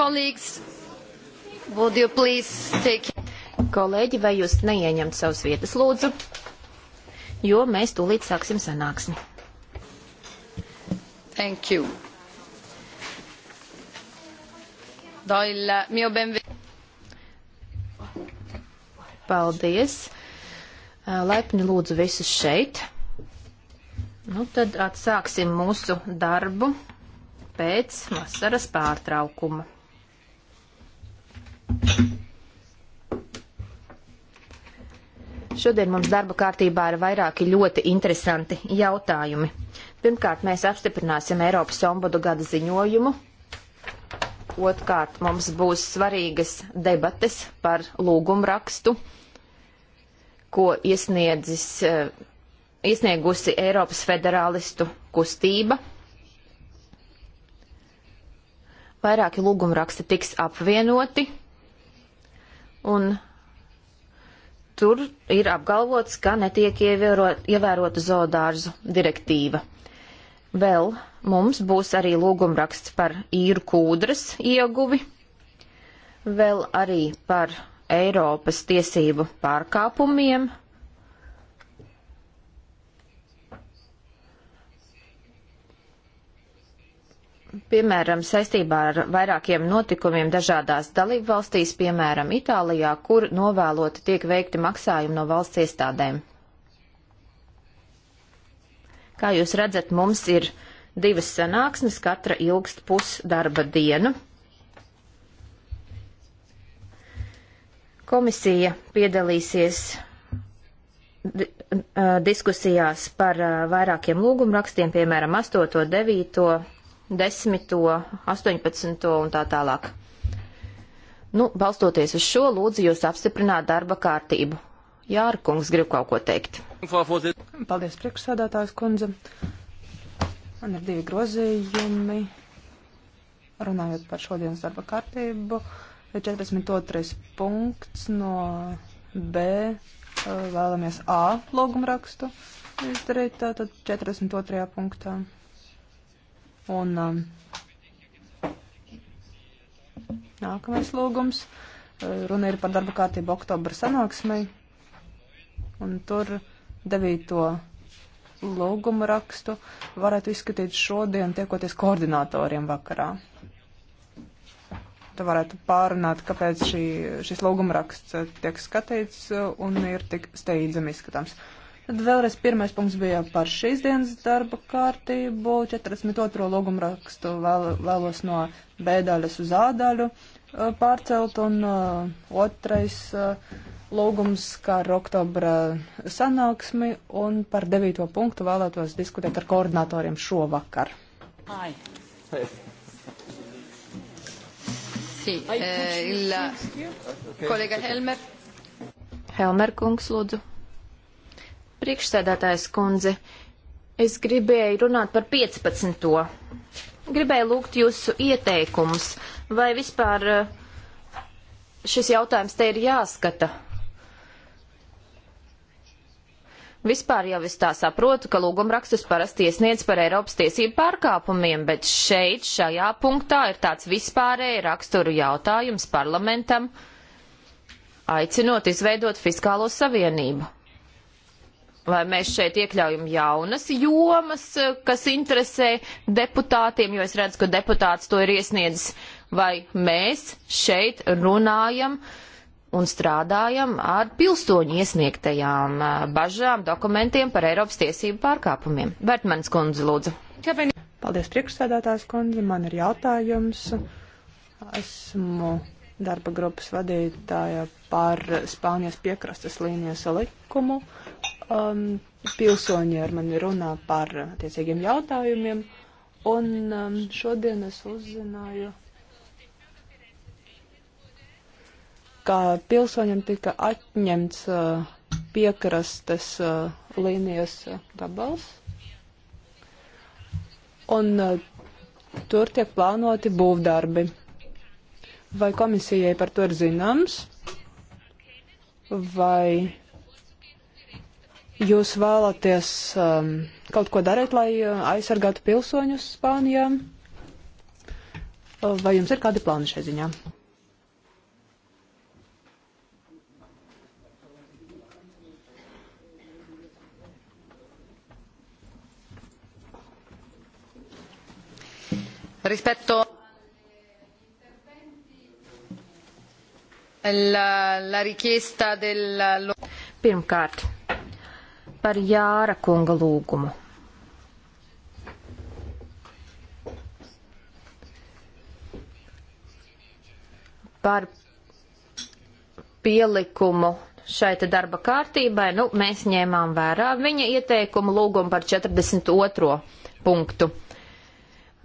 Colleagues, would you please take... Kolēģi, vai jūs neieņemt savas vietas, lūdzu? Jo mēs tūlīt sāksim sanāksmi. Thank you. Do il mio benvenuto. Paldies. Laipni lūdzu visus šeit. Nu, tad atsāksim mūsu darbu pēc vasaras pārtraukuma. Šodien mums darba kārtībā ir vairāki ļoti interesanti jautājumi. Pirmkārt, mēs apstiprināsim Eiropas ombudu gada ziņojumu. Otkārt, mums būs svarīgas debates par lūgumrakstu, ko iesniedzis, eh, iesniegusi Eiropas federālistu kustība. Vairāki lūgumraksti tiks apvienoti un tur ir apgalvots, ka netiek ievērot, ievērota zoodārzu direktīva. Vēl mums būs arī lūgumraksts par īru kūdras ieguvi, vēl arī par Eiropas tiesību pārkāpumiem piemēram, saistībā ar vairākiem notikumiem dažādās dalību valstīs, piemēram, Itālijā, kur novēloti tiek veikti maksājumi no valsts iestādēm. Kā jūs redzat, mums ir divas sanāksmes, katra ilgst pusdarba dienu. Komisija piedalīsies di eh, diskusijās par eh, vairākiem lūgumrakstiem, piemēram, 8, 9, 10., 18. un tā tālāk. Nu, balstoties uz šo, lūdzu jūs apstiprināt darba kārtību. Jāra kungs grib kaut ko teikt. Paldies, priekšsādātājs kundze. Man ir divi grozījumi. Runājot par šodienas darba kārtību, 42. punkts no B eh, vēlamies A logumrakstu izdarīt tātad 42. punktā. Un um, nākamais lūgums. Uh, runa ir par darba kārtību oktobra sanāksmei. Un tur devīto lūgumu rakstu varētu izskatīt šodien, tiekoties koordinatoriem vakarā. Tu varētu pārunāt, kāpēc šī, šis lūguma raksts tiek skatīts un ir tik steidzami izskatāms. Tad vēlreiz pirmais punkts bija par šīs dienas darba kārtību, 42. logumrakstu vēl, vēlos no B daļas uz A daļu uh, pārcelt, un uh, otrais uh, lūgums, kā ar oktobra sanāksmi, un par 9. punktu vēlētos diskutēt ar koordinatoriem šovakar. Ai. Sì, eh, il collega Helmer. Helmer, kungs, lūdzu. Priekšsēdētājs kundze, es gribēju runāt par 15. Gribēju lūgt jūsu ieteikumus, vai vispār eh, šis jautājums te ir jāskata. Vispār jau es tā saprotu, ka lūgumrakstus parasti iesniedz par Eiropas tiesību pārkāpumiem, bet šeit, šajā punktā, ir tāds vispārēji raksturu jautājums parlamentam, aicinot izveidot fiskālo savienību lai mēs šeit iekļaujam jaunas jomas, kas interesē deputātiem, jo es redzu, ka deputāts to ir iesniedzis, vai mēs šeit runājam un strādājam ar pilsoņu iesniegtajām eh, bažām, dokumentiem par Eiropas tiesību pārkāpumiem. Vērtmanis kundze, lūdzu. Paldies, priekšsēdētājs kundze. Man ir jautājums. Esmu darba grupas vadītāja par Spānijas piekrastes līnijas likumu. Um, pilsoņi ar mani runā par attiecīgiem jautājumiem, un um, šodien es uzzināju, ka pilsoņiem tika atņemts uh, piekrastes uh, līnijas gabals, un uh, tur tiek plānoti būvdarbi Vai komisijai par to ir zināms? Vai jūs vēlaties um, kaut ko darīt, lai uh, aizsargātu pilsoņus Spānijā? Uh, vai jums ir kādi plāni šai ziņā? Rispetto la, la richiesta del... Pirmkārt, par Jāra kunga lūgumu. Par pielikumu šai te darba kārtībai, nu, mēs ņēmām vērā viņa ieteikumu lūgumu par 42. punktu.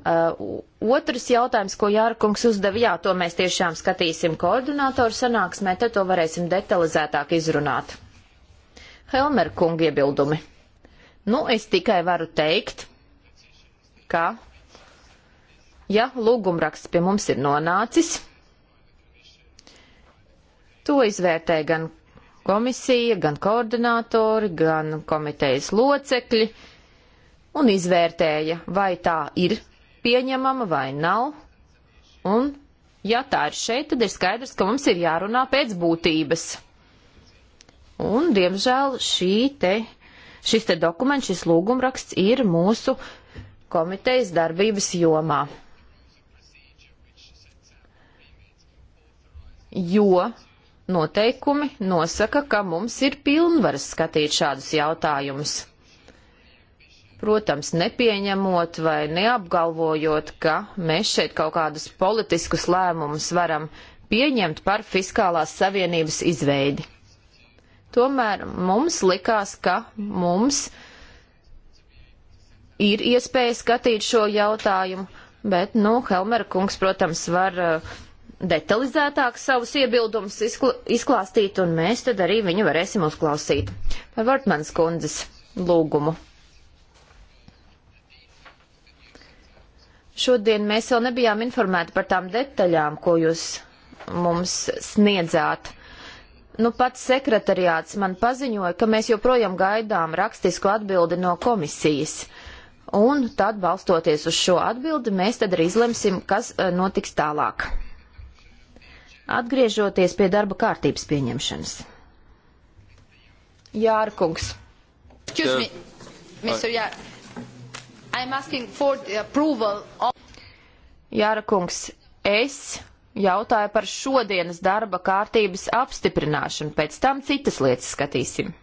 Uh, otrs jautājums, ko Jārkungs uzdeva, jā, to mēs tiešām skatīsim koordinātoru sanāksmē, tad to varēsim detalizētāk izrunāt. Helmer kunga iebildumi. Nu, es tikai varu teikt, ka, ja lūgumraksts pie mums ir nonācis, to izvērtē gan komisija, gan koordinātori, gan komitejas locekļi un izvērtēja, vai tā ir pieņemama vai nav. Un, ja tā ir šeit, tad ir skaidrs, ka mums ir jārunā pēc būtības. Un, diemžēl, šī te, šis te dokuments, šis lūgumraksts ir mūsu komitejas darbības jomā. Jo noteikumi nosaka, ka mums ir pilnvaras skatīt šādus jautājumus protams, nepieņemot vai neapgalvojot, ka mēs šeit kaut kādus politiskus lēmumus varam pieņemt par fiskālās savienības izveidi. Tomēr mums likās, ka mums ir iespēja skatīt šo jautājumu, bet, nu, Helmera kungs, protams, var uh, detalizētāk savus iebildumus izkl izklāstīt, un mēs tad arī viņu varēsim uzklausīt. Par Vartmanas kundzes lūgumu. Šodien mēs vēl nebijām informēti par tām detaļām, ko jūs mums sniedzāt. Nu, pats sekretariāts man paziņoja, ka mēs joprojām gaidām rakstisku atbildi no komisijas. Un tad, balstoties uz šo atbildi, mēs tad arī izlemsim, kas eh, notiks tālāk. Atgriežoties pie darba kārtības pieņemšanas. Jārkungs. Excuse me, uh, Mr. Jār. Of... Jāra kungs, es jautāju par šodienas darba kārtības apstiprināšanu, pēc tam citas lietas skatīsim.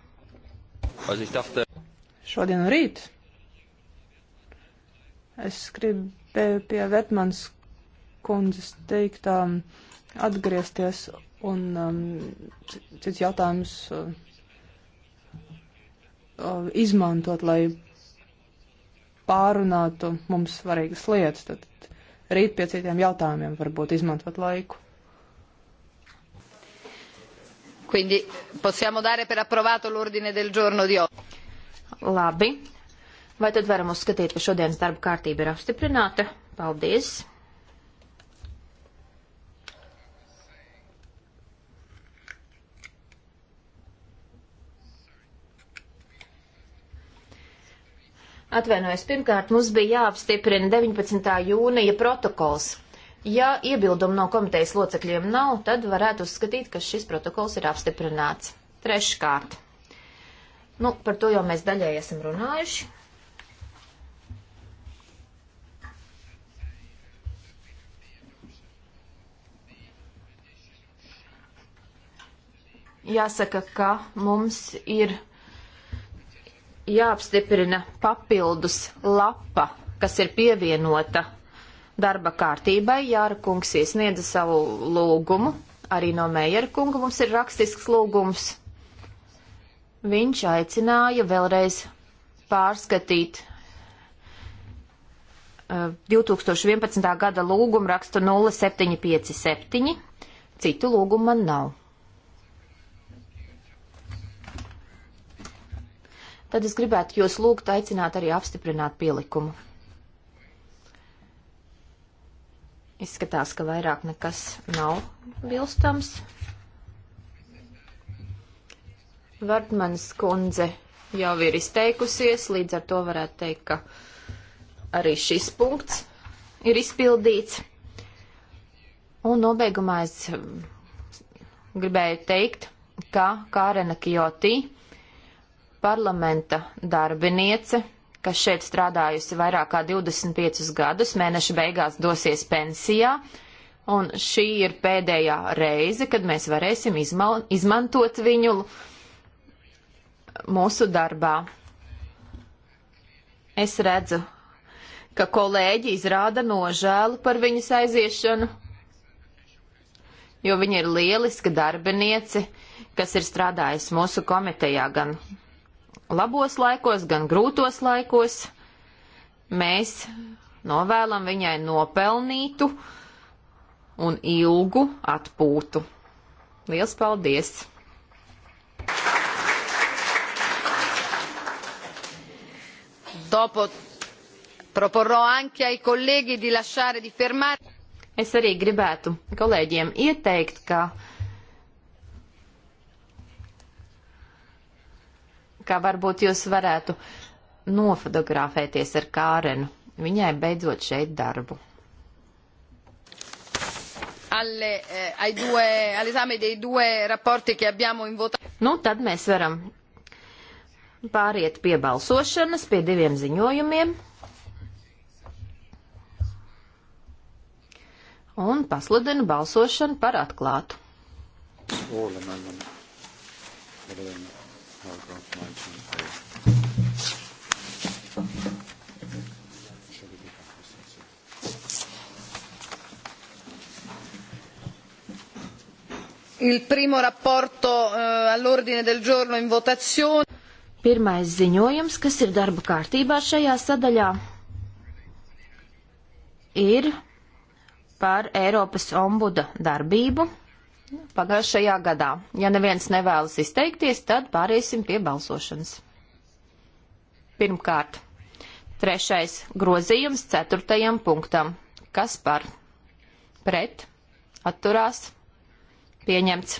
Šodien rīt es gribēju pie Vetmans kundzes teiktā atgriezties un um, cits jautājums uh, uh, izmantot, lai pārunātu mums svarīgas lietas. Tad rīt pie citiem jautājumiem varbūt izmantot laiku. Quindi possiamo dare per approvato l'ordine del giorno di oggi. Labi. Vai tad varam uzskatīt, ka šodienas darba kārtība ir apstiprināta? Paldies! Atvainojos, pirmkārt, mums bija jāapstiprina 19. jūnija protokols. Ja iebildumu no komitejas locekļiem nav, tad varētu uzskatīt, ka šis protokols ir apstiprināts. Treškārt. Nu, par to jau mēs daļai esam runājuši. Jāsaka, ka mums ir jāapstiprina papildus lapa, kas ir pievienota darba kārtībai. Jāra kungs iesniedza savu lūgumu, arī no Meijera kunga mums ir rakstisks lūgums. Viņš aicināja vēlreiz pārskatīt 2011. Eh, gada lūgumu rakstu 0757. Citu lūgumu man nav. tad es gribētu jūs lūgt aicināt arī apstiprināt pielikumu. Izskatās, ka vairāk nekas nav bilstams. Vartmanas kundze jau ir izteikusies, līdz ar to varētu teikt, ka arī šis punkts ir izpildīts. Un nobeigumā es um, gribēju teikt, ka Kārena Kijotī parlamenta darbiniece, kas šeit strādājusi vairāk kā 25 gadus, mēneša beigās dosies pensijā. Un šī ir pēdējā reize, kad mēs varēsim izmal, izmantot viņu mūsu darbā. Es redzu, ka kolēģi izrāda nožēlu par viņas aiziešanu, jo viņa ir lieliska darbiniece, kas ir strādājusi mūsu komitejā gan labos laikos, gan grūtos laikos. Mēs novēlam viņai nopelnītu un ilgu atpūtu. Liels paldies! Dopo proporrò anche ai colleghi di lasciare di fermare. Es arī gribētu kolēģiem ieteikt, ka ka varbūt jūs varētu nofotografēties ar Kārenu. Viņai beidzot šeit darbu. Alle, eh, ai due, all'esame dei due rapporti che abbiamo in votazione. Nu, tad mēs varam pāriet pie balsošanas, pie diviem ziņojumiem. Un pasludinu balsošanu par atklātu. Ola, man, man. Problema paragraph 19a. Il primo rapporto eh, all'ordine del giorno in votazione. Pirmais ziņojums, kas ir darba kārtībā šajā sadaļā, ir par Eiropas ombuda darbību pagājušajā gadā. Ja neviens nevēlas izteikties, tad pāriesim pie balsošanas. Pirmkārt, trešais grozījums ceturtajam punktam. Kas par? Pret? Atturās? Pieņemts.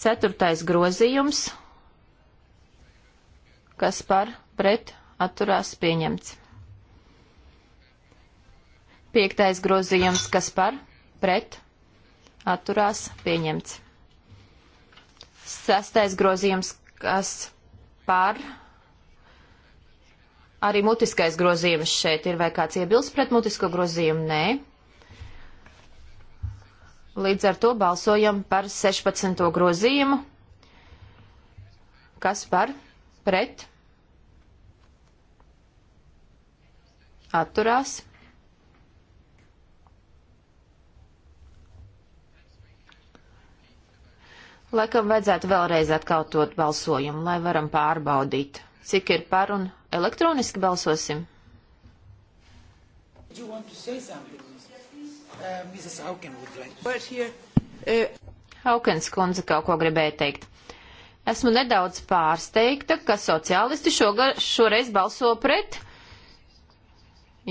Ceturtais grozījums. Kas par? Pret? Atturās? Pieņemts. Piektais grozījums. Kas par? pret, atturās, pieņemts. Sestais grozījums, kas par, arī mutiskais grozījums šeit ir, vai kāds iebilst pret mutisko grozījumu? Nē. Līdz ar to balsojam par 16. grozījumu. Kas par? Pret? Atturās? Laikam vajadzētu vēlreiz atkārtot balsojumu, lai varam pārbaudīt, cik ir par un elektroniski balsosim. Uh, uh, Haukens kundze kaut ko gribēja teikt. Esmu nedaudz pārsteigta, ka sociālisti šoga, šoreiz balso pret.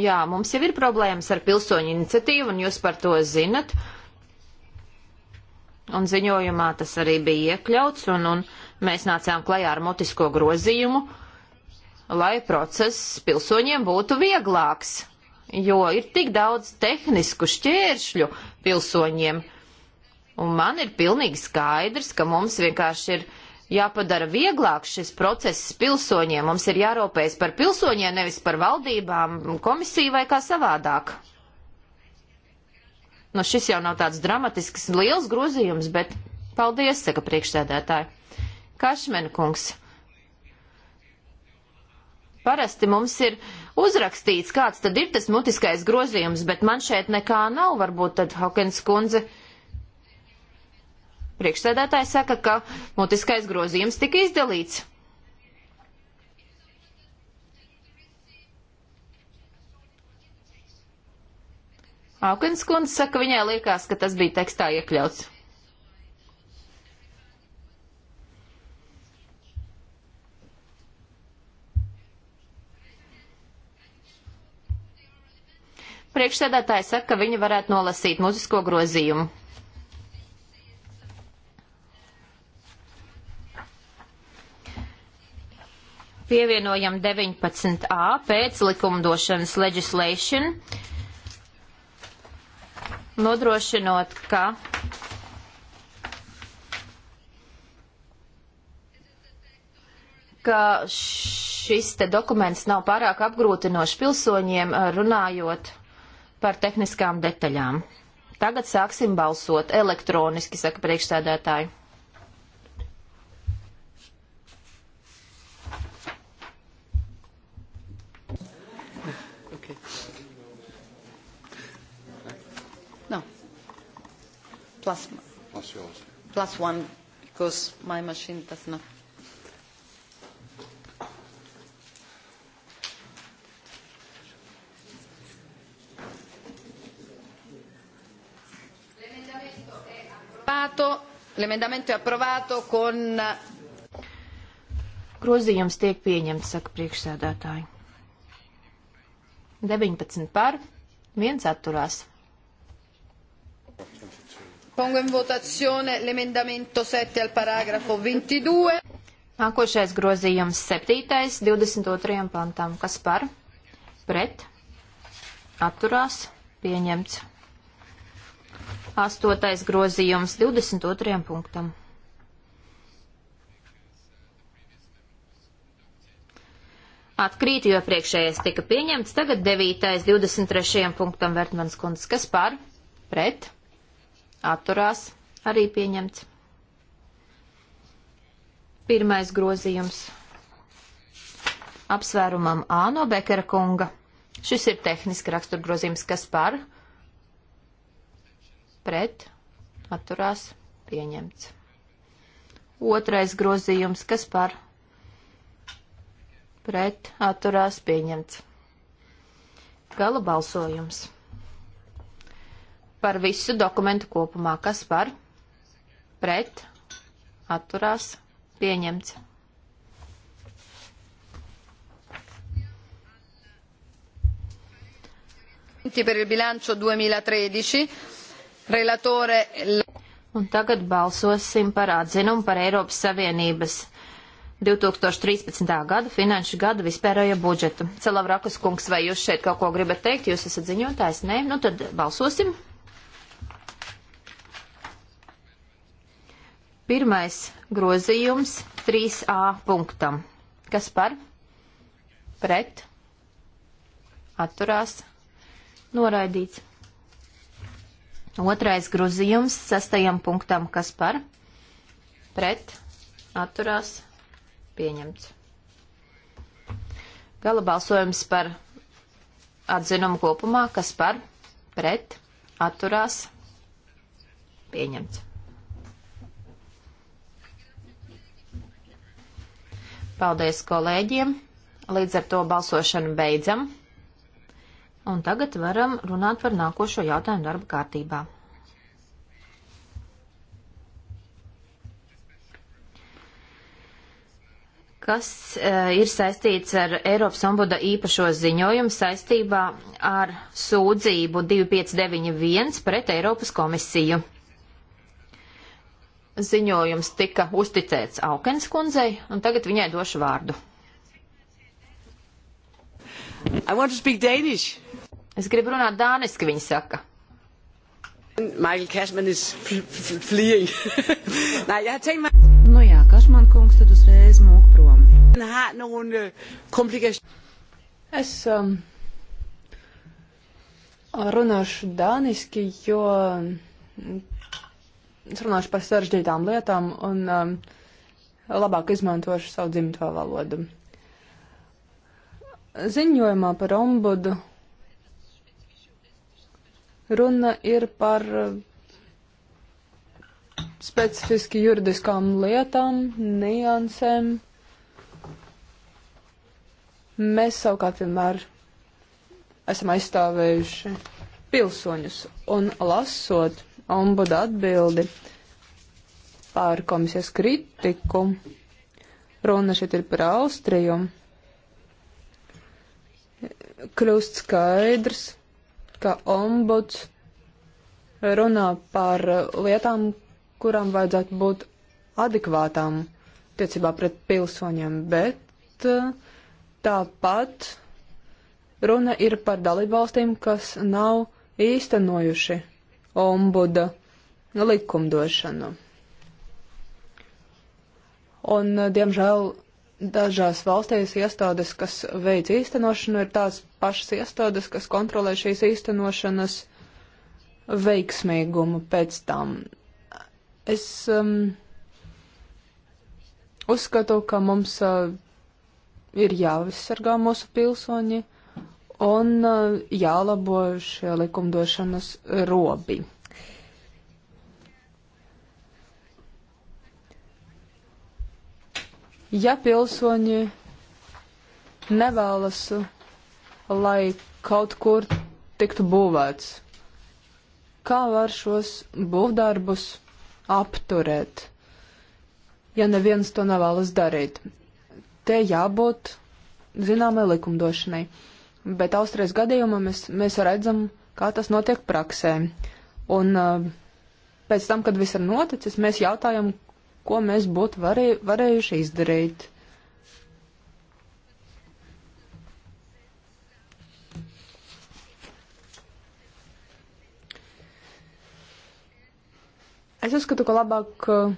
Jā, mums jau ir problēmas ar pilsoņu iniciatīvu, un jūs par to zinat. Uh, un ziņojumā tas arī bija iekļauts, un, un mēs nācām klajā ar mutisko grozījumu, lai process pilsoņiem būtu vieglāks, jo ir tik daudz tehnisku šķēršļu pilsoņiem, un man ir pilnīgi skaidrs, ka mums vienkārši ir jāpadara vieglāk šis process pilsoņiem, mums ir jārūpējas par pilsoņiem, nevis par valdībām, komisiju vai kā savādāk. Nu, šis jau nav tāds dramatisks, liels grozījums, bet paldies, saka priekšsēdētāji. Kašmena kungs. Parasti mums ir uzrakstīts, kāds tad ir tas mutiskais grozījums, bet man šeit nekā nav. Varbūt tad Hokens kundze priekšsēdētāji saka, ka mutiskais grozījums tika izdalīts. Aukens kundze saka, viņai liekas, ka tas bija tekstā iekļauts. Priekšsēdētāji saka, ka viņi varētu nolasīt muzisko grozījumu. Pievienojam 19a pēc likumdošanas legislation nodrošinot, ka ka šis te dokuments nav pārāk apgrūtinošs pilsoņiem eh, runājot par tehniskām detaļām. Tagad sāksim balsot elektroniski, saka priekšsēdētāji. plus plus yours. Plus one, because my machine does not. L'emendamento è approvato con. Grozījums tiek pieņemts, saka priekšsēdētāji. 19 par, 1 atturās. Pongo in votazione l'emendamento 7 al paragrafo 22. Nākošais grozījums 7. 22. pantam. Kas par? Pret? Atturās? Pieņemts. 8. grozījums 22. punktam. Atkrīt, jo priekšējais tika pieņemts. Tagad 9. 23. punktam Vertmans kundzes. Kas par? Pret? atturās, arī pieņemts. Pirmais grozījums apsvērumam A no Bekara kunga. Šis ir tehniski raksturgrozījums, kas par pret atturās pieņemts. Otrais grozījums, kas par pret atturās pieņemts. Gala balsojums par visu dokumentu kopumā. Kas par? Pret? Atturās? Pieņemts. per il bilancio 2013. Relatore... Un tagad balsosim par atzinumu par Eiropas Savienības 2013. gada finanšu gada vispārējo budžetu. Celavrakas kungs, vai jūs šeit kaut ko gribat teikt? Jūs esat ziņotājs? Nē, nu tad balsosim. Pirmais grozījums 3a punktam. Kas par? Pret. Atturās. Noraidīts. Otrais grozījums sastajam punktam. Kas par? Pret. Atturās. Pieņemts. Gala balsojums par atzinumu kopumā. Kas par? Pret. Atturās. Pieņemts. Paldies kolēģiem. Līdz ar to balsošanu beidzam. Un tagad varam runāt par nākošo jautājumu darba kārtībā. Kas uh, ir saistīts ar Eiropas ombuda īpašo ziņojumu saistībā ar sūdzību 2591 pret Eiropas komisiju? ziņojums tika uzticēts Aukens kundzei, un tagad viņai došu vārdu. Es gribu runāt dāniski, viņa saka. Michael Cashman is fleeing. Nej, jeg har tænkt mig... Nu ja, Cashman kungs, tad uzreiz mūk prom. Han har nogle øh, komplikationer. Es um, runāšu dāniski, jo es runāšu par sarežģītām lietām un um, labāk izmantošu savu dzimto valodu. Ziņojumā par ombudu runa ir par uh, specifiski juridiskām lietām, niansēm. Mēs savukārt vienmēr esam aizstāvējuši pilsoņus un lasot ombuda atbildi par komisijas kritiku. Runa šeit ir par Austriju. Kļūst skaidrs, ka ombuds runā par lietām, kurām vajadzētu būt adekvātām tiecībā pret pilsoņiem, bet eh, tāpat runa ir par dalībvalstīm, kas nav īstenojuši ombuda likumdošanu. Un, diemžēl, dažās valstīs iestādes, kas veic īstenošanu, ir tās pašas iestādes, kas kontrolē šīs īstenošanas veiksmīgumu pēc tam. Es um, uzskatu, ka mums uh, ir jāaizsargā mūsu pilsoņi. Uh, un uh, jālabo šie likumdošanas robi. Ja pilsoņi nevēlas, lai kaut kur tiktu būvēts, kā var šos būvdarbus apturēt, ja neviens to nevēlas darīt? Te jābūt zināmai likumdošanai bet Austrijas gadījumā mēs, mēs redzam, kā tas notiek praksē. Un uh, pēc tam, kad viss ir noticis, mēs jautājam, ko mēs būtu varē, varējuši izdarīt. Es uzskatu, ka labāk uh,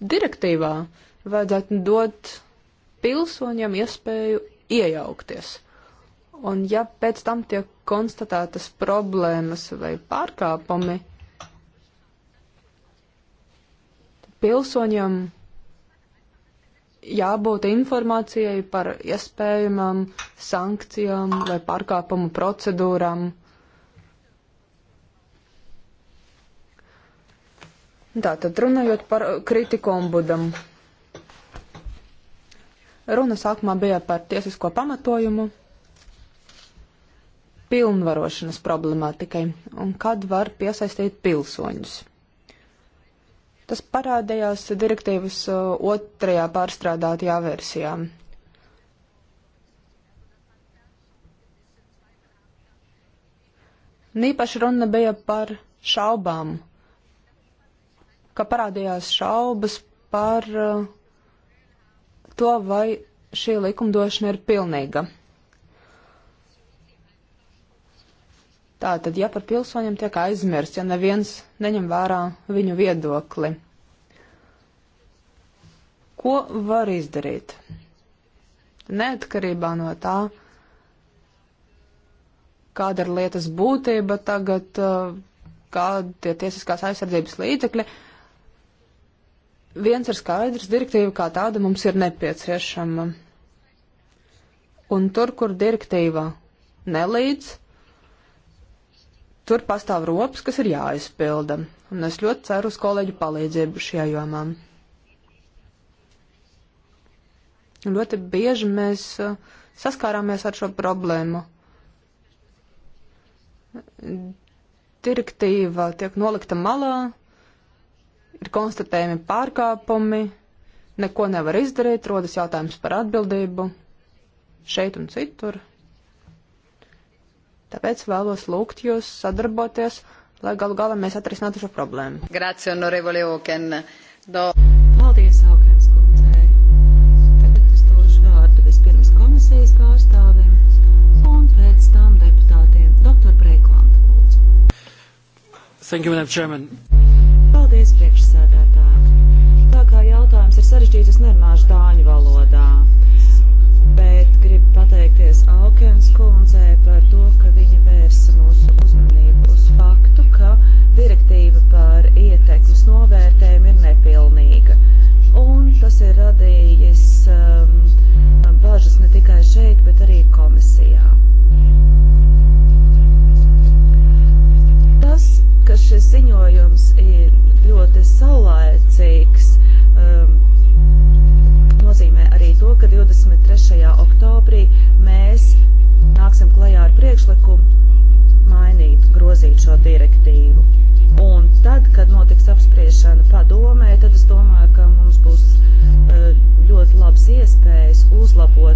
direktīvā vajadzētu dot pilsoņiem iespēju iejaukties. Un ja pēc tam tiek konstatētas problēmas vai pārkāpumi, pilsoņiem jābūt informācijai par iespējamām sankcijām vai pārkāpumu procedūrām. Tātad runājot par kritiku ombudam. Runa sākumā bija par tiesisko pamatojumu pilnvarošanas problemātikai un kad var piesaistīt pilsoņus. Tas parādījās direktīvas otrajā pārstrādātajā versijā. Nīpaši runa bija par šaubām, ka parādījās šaubas par to, vai šī likumdošana ir pilnīga. Tātad, ja par pilsoņiem tiek aizmirsts, ja neviens neņem vērā viņu viedokli, ko var izdarīt? Neatkarībā no tā, kāda ir lietas būtība tagad, kāda ir tiesiskās aizsardzības līdzekļi, viens ir skaidrs, direktīva kā tāda mums ir nepieciešama. Un tur, kur direktīva nelīdz, tur pastāv rops, kas ir jāizpilda. Un es ļoti ceru uz kolēģu palīdzību šajā jomā. Ļoti bieži mēs uh, saskārāmies ar šo problēmu. Direktīva tiek nolikta malā, ir konstatējami pārkāpumi, neko nevar izdarīt, rodas jautājums par atbildību šeit un citur. Tāpēc vēlos lūgt jūs sadarboties, lai galu galā mēs atrisinātu šo problēmu. Grazie, onorevole Oken. Do... Paldies, Aukens kundzei. Tagad es došu vārdu vispirms komisijas pārstāvim un pēc tam deputātiem. Doktor Breikland, lūdzu. Thank you, Madam Chairman. Paldies, priekšsēdētāji. Tā kā jautājums ir sarežģīts, es nerunāšu dāņu valodā, bet gribu pateikties pateikties Aukens kundzei par to, ka viņa vērsa mūsu uzmanību uz faktu, ka direktīva par ietekmes novērtējumu ir nepilnīga. Un tas ir radījis um, bažas ne tikai šeit, bet arī komisijā. Tas, ka šis ziņojums ir ļoti sarežģīts, šo direktīvu. Un tad, kad notiks apspriešana padomē, tad es domāju, ka mums būs eh, ļoti labs iespējas uzlabot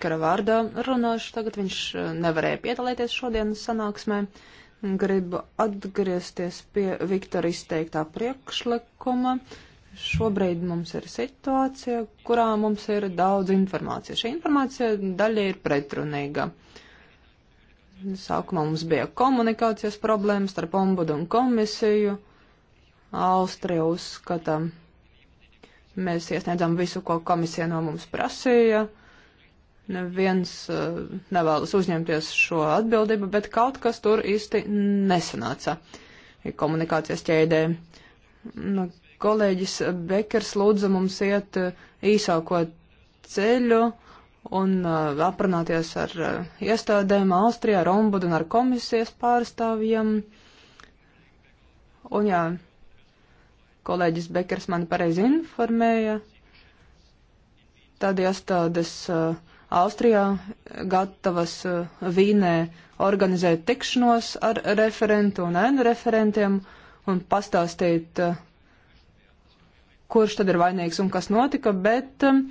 Bekera vārdā runāšu. Tagad viņš eh, nevarēja piedalīties šodienas sanāksmē. Gribu atgriezties pie Viktora izteiktā priekšlikuma. Šobrīd mums ir situācija, kurā mums ir daudz informācijas. Šī informācija daļa ir pretrunīga. Sākumā mums bija komunikācijas problēmas starp ombudu un komisiju. Austrija uzskata, mēs iesniedzām visu, ko komisija no mums prasīja neviens uh, nevēlas uzņemties šo atbildību, bet kaut kas tur īsti nesanāca komunikācijas ķēdē. Nu, kolēģis Bekers lūdza mums iet uh, īsāko ceļu un uh, aprunāties ar uh, iestādēm Austrijā, ar ombudu un ar komisijas pārstāvjiem. Un jā, kolēģis Bekers mani pareizi informēja. Tad iestādes uh, Austrijā gatavas eh, Vīnē organizēt tikšanos ar referentu un ēnu referentiem un pastāstīt, eh, kurš tad ir vainīgs un kas notika, bet eh,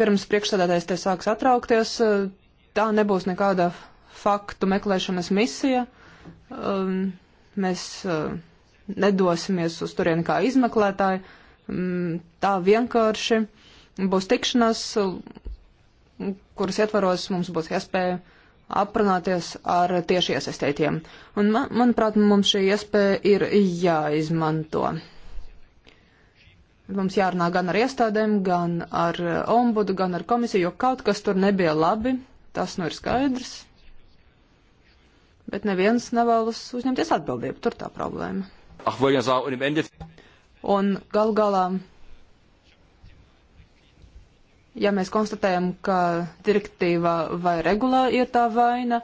pirms priekšstādātais te sāks atraukties, tā nebūs nekāda faktu meklēšanas misija. Um, mēs uh, nedosimies uz turieni kā izmeklētāji. Um, tā vienkārši būs tikšanās, kuras ietvaros mums būs iespēja aprunāties ar tieši iesaistētiem. Un, man, manuprāt, mums šī iespēja ir jāizmanto. Mums jārunā gan ar iestādēm, gan ar ombudu, gan ar komisiju, jo kaut kas tur nebija labi, tas nu ir skaidrs. Bet neviens nevēlas uzņemties atbildību, tur tā problēma. Ach, vēl jāsā, un im endet. Un gal galā Ja mēs konstatējam, ka direktīva vai regulā ir tā vaina,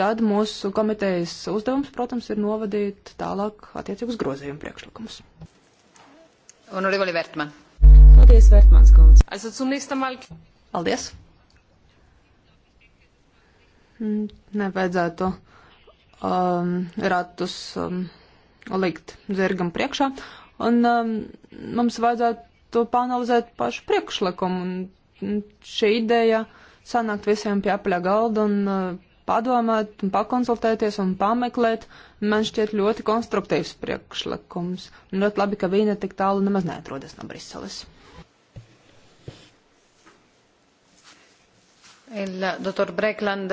tad mūsu komitejas uzdevums, protams, ir novadīt tālāk attiecīgus grozījumu priekšlikumus. Honorevoli Vertman. Paldies, Vertmans kundze. Also zunächst einmal. Paldies. Mm, nevajadzētu um, ratus um, likt zirgam priekšā. Un um, mums vajadzētu to panalizēt pašu priekšlikumu un šī ideja sanākt visiem pie apļa galda un uh, padomāt, un pakonsultēties un pameklēt, man šķiet ļoti konstruktīvs priekšlikums. Un ļoti labi, ka vīna tik tālu nemaz neatrodas no Briseles. El, uh, doktor Brekland.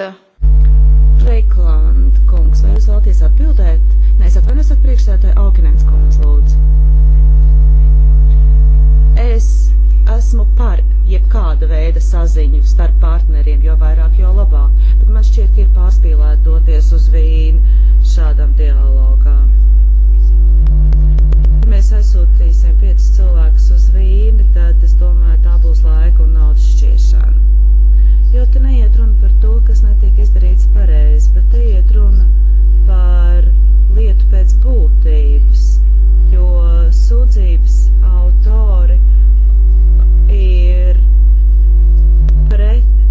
Brekland, kungs, vai jūs vēlaties atbildēt? Nē, es atvainojos ar priekšsētāju Aukinens, kungs, lūdzu. Es esmu par jebkāda veida saziņu starp partneriem, jo vairāk, jo labāk. Bet man šķiet, ka ir pārspīlēt doties uz vīnu šādam dialogam. Ja mēs aizsūtīsim piecus cilvēkus uz vīnu, tad es domāju, tā būs laika un naudas šķiešana. Jo te neiet runa par to, kas netiek izdarīts pareizi, bet te iet runa par lietu pēc būtības, jo sūdzības autori ir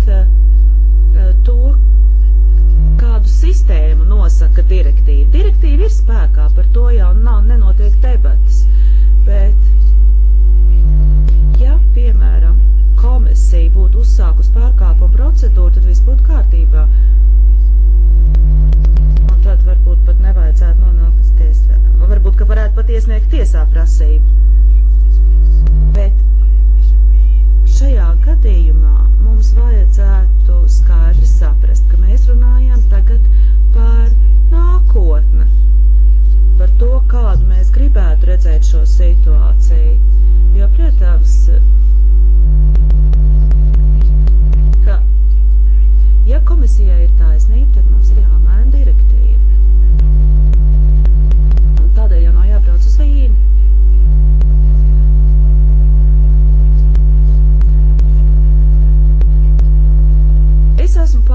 Uh, uh, to, kādu sistēmu nosaka direktīva. Direktīva ir spēkā, par to jau nav nenotiek debatas, bet, ja, piemēram, komisija būtu uzsākus pārkāpumu procedūru, tad viss būtu kārtībā. Un tad varbūt pat nevajadzētu nonākt uz tiesā. Varbūt, ka varētu pat iesniegt tiesā prasību. Bet šajā gadījumā mums vajadzētu skaidri saprast, ka mēs runājam tagad par nākotni, par to, kādu mēs gribētu redzēt šo situāciju. Jo, protams, ka, ja komisijai ir taisnība, tad mums ir jāmaina direktīva. Un tādēļ jau nav jābrauc uz Vīni.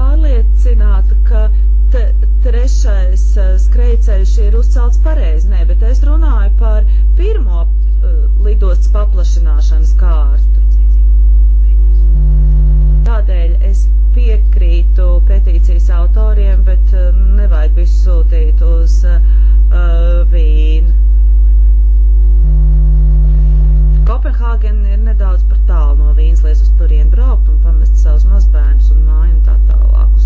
pārliecināta, ka te, trešais eh, skrejceļš ir uzcelts pareizi. Nē, bet es runāju par pirmo uh, eh, lidostas paplašināšanas kārtu. Tādēļ es piekrītu petīcijas autoriem, bet uh, nevajag visu sūtīt uz uh, Vīnu. Kopenhāgena ir nedaudz par tālu no Vīnas, lai es uz turieni brauktu un pamestu savus mazbērnus un māju un tā tālāk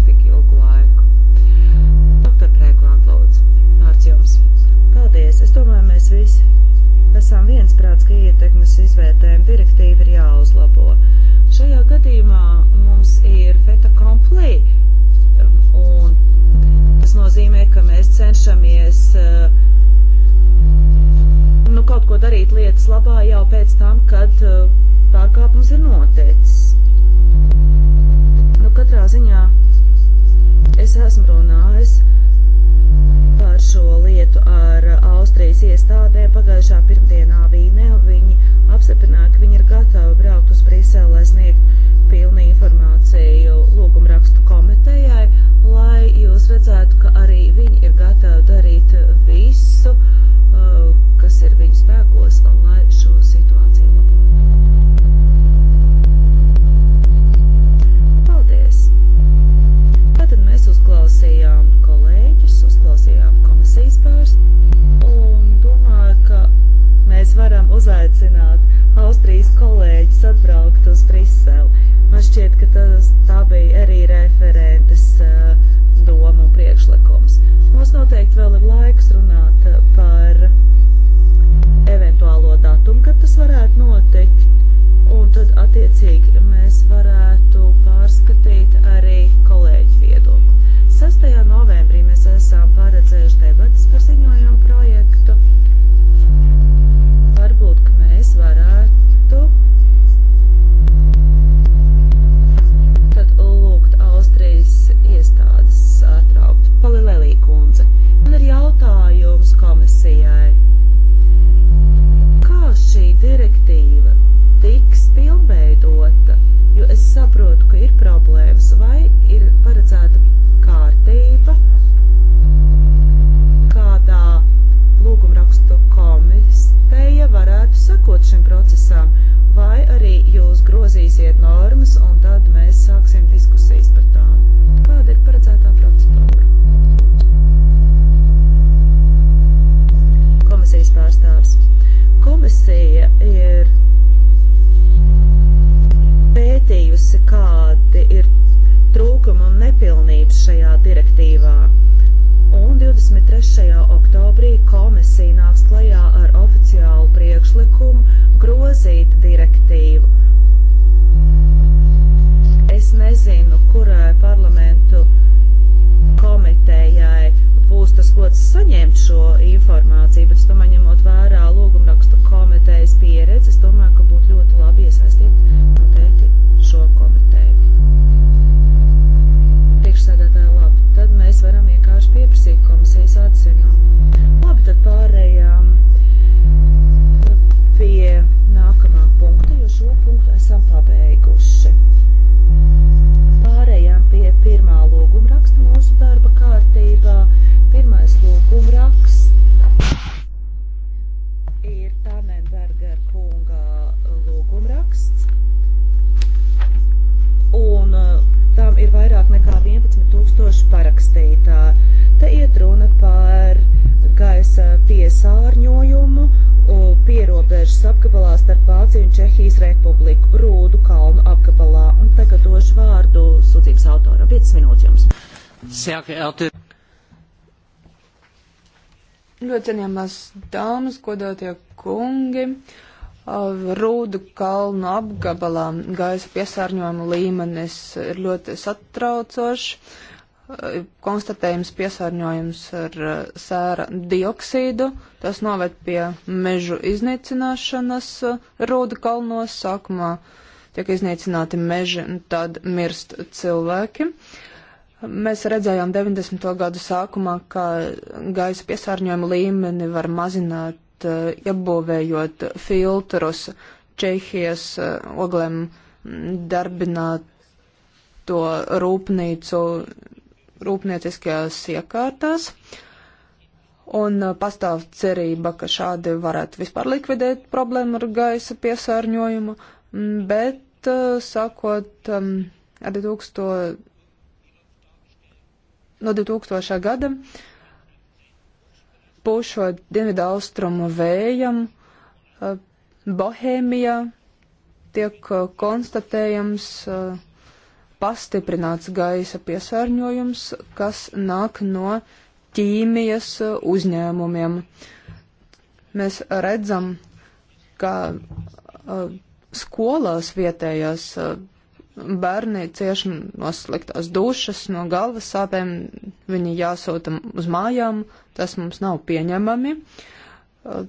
tik ilgu laiku. Doktor Prēklānt, lūdzu, vārds jums. Paldies. Es domāju, mēs visi esam viensprāts, ka ietekmes izvērtējuma direktīva ir jāuzlabo. Šajā gadījumā mums ir feta komplī, un tas nozīmē, ka mēs cenšamies uh, nu, kaut ko darīt lietas labā jau pēc tam, kad uh, pārkāpums ir noticis. Nu, katrā ziņā Es esmu runājis par šo lietu ar Austrijas iestādēm pagājušā pirmdienā Vīnē, un viņi apstiprināja, ka viņi ir gatavi braukt uz Briseli, lai sniegt pilnu informāciju lūgumrakstu komitejai, lai jūs redzētu, ka arī viņi ir gatavi darīt visu, uh, kas ir viņu spēkos, lai šo situāciju varam uzaicināt Austrijas kolēģis atbraukt uz Briselu. Man šķiet, ka tas, tā bija arī referentes uh, doma un priekšlikums. Mums noteikti vēl ir laiks runāt eh, par eventuālo datumu, kad tas varētu notikt. Un tad attiecīgi mēs varētu pārskatīt arī kolēģi viedokli. 6. novembrī mēs esam paredzējuši debatas par ziņojumu cienījamās dāmas, godātie kungi, uh, Rūdu kalnu apgabalā gaisa piesārņojuma līmenis ir ļoti satraucošs. Uh, konstatējums piesārņojums ar uh, sēra dioksīdu, tas noved pie mežu iznīcināšanas Rūdu kalnos. Sākumā tiek iznīcināti meži, tad mirst cilvēki. Uh, Mēs redzējām 90. gadu sākumā, ka gaisa piesārņojuma līmeni var mazināt, eh, iebūvējot filtrus Čehijas eh, oglēm darbināto rūpnīcu rūpnieciskajās iekārtās. Un eh, pastāv cerība, ka šādi varētu vispār likvidēt problēmu ar gaisa piesārņojumu, bet sākot ar 2000 no 2000. gada pušo dienvidu austrumu vējam eh, Bohēmijā tiek eh, konstatējams eh, pastiprināts gaisa piesārņojums, kas nāk no ķīmijas uzņēmumiem. Mēs redzam, ka skolās vietējās Bērni cieši no sliktās dušas, no galvas sāpēm, viņi jāsūta uz mājām, tas mums nav pieņemami. Uh,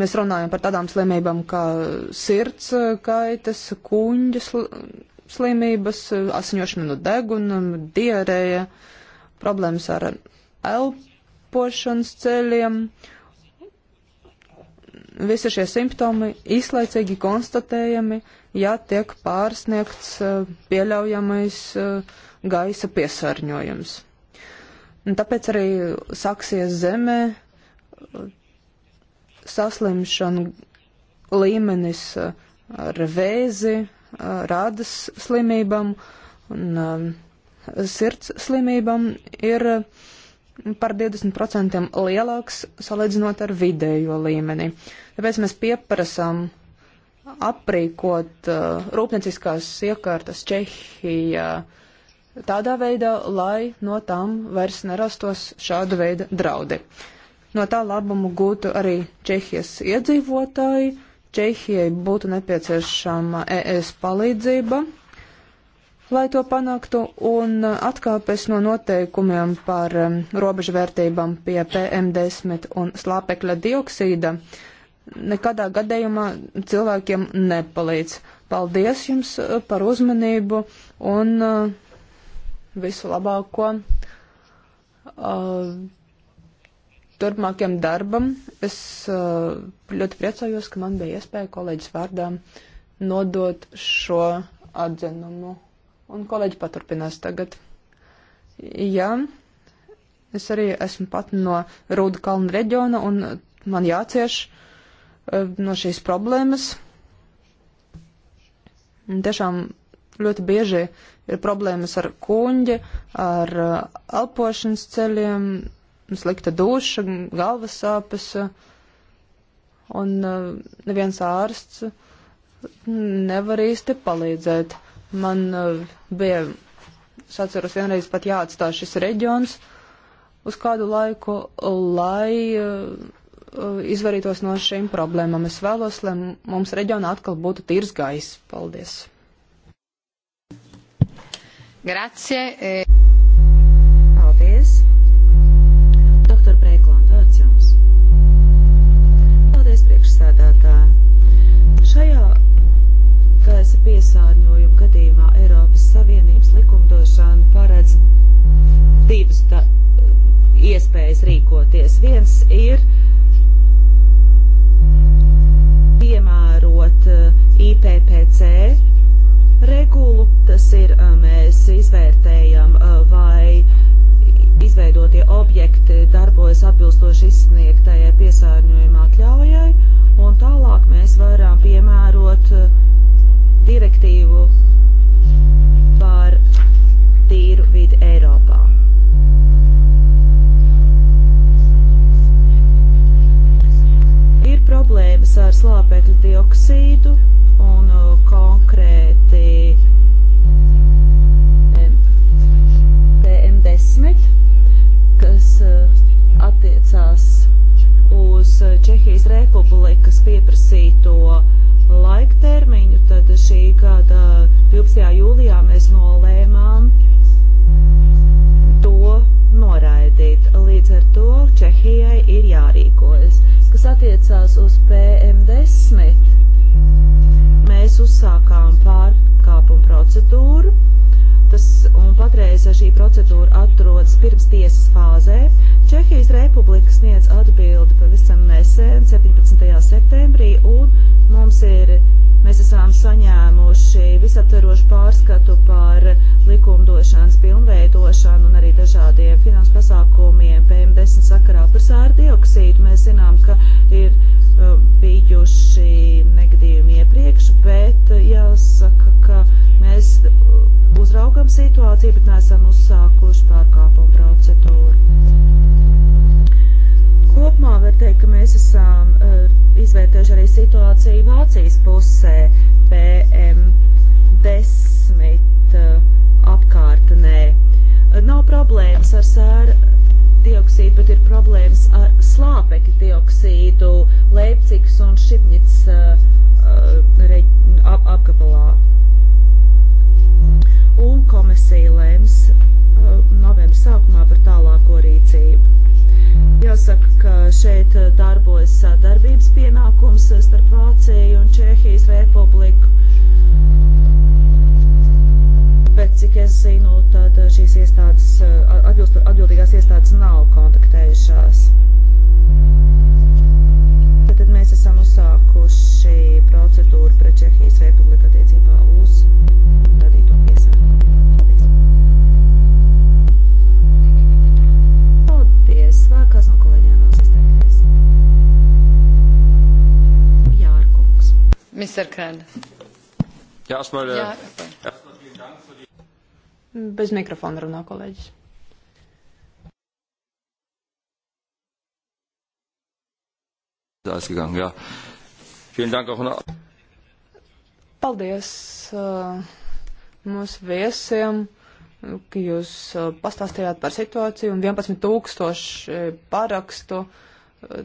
mēs runājam par tādām slimībām kā sirds uh, kaitas, kuņģa slimības, uh, asiņošana no deguna, diarēja, problēmas ar elpošanas ceļiem. Visi šie simptomi īslaicīgi konstatējami, uh, ja tiek pārsniegts eh, pieļaujamais eh, gaisa piesārņojums. Un tāpēc arī saksies zemē eh, saslimšana līmenis ar vēzi, rādas slimībām un sirds slimībām ir par 20% lielāks salīdzinot ar vidējo līmeni. Tāpēc mēs pieprasām aprīkot uh, rūpnieciskās iekārtas Čehijā tādā veidā, lai no tām vairs nerastos šāda veida draudi. No tā labumu gūtu arī Čehijas iedzīvotāji, Čehijai būtu nepieciešama ES palīdzība, lai to panāktu, un atkāpes no noteikumiem par um, robežvērtībām pie PM10 un slāpekļa dioksīda uh, nekādā gadījumā cilvēkiem nepalīdz. Paldies jums uh, par uzmanību un uh, visu labāko uh, turpmākiem darbam. Es ļoti priecājos, ka man bija iespēja kolēģis vārdā nodot šo atzinumu. Un kolēģi paturpinās tagad. Jā, es arī esmu pat no Rūda kalna reģiona un man jācieš. Uh, Eh, no šīs problēmas. Un tiešām ļoti bieži ir problēmas ar kuņģi, ar eh, elpošanas ceļiem, slikta duša, galvas sāpes, eh, un neviens ārsts nevar īsti palīdzēt. Man bija, es atceros, vienreiz pat jāatstāj šis reģions uz kādu laiku, lai Uh, izvarītos no šīm problēmām. Es vēlos, lai mums reģionā atkal būtu tīrs gaiss. Paldies! Grazie! Eh. Paldies! Doktor Brēklund, vārds jums! Paldies, priekšsēdētā! Šajā gaisa piesārņojuma gadījumā Eiropas Savienības likumdošana paredz divas iespējas rīkoties. Viens ir IPPC regulu, tas ir mēs izvērtējam, vai izveidotie objekti darbojas atbilstoši izsniegtajai piesārņojuma atļaujai, un tālāk mēs varam piemērot direktīvu par tīru vidi Eiropā. Ir problēmas ar slāpekļa dioksīdu, un uh, konkrēti PM10, kas uh, attiecās uz uh, Čehijas republikas pieprasīto laiktermiņu, tad šī gada 12. jūlijā mēs nolēmām to noraidīt. Līdz ar to Čehijai ir jārīkojas. Kas attiecās uz PM10, mēs uzsākām pārkāpumu procedūru. Tas, un patreiz šī procedūra atrodas pirms tiesas fāzē. Čehijas republika sniedz atbildi pavisam nesen, 17. septembrī, un mums ir, mēs esam saņēmuši visaptverošu pārskatu par likumdošanas pilnveidošanu un arī dažādiem finanses pasākumiem PM10 sakarā par sērdioksīdu. Mēs zinām, ka ir bijuši negadījumi iepriekš, bet jāsaka, ka mēs uzraugam situāciju, bet neesam uzsākuši pārkāpumu procedūru. Kopumā var teikt, ka mēs esam uh, izvērtējuši arī situāciju Vācijas pusē PM10 uh, eh, apkārtnē. Nav problēmas ar sēru dioksīdu, bet ir problēmas ar slāpekļa dioksīdu Leipcigas un Šipņits uh, uh apgabalā. Un komisija lēms uh, novembra sākumā par tālāko rīcību. Jāsaka, ka šeit uh, darbojas sadarbības uh, pienākums starp Vāciju un Čehijas republiku bet cik es zinu, tad eh, šīs iestādes, eh, atbilst, atbildīgās iestādes nav kontaktējušās. Tad, tad mēs esam uzsākuši procedūru pret Čehijas republiku attiecībā uz radīto piesākumu. Paldies! Paldies! Vai kāds no kolēģiem vēlas izteikties? Jārkungs. Mr. Kren. Jā, esmu. Jā. jā. Bez mikrofona runā kolēģis. Aizgegangen, jā. Vielen Dank auch noch. Paldies uh, mūsu viesiem, ka jūs uh, pastāstījāt par situāciju un 11 tūkstoši parakstu. Uh,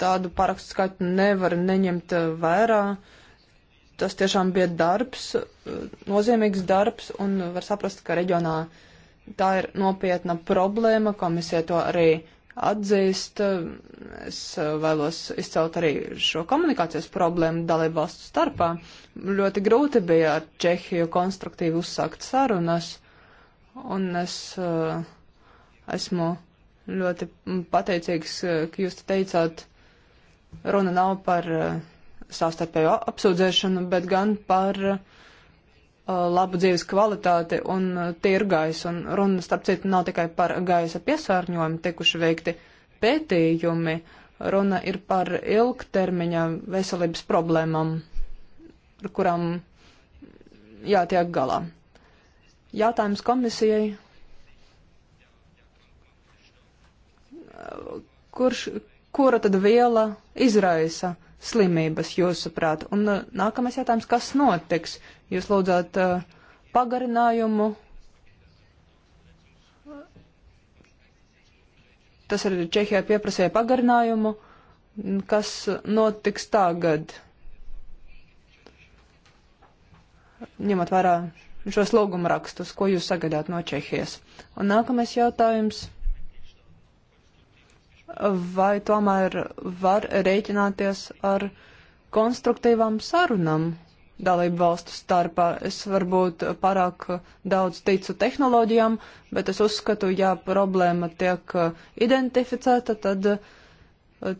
tādu parakstu skaitu nevar neņemt uh, vērā. Uh, tas tiešām bija darbs, nozīmīgs darbs, un var saprast, ka reģionā tā ir nopietna problēma, komisija to arī atzīst. Es vēlos izcelt arī šo komunikācijas problēmu dalību valstu starpā. Ļoti grūti bija ar Čehiju konstruktīvi uzsākt sarunas, un es eh, esmu ļoti pateicīgs, eh, ka jūs te teicāt, runa nav par uh, savstarpējo apsūdzēšanu, bet gan par uh, labu dzīves kvalitāti un uh, tīru gaisu. Un runa, starp citu, nav tikai par gaisa piesārņojumu tikuši veikti pētījumi, runa ir par ilgtermiņa veselības problēmām, ar kurām jātiek galā. Jātājums komisijai. Kurš, kura tad viela izraisa slimības, jūsuprāt? Un uh, nākamais jautājums, kas notiks? Jūs lūdzāt uh, pagarinājumu. Tas arī Čehijā pieprasīja pagarinājumu. Kas notiks tagad? Ņemot vērā šos lūguma rakstus, ko jūs sagaidāt no Čehijas. Un nākamais jautājums vai tomēr var rēķināties ar konstruktīvām sarunām dalību valstu starpā. Es varbūt pārāk daudz ticu tehnoloģijām, bet es uzskatu, ja problēma tiek identificēta, tad eh,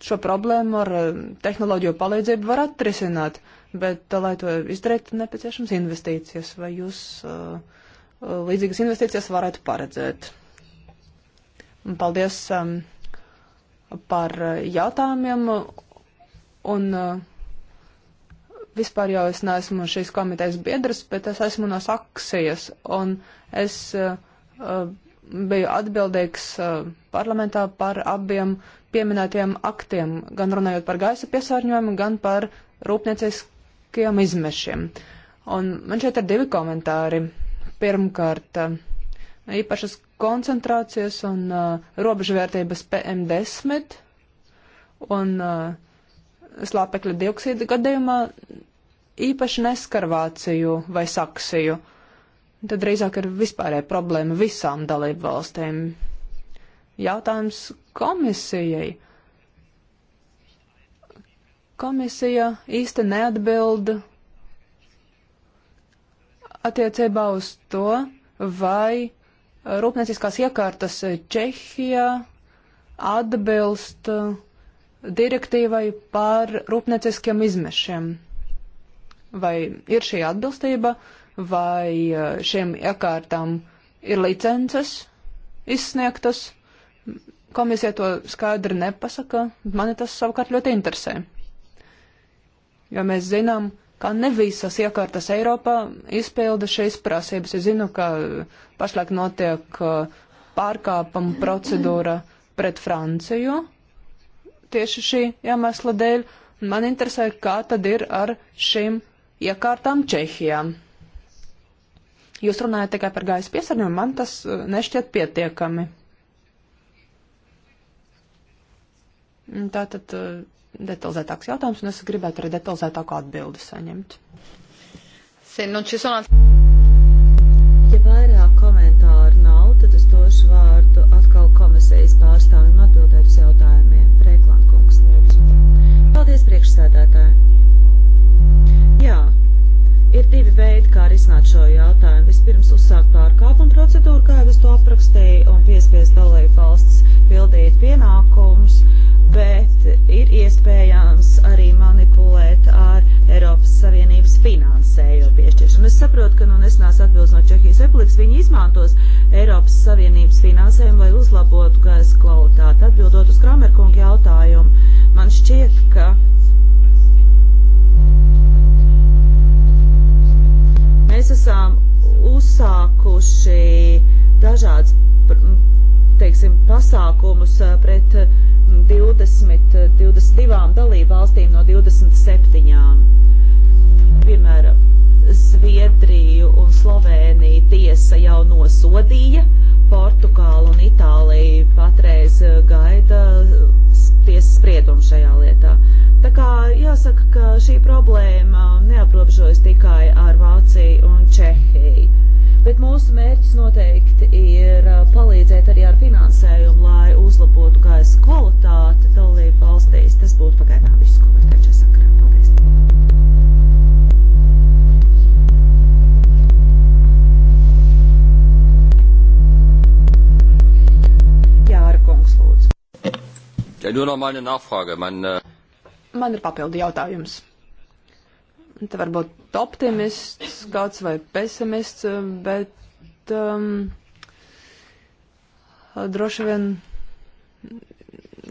šo problēmu ar eh, tehnoloģiju palīdzību var atrisināt. Bet, lai to izdarītu, nepieciešams investīcijas, vai jūs eh, līdzīgas investīcijas varētu paredzēt. Un paldies! Um, par eh, jautājumiem, un eh, vispār jau es neesmu šīs komitejas biedrs, bet es esmu no Saksijas, un es eh, biju atbildīgs parlamentā par abiem pieminētiem aktiem, gan runājot par gaisa piesārņojumu, gan par rūpnieciskiem izmešiem. Un man šeit ir divi komentāri. Pirmkārt, uh, īpašas koncentrācijas un uh, robežvērtības PM10 un uh, slāpekļa dioksīda gadījumā īpaši neskar Vāciju vai Saksiju. Tad drīzāk ir vispārēja problēma visām dalību valstīm. Jautājums komisijai. Komisija īsti neatbilda attiecībā uz to, vai rūpnieciskās iekārtas Čehijā atbilst direktīvai par rūpnieciskiem izmešiem. Vai ir šī atbilstība, vai e, šiem iekārtām ir licences izsniegtas? Komisija to skaidri nepasaka, mani tas savukārt ļoti interesē. Jo mēs zinām, ka ka ne visas iekārtas Eiropā izpilda šīs prasības. Es zinu, ka pašlaik notiek uh, pārkāpuma procedūra pret Franciju tieši šī iemesla dēļ. Man interesē, kā tad ir ar šīm iekārtām Čehijā. Jūs runājat tikai par gaisa piesārņojumu, man tas uh, nešķiet pietiekami. Mm, tātad uh, detalizētāks jautājums, un es gribētu arī detalizētāku atbildi saņemt. Ja vairāk komentāru nav, tad es došu vārdu atkal komisijas pārstāvim atbildēt uz jautājumiem. Prēklāna kungs, lūdzu. Paldies, priekšsēdētāji. Jā, ir divi veidi, kā risināt šo jautājumu. Vispirms uzsākt pārkāpumu procedūru, kā jau es to aprakstīju, un piespiest dalību valsts pildīt pienākumus bet ir iespējams arī manipulēt ar Eiropas Savienības finansējumu piešķiršanu. Es saprotu, ka no nu nesenās atbildes no Čehijas republikas viņi izmantos Eiropas Savienības finansējumu, lai uzlabotu gaisa kvalitāti. Atbildot uz Kramerkunga jautājumu, man šķiet, ka mēs esam uzsākuši dažādas, teiksim, pasākumus eh, sodīja. Portugāla un Itālija patreiz eh, gaida eh, tiesas spriedumu šajā lietā. Tā kā jāsaka, ka šī problēma neaprobežojas tikai ar Vāciju un Čehiju, bet mūsu mērķis noteikti ir Nur noch mal eine Nachfrage. Man, äh... man ir papildi jautājums. Te var būt optimists kāds vai pesimists, bet um, droši vien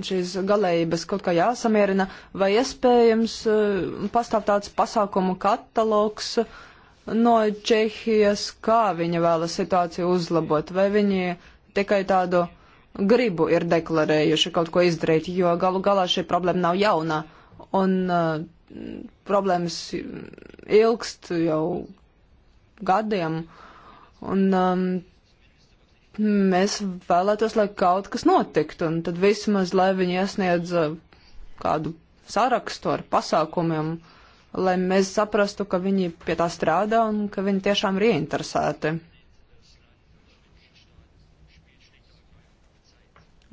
šīs galējības kaut kā jāsamierina, vai iespējams uh, pastāv tāds pasākumu katalogs no Čehijas, kā viņa vēlas situāciju uzlabot, vai viņi tikai tādu gribu ir deklarējuši kaut ko izdarīt, jo galu galā šī problēma nav jauna. Un uh, problēmas ilgst jau gadiem. Un um, mēs vēlētos, lai kaut kas notiktu. Un tad vismaz, lai viņi iesniedz uh, kādu sarakstu ar pasākumiem, lai mēs saprastu, ka viņi pie tā strādā un ka viņi tiešām ir ieinteresēti.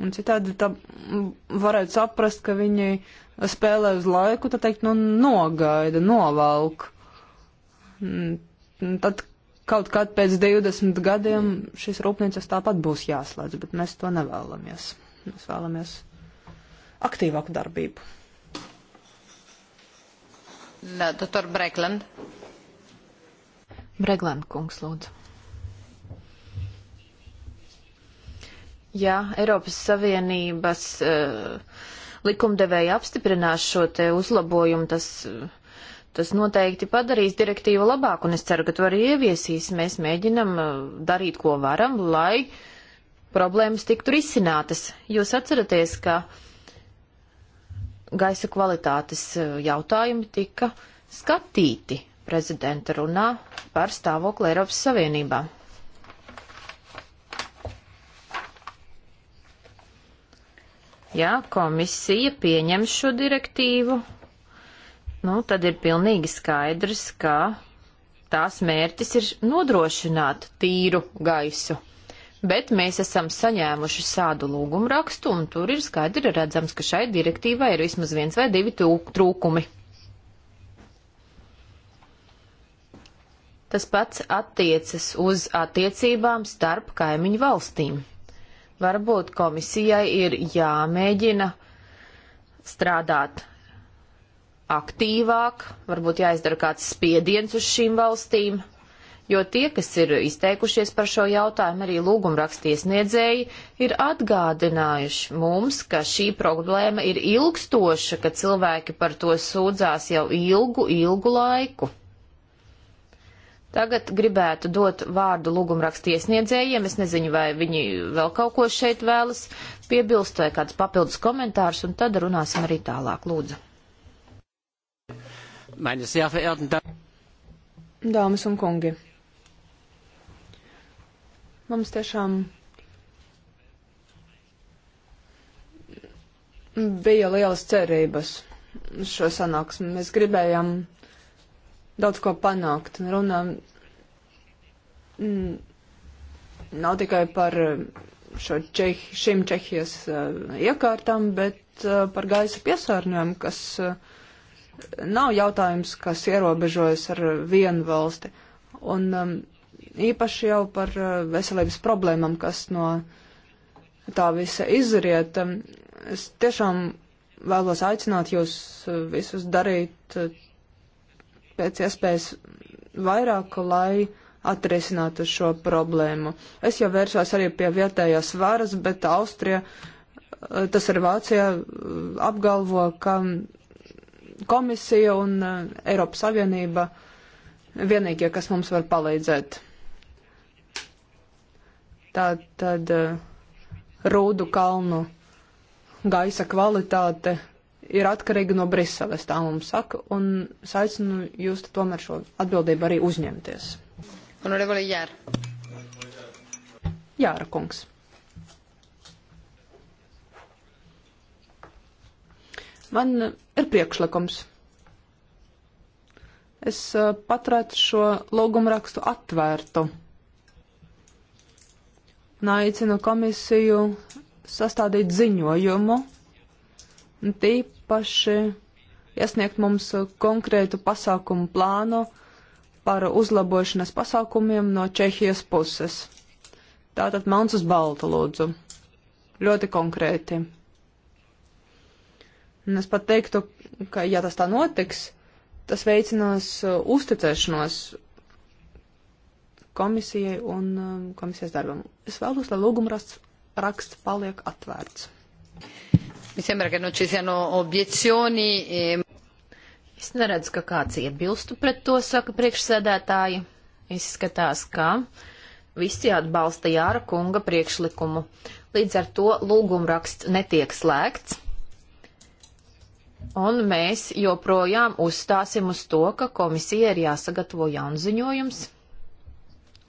Un citādi tā varētu saprast, ka viņi spēlē uz laiku, tā teikt, nu, nogaida, novelk. Un tad kaut kad pēc 20 gadiem šis rūpnīcas tāpat būs jāslēdz, bet mēs to nevēlamies. Mēs vēlamies aktīvāku darbību. Doktor Brekland. Brekland kungs, lūdzu. ja Eiropas Savienības uh, likumdevēja apstiprinās šo te uzlabojumu, tas, uh, tas noteikti padarīs direktīvu labāku, un es ceru, ka to arī ieviesīs. Mēs mēģinam uh, darīt, ko varam, lai problēmas tiktu risinātas. Jūs atceraties, ka gaisa kvalitātes jautājumi tika skatīti prezidenta runā par stāvokli Eiropas Savienībā. ja komisija pieņem šo direktīvu, nu, tad ir pilnīgi skaidrs, ka tās mērķis ir nodrošināt tīru gaisu. Bet mēs esam saņēmuši sādu lūgumu rakstu, un tur ir skaidri redzams, ka šai direktīvai ir vismaz viens vai divi trūkumi. Tas pats attiecas uz attiecībām starp kaimiņu valstīm. Varbūt komisijai ir jāmēģina strādāt aktīvāk, varbūt jāizdara kāds spiediens uz šīm valstīm, jo tie, kas ir izteikušies par šo jautājumu, arī lūgumrakstiesniedzēji, ir atgādinājuši mums, ka šī problēma ir ilgstoša, ka cilvēki par to sūdzās jau ilgu, ilgu laiku. Tagad gribētu dot vārdu lūgumrakstu iesniedzējiem. Es nezinu, vai viņi vēl kaut ko šeit vēlas piebilst vai kāds papildus komentārs, un tad runāsim arī tālāk. Lūdzu. Dāmas un kungi, mums tiešām bija lielas cerības šo sanāksmi. Mēs gribējām daudz ko panākt. Runā mm, nav tikai par eh, šo Čeh, šim Čehijas uh, eh, iekārtam, bet uh, par gaisa piesārņojumu, kas uh, nav jautājums, kas ierobežojas ar vienu valsti. Un um, īpaši jau par uh, veselības problēmām, kas no tā visa izriet. Um, es tiešām vēlos aicināt jūs uh, visus darīt uh, pēc iespējas vairāk, lai atrisinātu šo problēmu. Es jau vērsos arī pie vietējās varas, bet Austrija, eh, tas ir Vācija, eh, apgalvo, ka komisija un eh, Eiropas Savienība vienīgie, kas mums var palīdzēt. Tā tad rūdu kalnu gaisa kvalitāte ir atkarīga no Briseles, tā mums saka, un es aicinu jūs tomēr šo atbildību arī uzņemties. Honorevoli Jāra. Jāra kungs. Man ir priekšlikums. Es paturētu šo lūgumu rakstu atvērtu. Un aicinu komisiju sastādīt ziņojumu tīpaši iesniegt mums konkrētu pasākumu plānu par uzlabošanas pasākumiem no Čehijas puses. Tātad melns uz baltu lūdzu. Ļoti konkrēti. Un es pat teiktu, ka ja tas tā notiks, tas veicinās uh, uzticēšanos komisijai un um, komisijas darbam. Es vēlos, lai lūgumraksts raksts paliek atvērts. Mi sembra che non ci siano obiezioni. E... Es neredzu, ka kāds iebilstu pret to, saka priekšsēdētāji. Izskatās, ka visi atbalsta Jāra kunga priekšlikumu. Līdz ar to lūgumraksts netiek slēgts. Un mēs joprojām uzstāsim uz to, ka komisija ir jāsagatavo jauns ziņojums.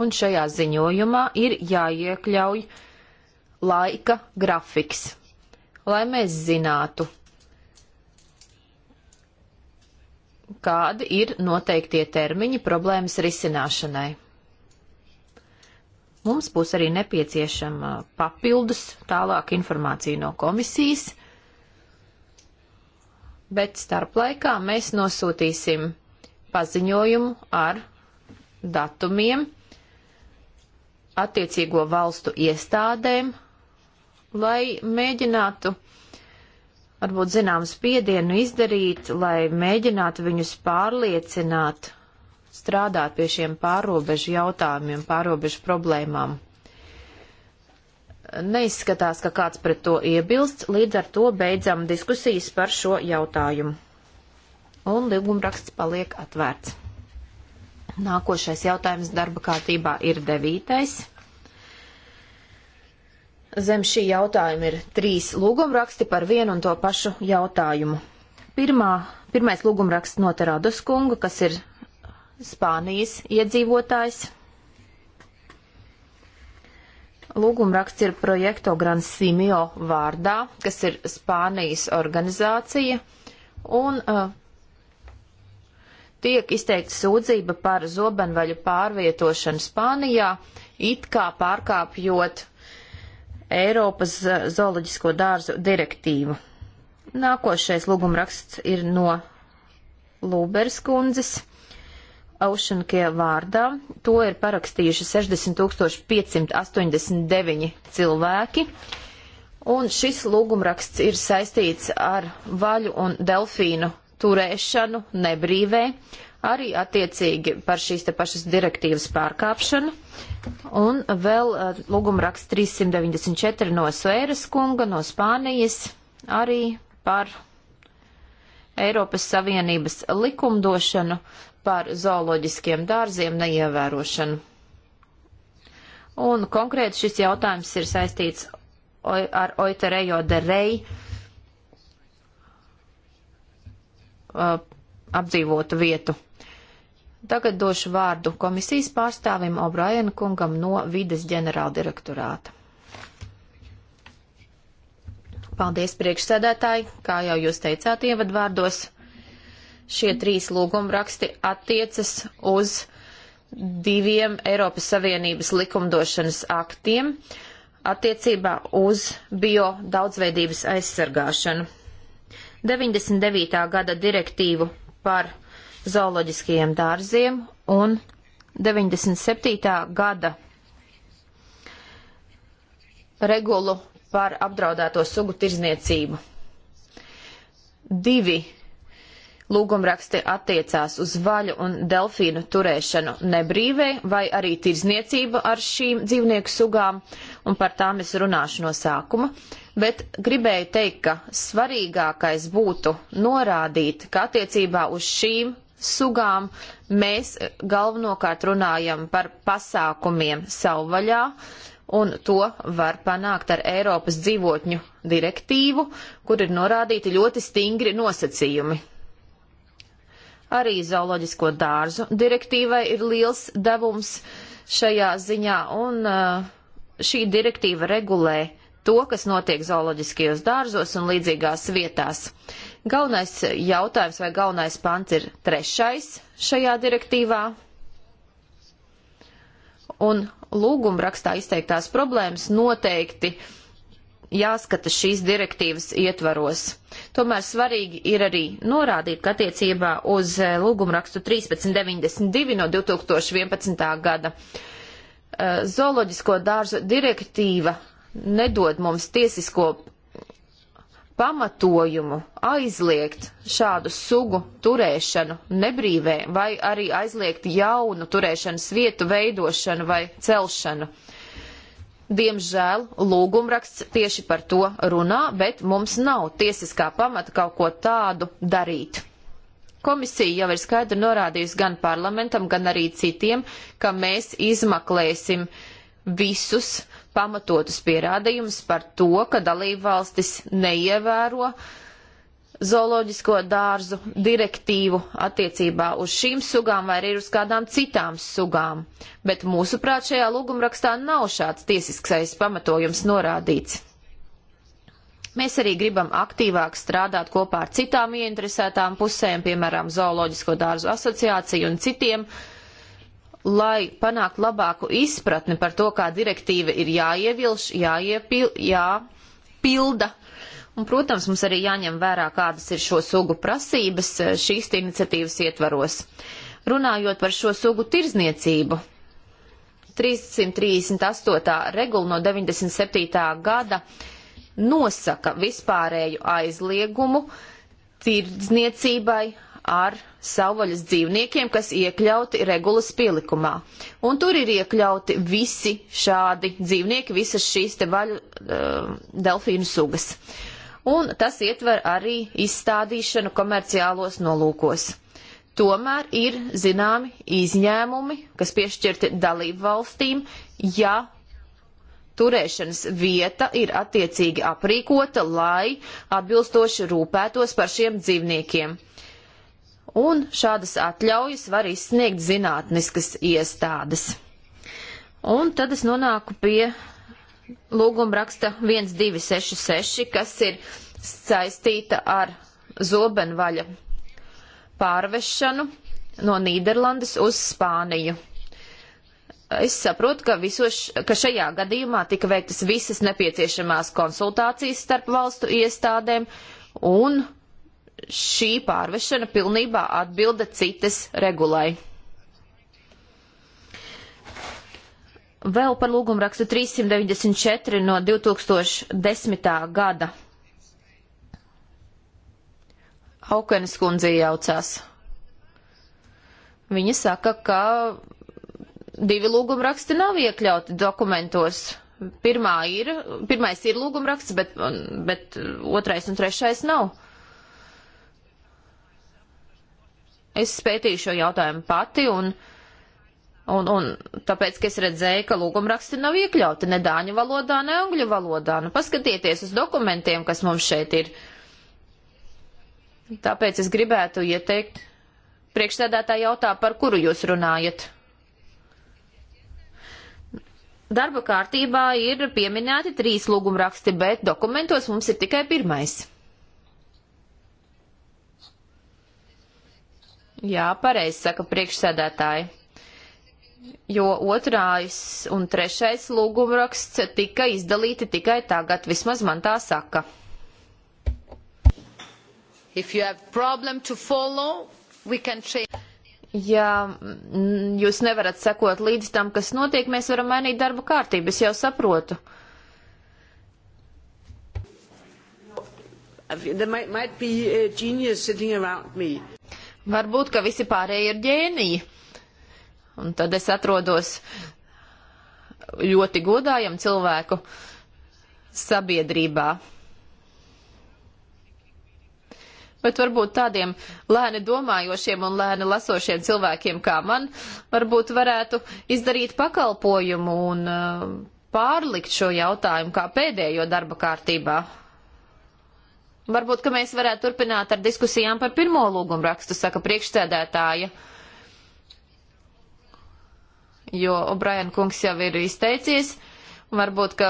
Un šajā ziņojumā ir jāiekļauj laika grafiks lai mēs zinātu, kādi ir noteiktie termiņi problēmas risināšanai. Mums būs arī nepieciešama papildus tālāk informācija no komisijas, bet starplaikā mēs nosūtīsim paziņojumu ar datumiem attiecīgo valstu iestādēm, lai mēģinātu varbūt zinām spiedienu izdarīt, lai mēģinātu viņus pārliecināt strādāt pie šiem pārobežu jautājumiem, pārobežu problēmām. Neizskatās, ka kāds pret to iebilst, līdz ar to beidzam diskusijas par šo jautājumu. Un līgumraksts paliek atvērts. Nākošais jautājums darba kārtībā ir devītais. Zem šī jautājuma ir trīs lūgumraksti par vienu un to pašu jautājumu. Pirmā, pirmais lūgumraksts no Terados kunga, kas ir Spānijas iedzīvotājs. Lūgumraksts ir projekto Gran Simio vārdā, kas ir Spānijas organizācija, un uh, tiek izteikta sūdzība par zobenvaļu pārvietošanu Spānijā, it kā pārkāpjot Eiropas zooloģisko dārzu direktīvu. Nākošais lūgumraksts ir no Lūbers kundzes. Aušankie vārdā. To ir parakstījuši 60,589 cilvēki. Un šis lūgumraksts ir saistīts ar vaļu un delfīnu turēšanu nebrīvē arī attiecīgi par šīs te pašas direktīvas pārkāpšanu. Un vēl lūguma raksts 394 no Svēras kunga, no Spānijas, arī par Eiropas Savienības likumdošanu par zooloģiskiem dārziem neievērošanu. Un konkrēti šis jautājums ir saistīts ar Oiterejo de Rei eh, apdzīvotu vietu. Tagad došu vārdu komisijas pārstāvim O'Brien kungam no vides ģenerāldirektorāta. Paldies priekšsēdētāji, kā jau jūs teicāt ievadvārdos. Šie trīs lūgumraksti attiecas uz diviem Eiropas Savienības likumdošanas aktiem attiecībā uz bio daudzveidības aizsargāšanu. 99. gada direktīvu par zooloģiskajiem dārziem un 97. gada regulu par apdraudēto sugu tirzniecību. Divi lūgumraksti attiecās uz vaļu un delfīnu turēšanu nebrīvē vai arī tirzniecību ar šīm dzīvnieku sugām, un par tām es runāšu no sākuma. Bet gribēju teikt, ka svarīgākais būtu norādīt, ka attiecībā uz šīm sugām, mēs galvenokārt runājam par pasākumiem savvaļā, un to var panākt ar Eiropas dzīvotņu direktīvu, kur ir norādīti ļoti stingri nosacījumi. Arī zooloģisko dārzu direktīvai ir liels devums šajā ziņā, un uh, šī direktīva regulē to, kas notiek zooloģiskajos dārzos un līdzīgās vietās. Galvenais jautājums vai galvenais pants ir trešais šajā direktīvā. Un lūgumrakstā izteiktās problēmas noteikti jāskata šīs direktīvas ietvaros. Tomēr svarīgi ir arī norādīt, ka attiecībā uz eh, lūgumrakstu 1392 no 2011. gada eh, zooloģisko dārzu direktīva nedod mums tiesisko pamatojumu aizliegt šādu sugu turēšanu nebrīvē vai arī aizliegt jaunu turēšanas vietu veidošanu vai celšanu. Diemžēl lūgumraksts tieši par to runā, bet mums nav tiesiskā pamata kaut ko tādu darīt. Komisija jau ir skaidri norādījusi gan parlamentam, gan arī citiem, ka mēs izmeklēsim visus pamatotus pierādījumus par to, ka dalībvalstis neievēro zooloģisko dārzu direktīvu attiecībā uz šīm sugām vai arī uz kādām citām sugām, bet mūsuprāt šajā lūgumrakstā nav šāds tiesiskais pamatojums norādīts. Mēs arī gribam aktīvāk strādāt kopā ar citām ieinteresētām pusēm, piemēram, Zooloģisko dārzu asociāciju un citiem uh, lai panāktu labāku izpratni par to, kā direktīva ir jāievilš, jāiepil, jāpilda. Un, protams, mums arī jāņem vērā, kādas ir šo sugu prasības eh, šīs iniciatīvas ietvaros. Runājot par šo sugu tirzniecību, 338. regula no 97. gada nosaka vispārēju aizliegumu tirdzniecībai ar savvaļas dzīvniekiem, kas iekļauti regulas pielikumā. Un tur ir iekļauti visi šādi dzīvnieki, visas šīs te vaļu uh, um, delfīnu sugas. Un tas ietver arī izstādīšanu komerciālos nolūkos. Tomēr ir zināmi izņēmumi, kas piešķirti dalību valstīm, ja turēšanas vieta ir attiecīgi aprīkota, lai atbilstoši rūpētos par šiem dzīvniekiem un šādas atļaujas var izsniegt zinātniskas iestādes. Un tad es nonāku pie lūguma raksta 1266, kas ir saistīta ar zobenvaļa pārvešanu no Nīderlandes uz Spāniju. Es saprotu, ka, visos, ka šajā gadījumā tika veiktas visas nepieciešamās konsultācijas starp valstu iestādēm un uh, šī pārvešana pilnībā atbilda citas regulai. Vēl par lūgumu rakstu 394 no 2010. gada. Aukenes kundze jaucās. Viņa saka, ka divi lūgumu raksti nav iekļauti dokumentos. Pirmā ir, pirmais ir lūgumraksts, bet, bet otrais un trešais nav. Es spētīju šo jautājumu pati un, un, un tāpēc, ka es redzēju, ka lūgumraksti nav iekļauti ne dāņu valodā, ne angļu valodā. Nu, paskatieties uz dokumentiem, kas mums šeit ir. Tāpēc es gribētu ieteikt. Priekšsēdētā jautā, par kuru jūs runājat? Darba kārtībā ir pieminēti trīs lūgumraksti, bet dokumentos mums ir tikai pirmais. Jā, pareizi saka priekšsēdētāji. Jo otrais un trešais lūgumraksts tika izdalīti tikai tagad, vismaz man tā saka. Follow, ja mm, jūs nevarat sekot līdz tam, kas notiek, mēs varam mainīt darba kārtību, es jau saprotu. There might, might be a uh, genius sitting around me. Varbūt, ka visi pārējie ir ģēniji. Un tad es atrodos ļoti godājam cilvēku sabiedrībā. Bet varbūt tādiem lēni domājošiem un lēni lasošiem cilvēkiem kā man, varbūt varētu izdarīt pakalpojumu un uh, pārlikt šo jautājumu kā pēdējo darba kārtībā. Varbūt, ka mēs varētu turpināt ar diskusijām par pirmo lūgumu rakstu, saka priekšsēdētāja. Jo O'Brien kungs jau ir izteicies, varbūt, ka,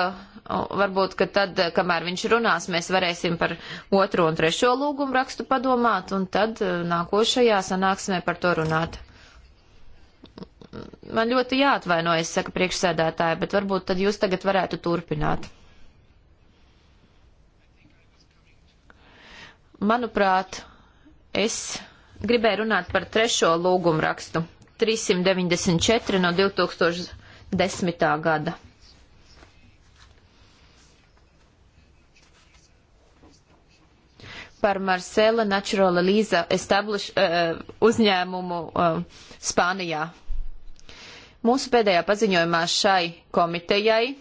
varbūt, ka tad, kamēr viņš runās, mēs varēsim par otro un trešo lūgumu rakstu padomāt, un tad eh, nākošajā sanāksmē par to runāt. Man ļoti jāatvainojas, saka priekšsēdētāja, bet varbūt tad jūs tagad varētu turpināt. Manuprāt, es gribēju runāt par trešo lūgumu rakstu 394 no 2010. gada. par Marcela Naturala Līza establish, eh, uh, uzņēmumu uh, Spānijā. Mūsu pēdējā paziņojumā šai komitejai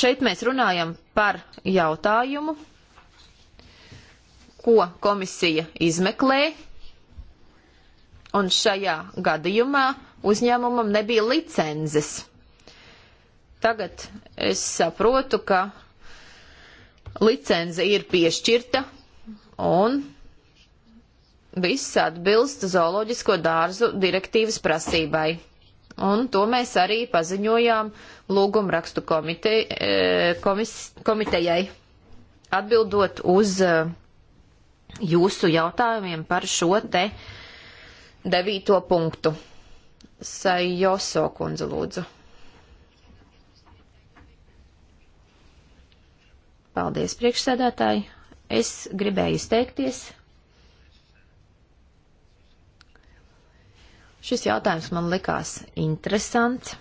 šeit mēs runājam par jautājumu, ko komisija izmeklē, un šajā gadījumā uzņēmumam nebija licences. Tagad es saprotu, ka licence ir piešķirta un viss atbilst zooloģisko dārzu direktīvas prasībai. Un to mēs arī paziņojām lūgumrakstu komite, eh, komis, komitejai, atbildot uz uh, jūsu jautājumiem par šo te devīto punktu. Sajoso kundze lūdzu. Paldies, priekšsēdētāji. Es gribēju izteikties. Šis jautājums man likās interesants.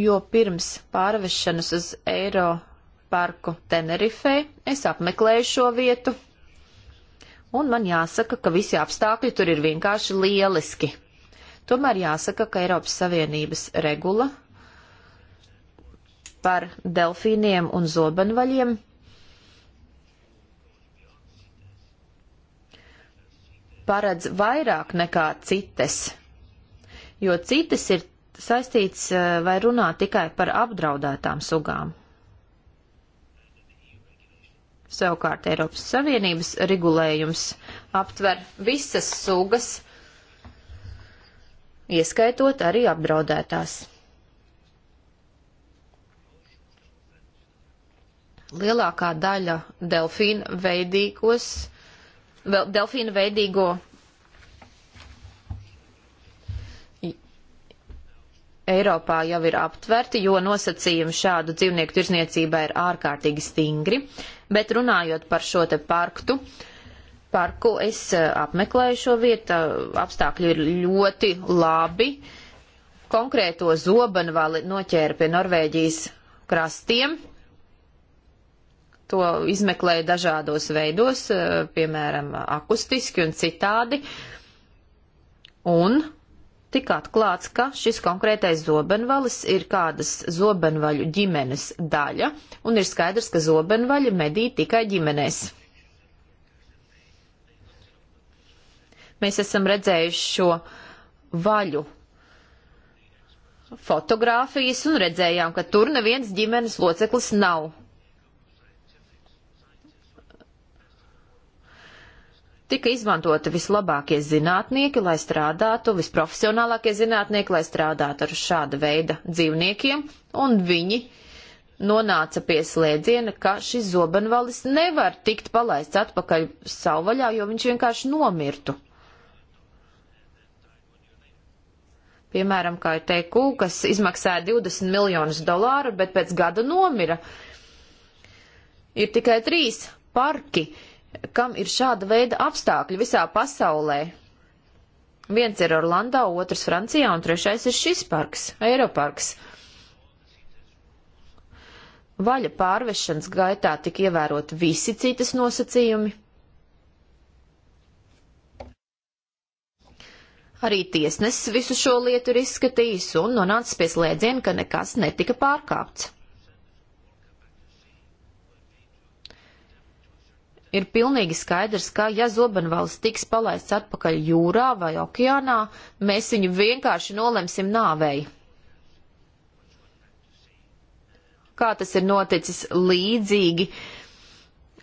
jo pirms pārvešanas uz Eiro parku Tenerifē es apmeklēju šo vietu, un man jāsaka, ka visi apstākļi tur ir vienkārši lieliski. Tomēr jāsaka, ka Eiropas Savienības regula par delfīniem un zobenvaļiem paredz vairāk nekā citas, jo citas ir saistīts eh, vai runā tikai par apdraudētām sugām. Savukārt Eiropas Savienības regulējums aptver visas sugas, ieskaitot arī apdraudētās. Lielākā daļa delfīnu veidīgos, delfīnu veidīgo Eiropā jau ir aptverti, jo nosacījumi šādu dzīvnieku tirzniecībā ir ārkārtīgi stingri, bet runājot par šo te parktu, parku es eh, apmeklēju šo vietu, eh, apstākļi ir ļoti labi. Konkrēto zobenvali noķēra pie Norvēģijas krastiem. To izmeklēja dažādos veidos, eh, piemēram, akustiski un citādi. Un tika atklāts, ka šis konkrētais zobenvalis ir kādas zobenvaļu ģimenes daļa, un ir skaidrs, ka zobenvaļi medī tikai ģimenēs. Mēs esam redzējuši šo vaļu fotogrāfijas un redzējām, ka tur neviens ģimenes loceklis nav tika izmantoti vislabākie zinātnieki, lai strādātu, visprofesionālākie zinātnieki, lai strādātu ar šāda veida dzīvniekiem, un viņi nonāca pie slēdziena, ka šis zobenvalis nevar tikt palaists atpakaļ savvaļā, jo viņš vienkārši nomirtu. Piemēram, kā ir teikt, kūkas izmaksāja 20 miljonus dolāru, bet pēc gada nomira. Ir tikai trīs parki, uh, kam ir šāda veida apstākļi visā pasaulē. Viens ir Orlando, otrs Francijā un trešais ir šis parks, Eiroparks. Vaļa pārvešanas gaitā tika ievērot visi citas nosacījumi. Arī tiesnesis visu šo lietu ir izskatījis un nonācis pie slēdziena, ka nekas netika pārkāpts. ir pilnīgi skaidrs, ka ja zobenvalsts tiks palaists atpakaļ jūrā vai okeānā, mēs viņu vienkārši nolemsim nāvēji. Kā tas ir noticis līdzīgi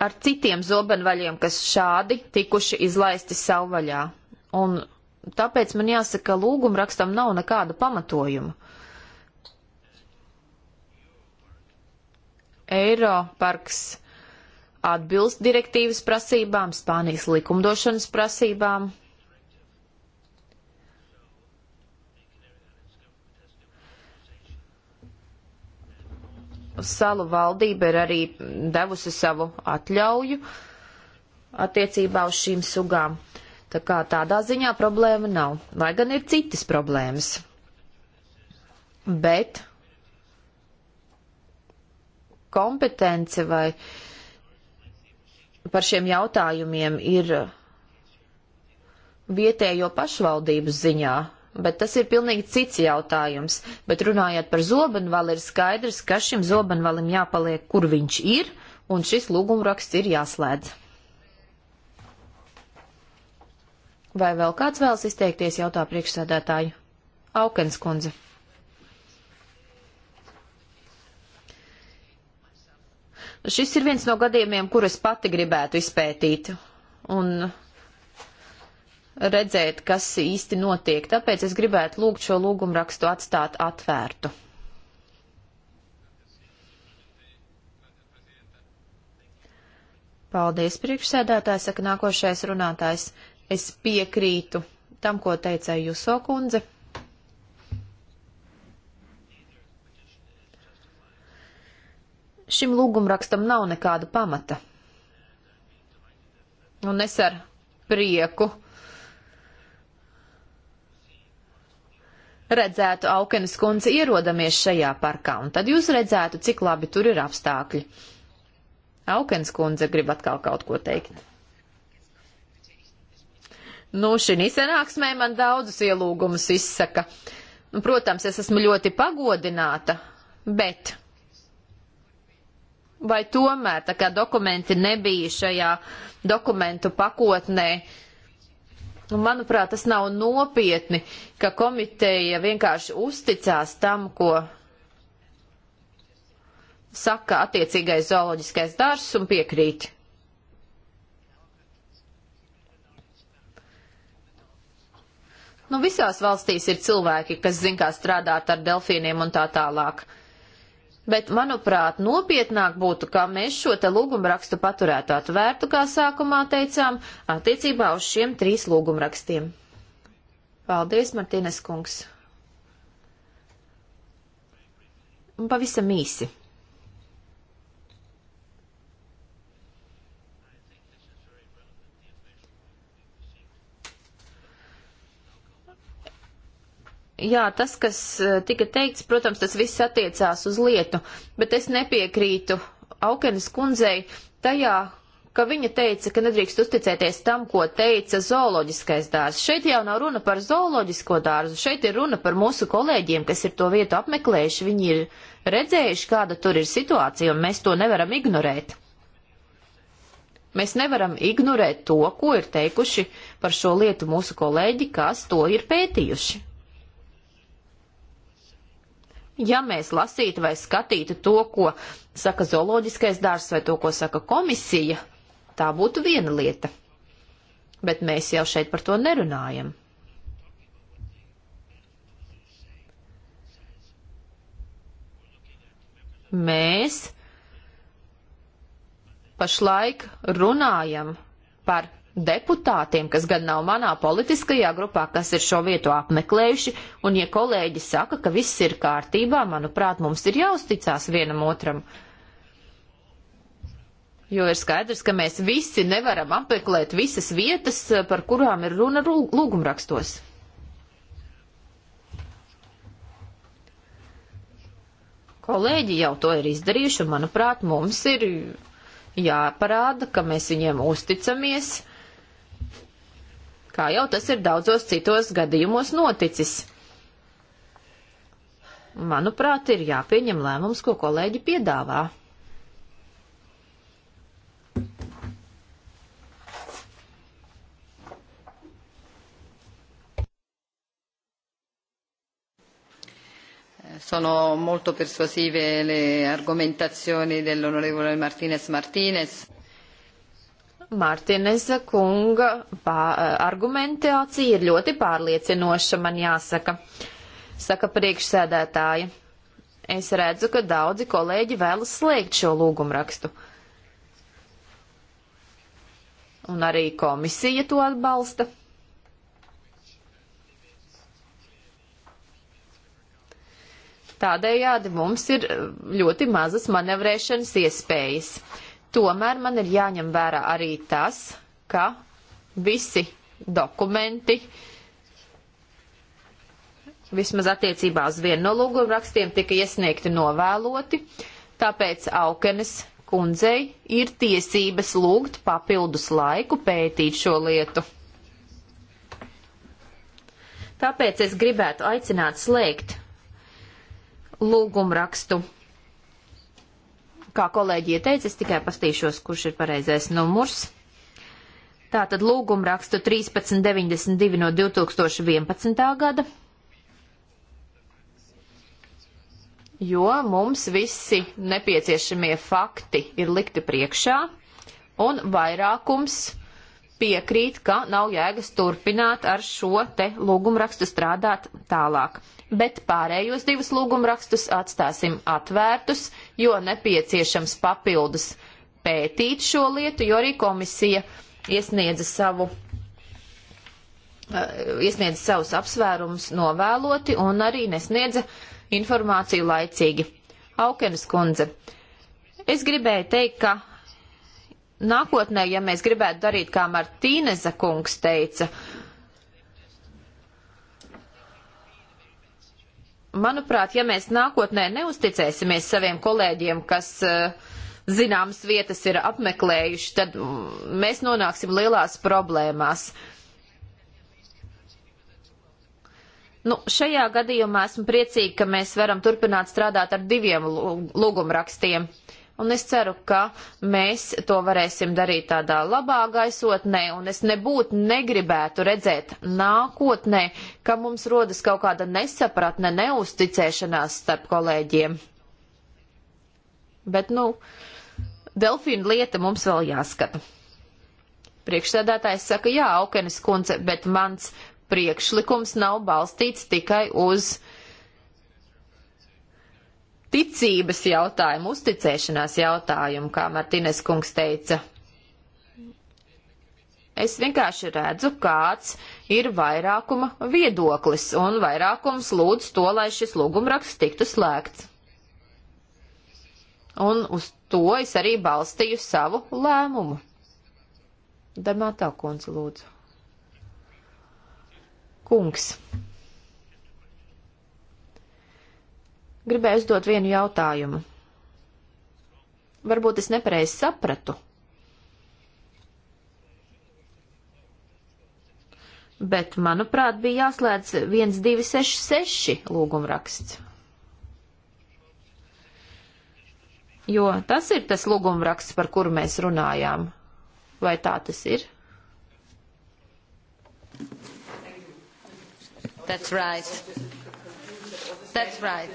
ar citiem zobenvaļiem, kas šādi tikuši izlaisti savvaļā. Un tāpēc man jāsaka, ka lūgumrakstam nav nekāda pamatojuma. Eiroparks atbilst direktīvas prasībām, Spānijas likumdošanas prasībām. Salu valdība ir arī devusi savu atļauju attiecībā uz šīm sugām. Tā kā tādā ziņā problēma nav, lai gan ir citas problēmas. Bet kompetence vai uh, par šiem jautājumiem ir vietējo pašvaldību ziņā, bet tas ir pilnīgi cits jautājums. Bet runājot par zobenvali, ir skaidrs, ka šim zobenvalim jāpaliek, kur viņš ir, un šis lūgumraksts ir jāslēdz. Vai vēl kāds vēlas izteikties, jautā priekšsēdētāju? Aukens kundze. Šis ir viens no gadījumiem, kurus pati gribētu izpētīt un redzēt, kas īsti notiek. Tāpēc es gribētu lūgt šo lūgumu rakstu atstāt atvērtu. Paldies, priekšsēdētājs, saka nākošais runātājs. Es piekrītu tam, ko teicēja Juso kundze. Šim lūgumrakstam nav nekāda pamata. Un es ar prieku redzētu Aukenes kundzi ierodamies šajā parkā, un tad jūs redzētu, cik labi tur ir apstākļi. Aukens kundze grib atkal kaut ko teikt. Nu, šī sanāksmē man daudzus ielūgumus izsaka. Nu, protams, es esmu ļoti pagodināta, bet Vai tomēr tā kā dokumenti nebija šajā dokumentu pakotnē? Un, manuprāt, tas nav nopietni, ka komiteja vienkārši uzticās tam, ko saka attiecīgais zooloģiskais dārsts un piekrīt. Nu, visās valstīs ir cilvēki, kas zin, kā strādāt ar delfīniem un tā tālāk bet, manuprāt, nopietnāk būtu, kā mēs šo te lūgumrakstu paturētu atvērtu, kā sākumā teicām, attiecībā uz šiem trīs lūgumrakstiem. Paldies, Martīnes kungs! Un pavisam īsi. jā, tas, kas eh, tika teikts, protams, tas viss attiecās uz lietu, bet es nepiekrītu Aukenes kundzei tajā, ka viņa teica, ka nedrīkst uzticēties tam, ko teica zooloģiskais dārzs. Šeit jau nav runa par zooloģisko dārzu, šeit ir runa par mūsu kolēģiem, kas ir to vietu apmeklējuši, viņi ir redzējuši, kāda tur ir situācija, un mēs to nevaram ignorēt. Mēs nevaram ignorēt to, ko ir teikuši par šo lietu mūsu kolēģi, kas to ir pētījuši. Ja mēs lasītu vai skatītu to, ko saka zooloģiskais dārsts vai to, ko saka komisija, tā būtu viena lieta. Bet mēs jau šeit par to nerunājam. Mēs pašlaik runājam par deputātiem, kas gan nav manā politiskajā grupā, kas ir šo vietu apmeklējuši, un ja kolēģi saka, ka viss ir kārtībā, manuprāt, mums ir jāuzticās vienam otram. Jo ir skaidrs, ka mēs visi nevaram apmeklēt visas vietas, par kurām ir runa lūgumrakstos. Kolēģi jau to ir izdarījuši, un manuprāt, mums ir jāparāda, ka mēs viņiem uzticamies, kā jau tas ir daudzos citos gadījumos noticis. Manuprāt, ir jāpieņem lēmums, ko kolēģi piedāvā. sono molto persuasive le argomentazioni dell'onorevole Martinez Martinez. Mārtiņa kunga eh, argumentācija ir ļoti pārliecinoša, man jāsaka, saka priekšsēdētāja. Es redzu, ka daudzi kolēģi vēlas slēgt šo lūgumrakstu. Un arī komisija to atbalsta. Tādējādi mums ir ļoti mazas manevrēšanas iespējas. Tomēr man ir jāņem vērā arī tas, ka visi dokumenti, vismaz attiecībā uz vienu no lūgumrakstiem, tika iesniegti novēloti, tāpēc Aukenes kundzei ir tiesības lūgt papildus laiku pētīt šo lietu. Tāpēc es gribētu aicināt slēgt lūgumrakstu Kā kolēģi ieteica, es tikai pastīšos, kurš ir pareizais numurs. Tātad lūgumu rakstu 1392 no 2011. gada, jo mums visi nepieciešamie fakti ir likti priekšā un vairākums piekrīt, ka nav jēgas turpināt ar šo te lūgumrakstu strādāt tālāk. Bet pārējos divus lūgumrakstus atstāsim atvērtus, jo nepieciešams papildus pētīt šo lietu, jo arī komisija iesniedza savu eh, iesniedz savus apsvērumus novēloti un arī nesniedza informāciju laicīgi. Aukenas kundze, es gribēju teikt, ka nākotnē, ja mēs gribētu darīt, kā Martīneza kungs teica, manuprāt, ja mēs nākotnē neusticēsimies saviem kolēģiem, kas eh, zināmas vietas ir apmeklējuši, tad mm, mēs nonāksim lielās problēmās. Nu, šajā gadījumā esmu priecīga, ka mēs varam turpināt strādāt ar diviem lūgumrakstiem. Uh, un es ceru, ka mēs to varēsim darīt tādā labā gaisotnē, un es nebūtu negribētu redzēt nākotnē, ka mums rodas kaut kāda nesapratne, neusticēšanās starp kolēģiem. Bet, nu, delfīnu lieta mums vēl jāskata. Priekšsēdētājs saka, jā, Aukenis kundze, bet mans priekšlikums nav balstīts tikai uz uh, ticības jautājumu, uzticēšanās jautājumu, kā Martīnes kungs teica. Es vienkārši redzu, kāds ir vairākuma viedoklis, un vairākums lūdz to, lai šis lūgumraksts tiktu slēgts. Un uz to es arī balstīju savu lēmumu. Damātā kundze lūdzu. Kungs. Gribēju uzdot vienu jautājumu. Varbūt es nepareizi sapratu. Bet, manuprāt, bija jāslēdz 1266 lūgumraksts. Jo tas ir tas lūgumraksts, par kuru mēs runājām. Vai tā tas ir? That's right. That's right.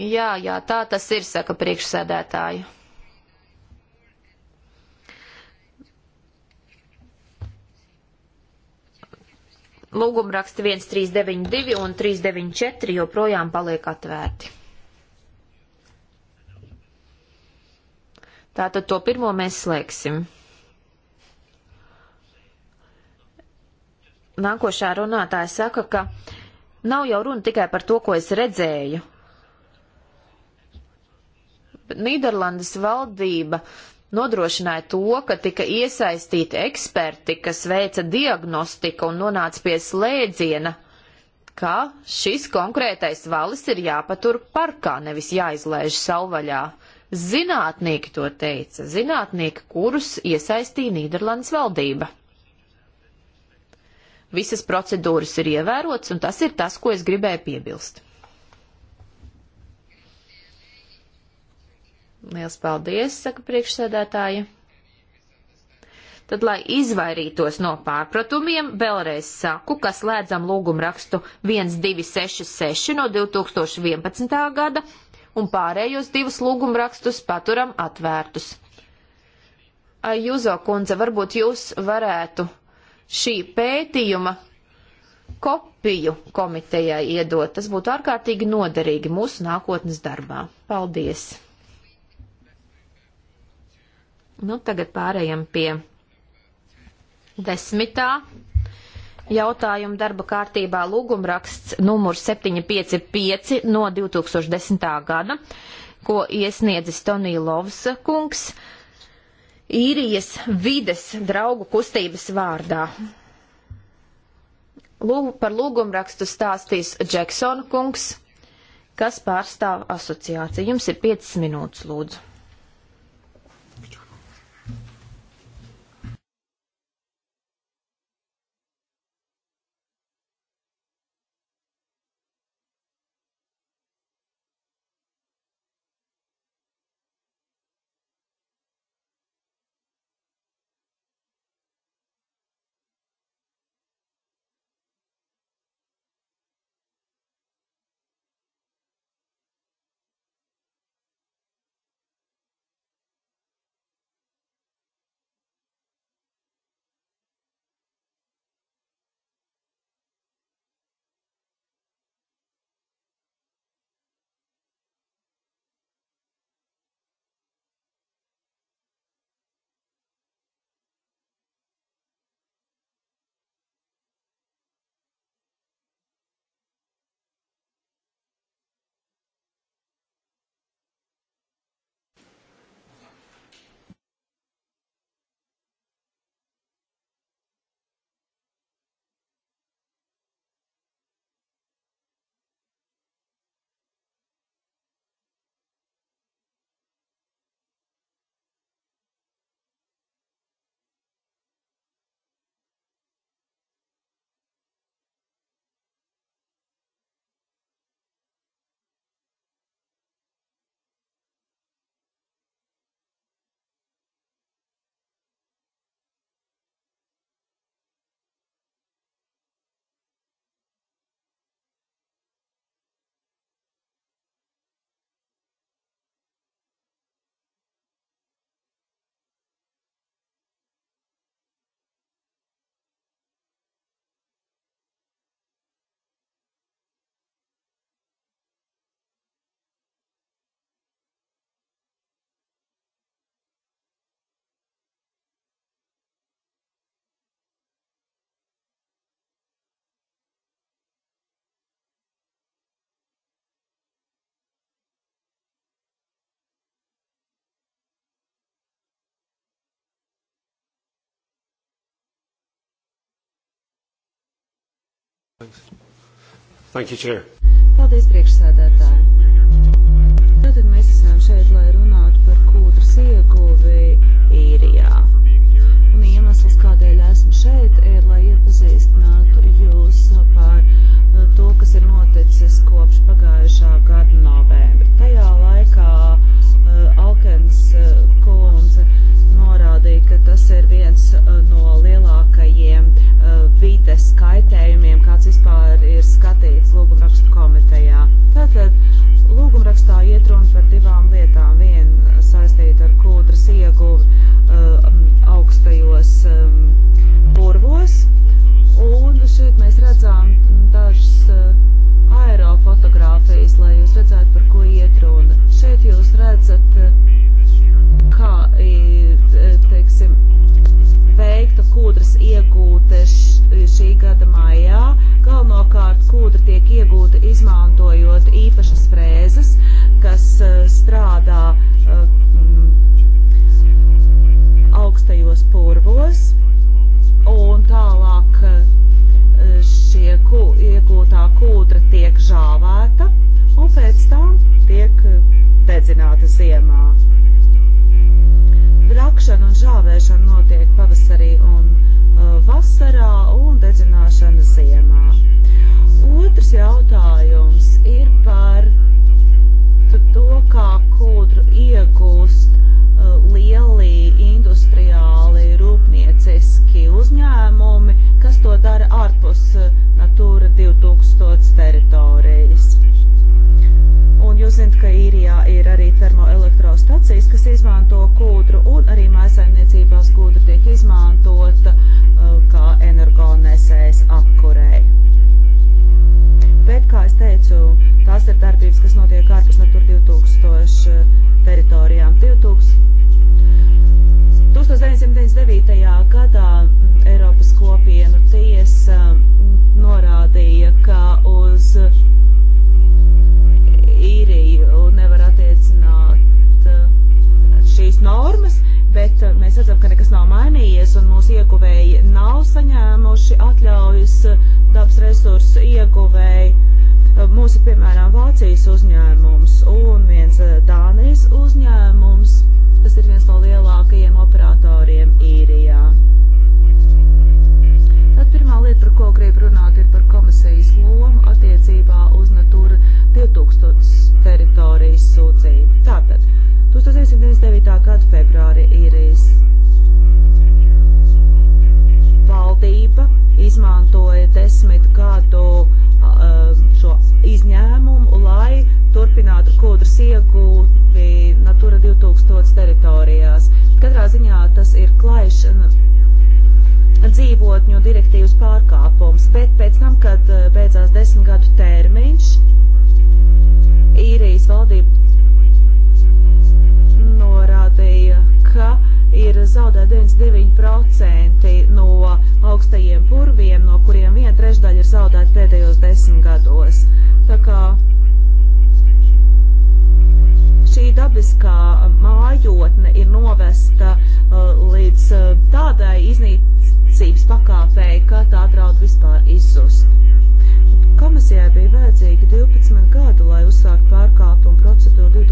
Jā, jā, tā tas ir, saka priekšsēdētāji. Lūgumraksti 1392 un 394 joprojām paliek atvērti. Tātad to pirmo mēs slēgsim. Nākošā runātāja saka, ka Nav jau runa tikai par to, ko es redzēju. Bet Nīderlandes valdība nodrošināja to, ka tika iesaistīti eksperti, kas veica diagnostiku un nonāca pie slēdziena, ka šis konkrētais valis ir jāpatur parkā, nevis jāizlaiž savvaļā. Zinātnieki to teica, zinātnieki, kurus iesaistīja Nīderlandes valdība visas procedūras ir ievērotas, un tas ir tas, ko es gribēju piebilst. Liels paldies, saka priekšsēdētāja. Tad, lai izvairītos no pārpratumiem, vēlreiz saku, ka slēdzam lūgumrakstu 1266 no 2011. gada un pārējos divus lūgumrakstus paturam atvērtus. Jūzo kundze, varbūt jūs varētu šī pētījuma kopiju komitejai iedot. Tas būtu ārkārtīgi noderīgi mūsu nākotnes darbā. Paldies! Nu, tagad pārējām pie desmitā jautājuma darba kārtībā lūgumraksts numur 755 no 2010. gada, ko iesniedzis Tonija Lovsa kungs īrijas vides draugu kustības vārdā. Lūg, par lūgumrakstu stāstīs Džeksona kungs, kas pārstāv asociāciju. Jums ir 5 minūtes, lūdzu. Thank you, Chair. Paldies, priekšsēdētāji. Tātad mēs esam šeit, lai runātu par kūdras ieguvi īrijā. Un iemesls, kādēļ esmu šeit, ir, lai iepazīstinātu jūs par eh, to, kas ir noticis kopš pagājušā gada novembra. Tajā laikā uh, Alkens uh, eh, kundze norādīja, ka tas ir viens uh, no lielākajiem uh, vides kaitējumiem Tātad Vācijas uzņēmumu.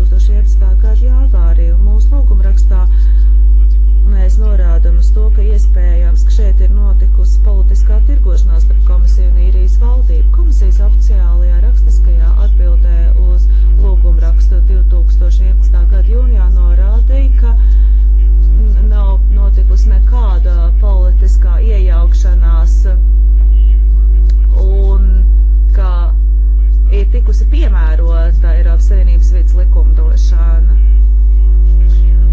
2011. gada janvārī, un mūsu lūgumrakstā mēs norādam uz to, ka iespējams, ka šeit ir notikusi politiskā tirgošanās starp komisiju un īrijas valdību. Komisijas oficiālajā rakstiskajā atbildē uz lūgumrakstu 2011. gada jūnijā norādīja, ka nav notikusi nekāda politiskā iejaukšanās un ka ir tikusi piemērota Eiropas Savienības vidas likumdošana.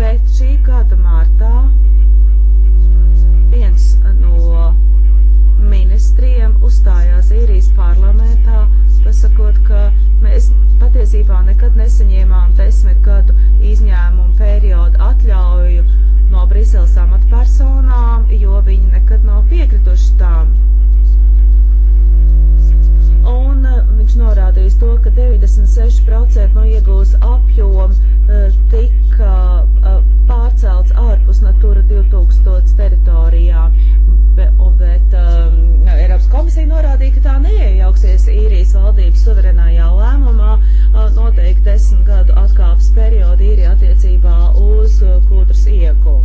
Bet šī gada martā viens no ministriem uzstājās īrijas parlamentā, pasakot, ka mēs patiesībā nekad nesaņēmām desmit gadu izņēmumu periodu atļauju no Briseles amatpersonām, jo viņi nekad nav piekrituši tām viņš norādījis to, ka 96% no iegūs apjom eh, tika eh, pārcelts ārpus Natura 2000 teritorijā, Be, bet um, Eiropas komisija norādīja, ka tā neiejauksies īrijas valdības suverenajā lēmumā noteikti desmit gadu atkāpes periodu īrija attiecībā uz kūdras iegu.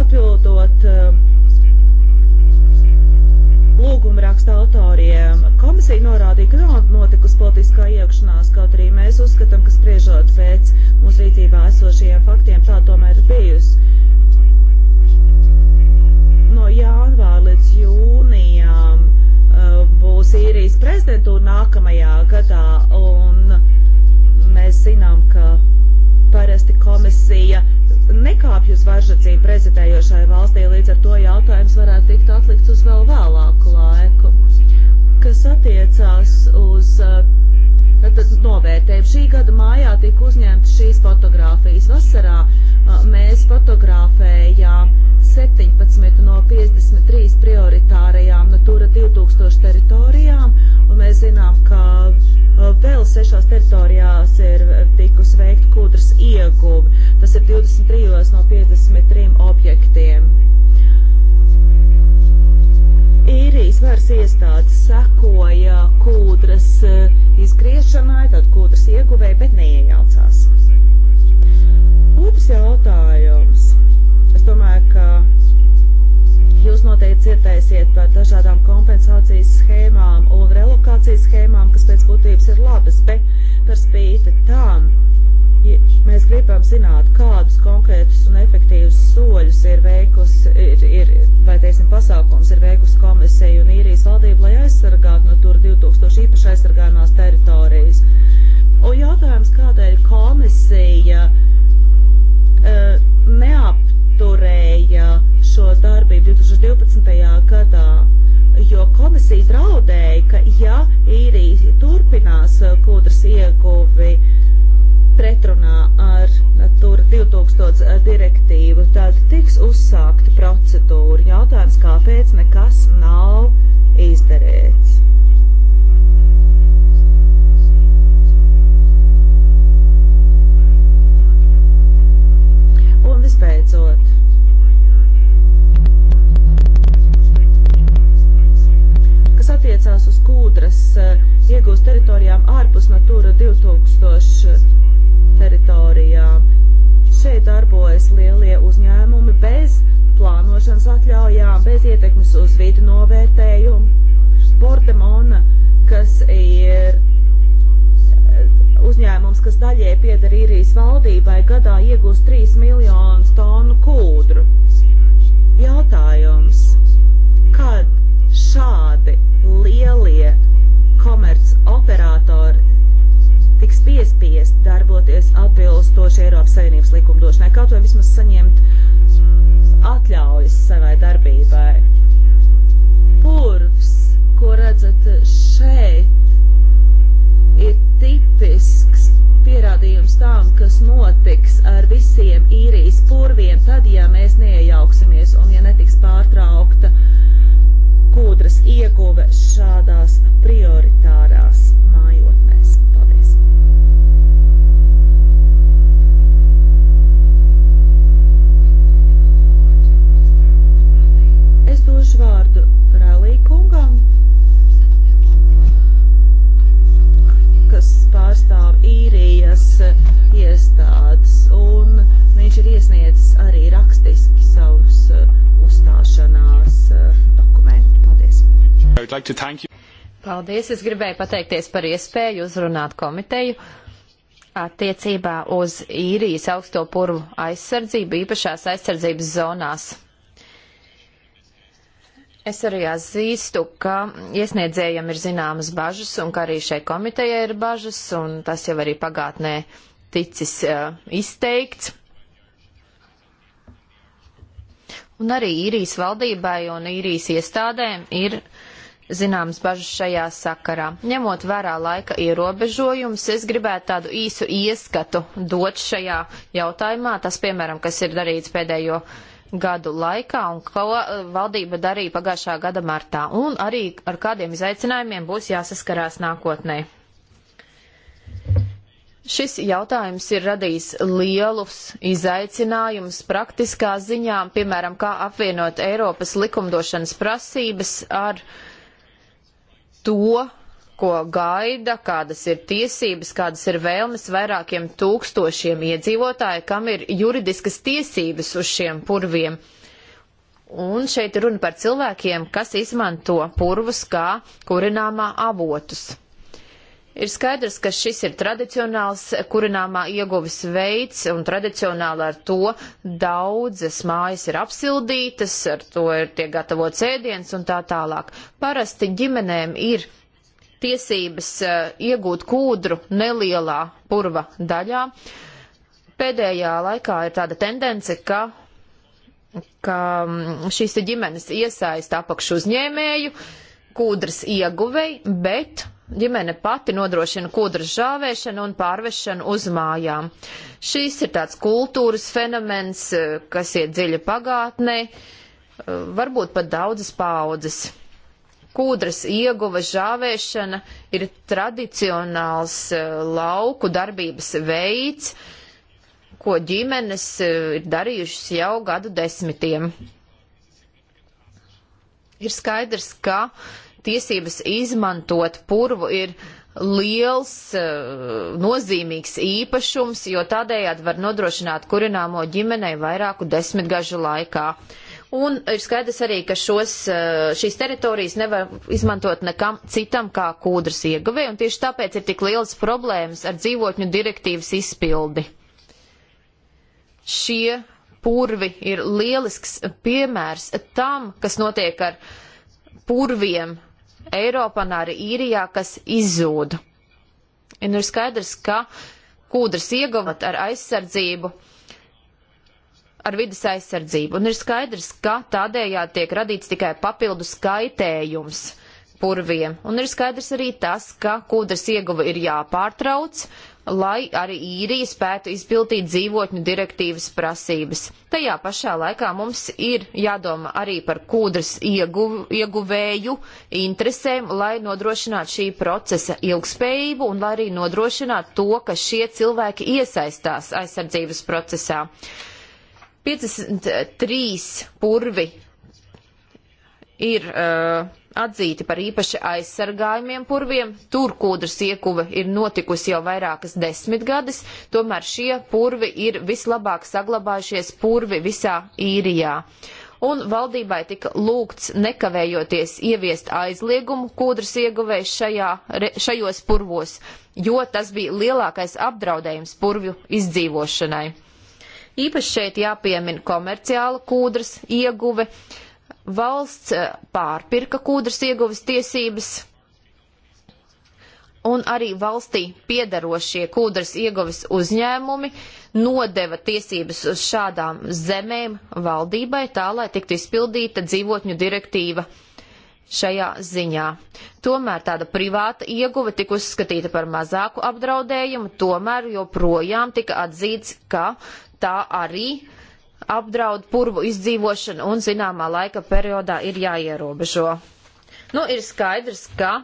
Atbildot uh, lūguma raksta autoriem. Komisija norādīja, ka nav notikusi politiskā iekšanās, kaut arī mēs uzskatām, ka spriežot pēc mūsu rīcībā esošajiem faktiem, tā tomēr ir bijusi. No janvāra līdz jūnijām uh, būs īrijas prezidentūra nākamajā gadā, un mēs zinām, ka parasti komisija nekāpj uz varžacīm prezidējošai valstī, līdz ar to jautājums varētu tikt atlikts uz vēl vēlāku laiku. Kas attiecās uz uh, tad novērtējumu. Šī gada mājā tika uzņemtas šīs fotogrāfijas. Vasarā mēs fotografējām 17 no 53 prioritārajām Natura 2000 teritorijām, un mēs zinām, ka vēl sešās teritorijās ir tikus veikt kūdras ieguvi. Tas ir 23 no 53 objektiem īrijas varas iestādes sekoja kūdras eh, izgriešanai, tad kūdras ieguvēja, bet neiejaucās. Otrs jautājums. Es domāju, ka jūs noteikti dzirdēsiet par dažādām kompensācijas schēmām un relokācijas schēmām, kas pēc būtības ir labas, bet par spīti tam ja mēs gribam zināt, kādus konkrētus un efektīvus soļus ir veikusi, ir, ir, vai teiksim, pasākums ir veikusi komisija un īrijas valdība, lai aizsargātu no tur 2000 īpaši aizsargājumās teritorijas. Un jautājums, kādēļ komisija uh, neapturēja šo darbību 2012. gadā? jo komisija draudēja, ka ja īrija turpinās eh, kūdras ieguvi, pretrunā ar tur 2000 eh, direktīvu, tad tiks uzsākta procedūra. Jautājums, kāpēc nekas nav izdarēts? Un visbeidzot, kas attiecās uz kūdras eh, iegūst teritorijām ārpus Natūra 2000 teritorijām. Šeit darbojas lielie uzņēmumi bez plānošanas atļaujām, bez ietekmes uz vidu novērtējumu. Bordemona, kas ir eh, uzņēmums, kas daļai pieder īrijas valdībai, gadā iegūst 3 miljonus tonu kūdru. Jautājums, kad šādi lielie komerc operatori tiks piespiest darboties atbilstoši Eiropas Savienības likumdošanai, kaut vai vismaz saņemt atļaujas savai darbībai. Purvs, ko redzat šeit, ir tipisks pierādījums tam, kas notiks ar visiem īrijas purviem, tad, ja mēs neiejauksimies un ja netiks pārtraukta kūdras ieguve šādā like Paldies, es gribēju pateikties par iespēju uzrunāt komiteju attiecībā uz īrijas augsto purvu aizsardzību īpašās aizsardzības zonās. Es arī atzīstu, ka iesniedzējiem ir zināmas bažas un ka arī šai komitejai ir bažas, un tas jau arī pagātnē ticis uh, izteikts. Un arī īrijas valdībai un īrijas iestādēm ir uh, zināmas bažas šajā sakarā. Ņemot vērā laika ierobežojumus, es gribētu tādu īsu ieskatu dot šajā jautājumā, tas, piemēram, kas ir darīts pēdējo gadu laikā un ko valdība darīja pagājušā gada martā, un arī ar kādiem izaicinājumiem būs jāsaskarās nākotnē. Šis jautājums ir radījis lielus izaicinājumus praktiskā ziņā, piemēram, kā apvienot Eiropas likumdošanas prasības ar uh, to, ko gaida, kādas ir tiesības, kādas ir vēlmes vairākiem tūkstošiem iedzīvotāju, kam ir juridiskas tiesības uz šiem purviem. Un šeit runa par cilvēkiem, kas izmanto purvus kā kurināmā avotus. Ir skaidrs, ka šis ir tradicionāls kurināmā ieguvis veids, un tradicionāli ar to daudzas mājas ir apsildītas, ar to ir tiek gatavots ēdiens un tā tālāk. Parasti ģimenēm ir tiesības uh, iegūt kūdru nelielā purva daļā. Pēdējā laikā ir tāda tendence, ka ka mm, šīs ģimenes iesaista apakšu uzņēmēju, kūdras ieguvēji, bet ģimene pati nodrošina kūdras žāvēšanu un pārvešanu uz mājām. Šīs ir tāds kultūras fenomens, eh, kas iet dziļi pagātnē, eh, varbūt pat daudzas paudzes. Kūdras ieguva žāvēšana ir tradicionāls eh, lauku darbības veids, ko ģimenes ir darījušas jau gadu desmitiem. Ir skaidrs, ka uh, tiesības izmantot purvu ir liels, eh, nozīmīgs īpašums, jo tādējādi var nodrošināt kurināmo ģimenei vairāku desmitgažu laikā. Un ir skaidrs arī, ka šos, eh, šīs teritorijas nevar izmantot nekam citam kā kūdras ieguvē, un tieši tāpēc ir tik liels problēmas ar dzīvotņu direktīvas izpildi. Šie purvi ir lielisks piemērs tam, kas notiek ar purviem Eiropā un arī īrijā, kas izzūda. Un ir skaidrs, ka kūdras iegavat ar aizsardzību, ar vidas aizsardzību. Un ir skaidrs, ka tādējādi tiek radīts tikai papildus kaitējums purviem. Un ir skaidrs arī tas, ka kūdras ieguva ir jāpārtrauc, uh, lai arī īrija spētu izpildīt dzīvotņu direktīvas prasības. Tajā pašā laikā mums ir jādomā arī par kūdras ieguv, ieguvēju interesēm, lai nodrošinātu šī procesa ilgspējību un lai arī nodrošinātu to, ka šie cilvēki iesaistās aizsardzības procesā. 53 purvi ir. Uh, atzīti par īpaši aizsargājumiem purviem. Tur kūdras iekuve ir notikusi jau vairākas desmitgades, tomēr šie purvi ir vislabāk saglabājušies purvi visā īrijā. Un valdībai tika lūgts nekavējoties ieviest aizliegumu kūdras ieguvēs šajā, re, šajos purvos, jo tas bija lielākais apdraudējums purvju izdzīvošanai. Īpaši šeit jāpiemina komerciāla kūdras ieguve, uh, valsts eh, pārpirka kūdras ieguves tiesības, un arī valstī piedarošie kūdras ieguves uzņēmumi nodeva tiesības uz šādām zemēm valdībai tā, lai tiktu izpildīta dzīvotņu direktīva šajā ziņā. Tomēr tāda privāta ieguve tika uzskatīta par mazāku apdraudējumu, tomēr joprojām tika atzīts, ka tā arī uh, apdraud purvu izdzīvošanu un zināmā laika periodā ir jāierobežo. Nu, ir skaidrs, ka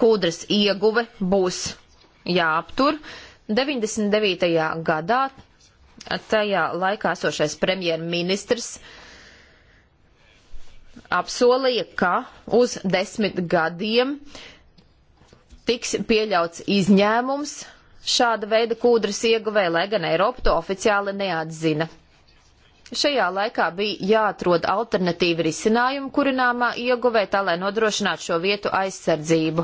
kūdras ieguve būs jāaptur. 99. gadā tajā laikā esošais premjerministrs apsolīja, ka uz desmit gadiem tiks pieļauts izņēmums šāda veida kūdras ieguvē, lai gan Eiropa to oficiāli neatzina. Šajā laikā bija jāatrod alternatīva risinājuma kurināmā ieguvē, tā lai nodrošinātu šo vietu aizsardzību.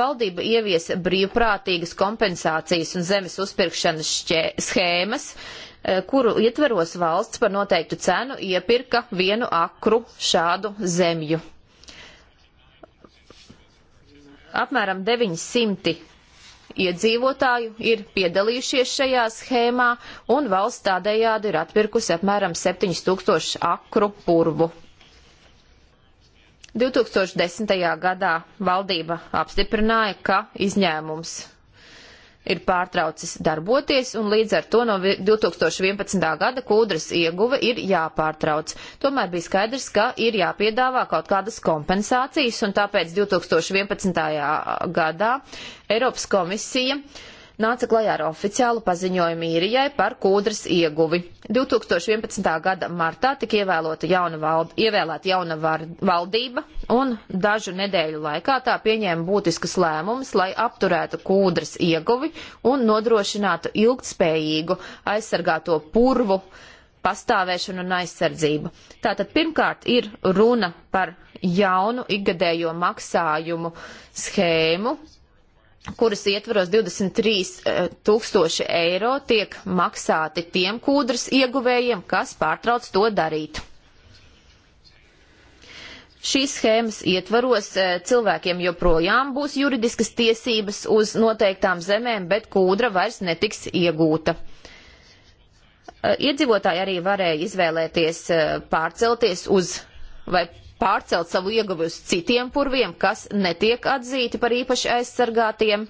Valdība ieviesa brīvprātīgas kompensācijas un zemes uzpirkšanas šķē, schēmas, e, kuru ietveros valsts par noteiktu cenu iepirka vienu akru šādu zemju. Apmēram 900 iedzīvotāju ir piedalījušies šajā schēmā, un valsts tādējādi ir atpirkusi apmēram 7000 akru purvu. 2010. gadā valdība apstiprināja, ka izņēmums ir pārtraucis darboties, un līdz ar to no 2011. gada kūdras ieguve ir jāpārtrauc. Tomēr bija skaidrs, ka ir jāpiedāvā kaut kādas kompensācijas, un tāpēc 2011. gadā Eiropas komisija uh, nāca klajā ar oficiālu paziņojumu īrijai par kūdras ieguvi. 2011. gada martā tika ievēlēta jauna, vald, ievēlēta jauna var, valdība un dažu nedēļu laikā tā pieņēma būtiskas lēmumus, lai apturētu kūdras ieguvi un nodrošinātu ilgtspējīgu aizsargāto purvu pastāvēšanu un aizsardzību. Tātad pirmkārt ir runa par jaunu ikgadējo maksājumu schēmu, kuras ietvaros 23 eh, tūkstoši eiro tiek maksāti tiem kūdras ieguvējiem, kas pārtrauc to darīt. Šīs schēmas ietvaros eh, cilvēkiem joprojām būs juridiskas tiesības uz noteiktām zemēm, bet kūdra vairs netiks iegūta. Eh, iedzīvotāji arī varēja izvēlēties pārcelties uz vai pārcelt savu ieguvi uz citiem purviem, kas netiek atzīti par īpaši aizsargātiem.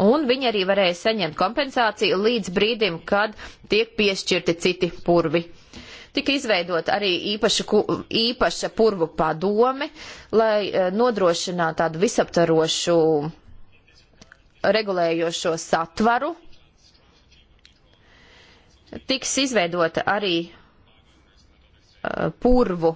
Un viņi arī varēja saņemt kompensāciju līdz brīdim, kad tiek piešķirti citi purvi. Tika izveidot arī īpaša, īpaša purvu padome, lai eh, nodrošinātu tādu visaptarošu regulējošo satvaru. Tiks izveidota arī Eh, purvu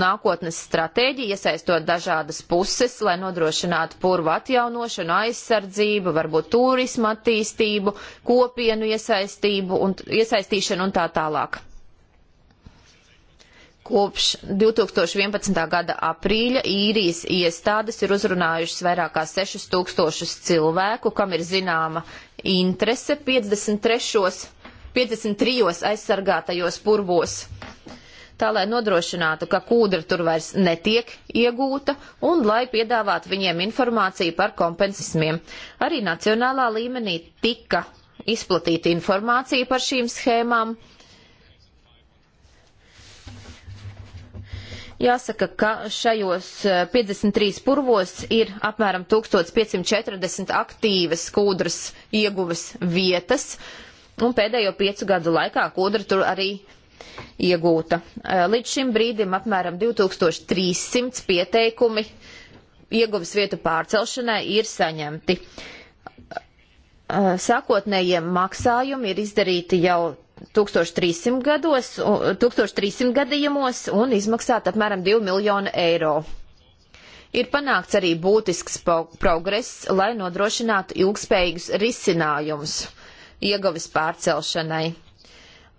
nākotnes stratēģiju, iesaistot dažādas puses, lai nodrošinātu purvu atjaunošanu, aizsardzību, varbūt turismu attīstību, kopienu iesaistību un iesaistīšanu un tā tālāk. Kopš 2011. gada aprīļa īrijas iestādes ir uzrunājušas vairāk kā 6000 cilvēku, kam ir zināma interese 53. 53 aizsargātajos purvos. Tā lai nodrošinātu, ka kūdra tur vairs netiek iegūta un lai piedāvātu viņiem informāciju par kompensismiem. Arī nacionālā līmenī tika izplatīta informācija par šīm schēmām. Jāsaka, ka šajos 53 eh, purvos ir apmēram 1540 aktīvas kūdras ieguves vietas. Uh, un pēdējo piecu gadu laikā kūdra tur arī iegūta. E, līdz šim brīdim apmēram 2300 pieteikumi ieguvis vietu pārcelšanai ir saņemti. E, sākotnējie maksājumi ir izdarīti jau 1300, gados, 1300 gadījumos un izmaksāt apmēram 2 miljonu eiro. Ir panākts arī būtisks progress, lai nodrošinātu ilgspējīgus risinājumus ieguvis pārcelšanai.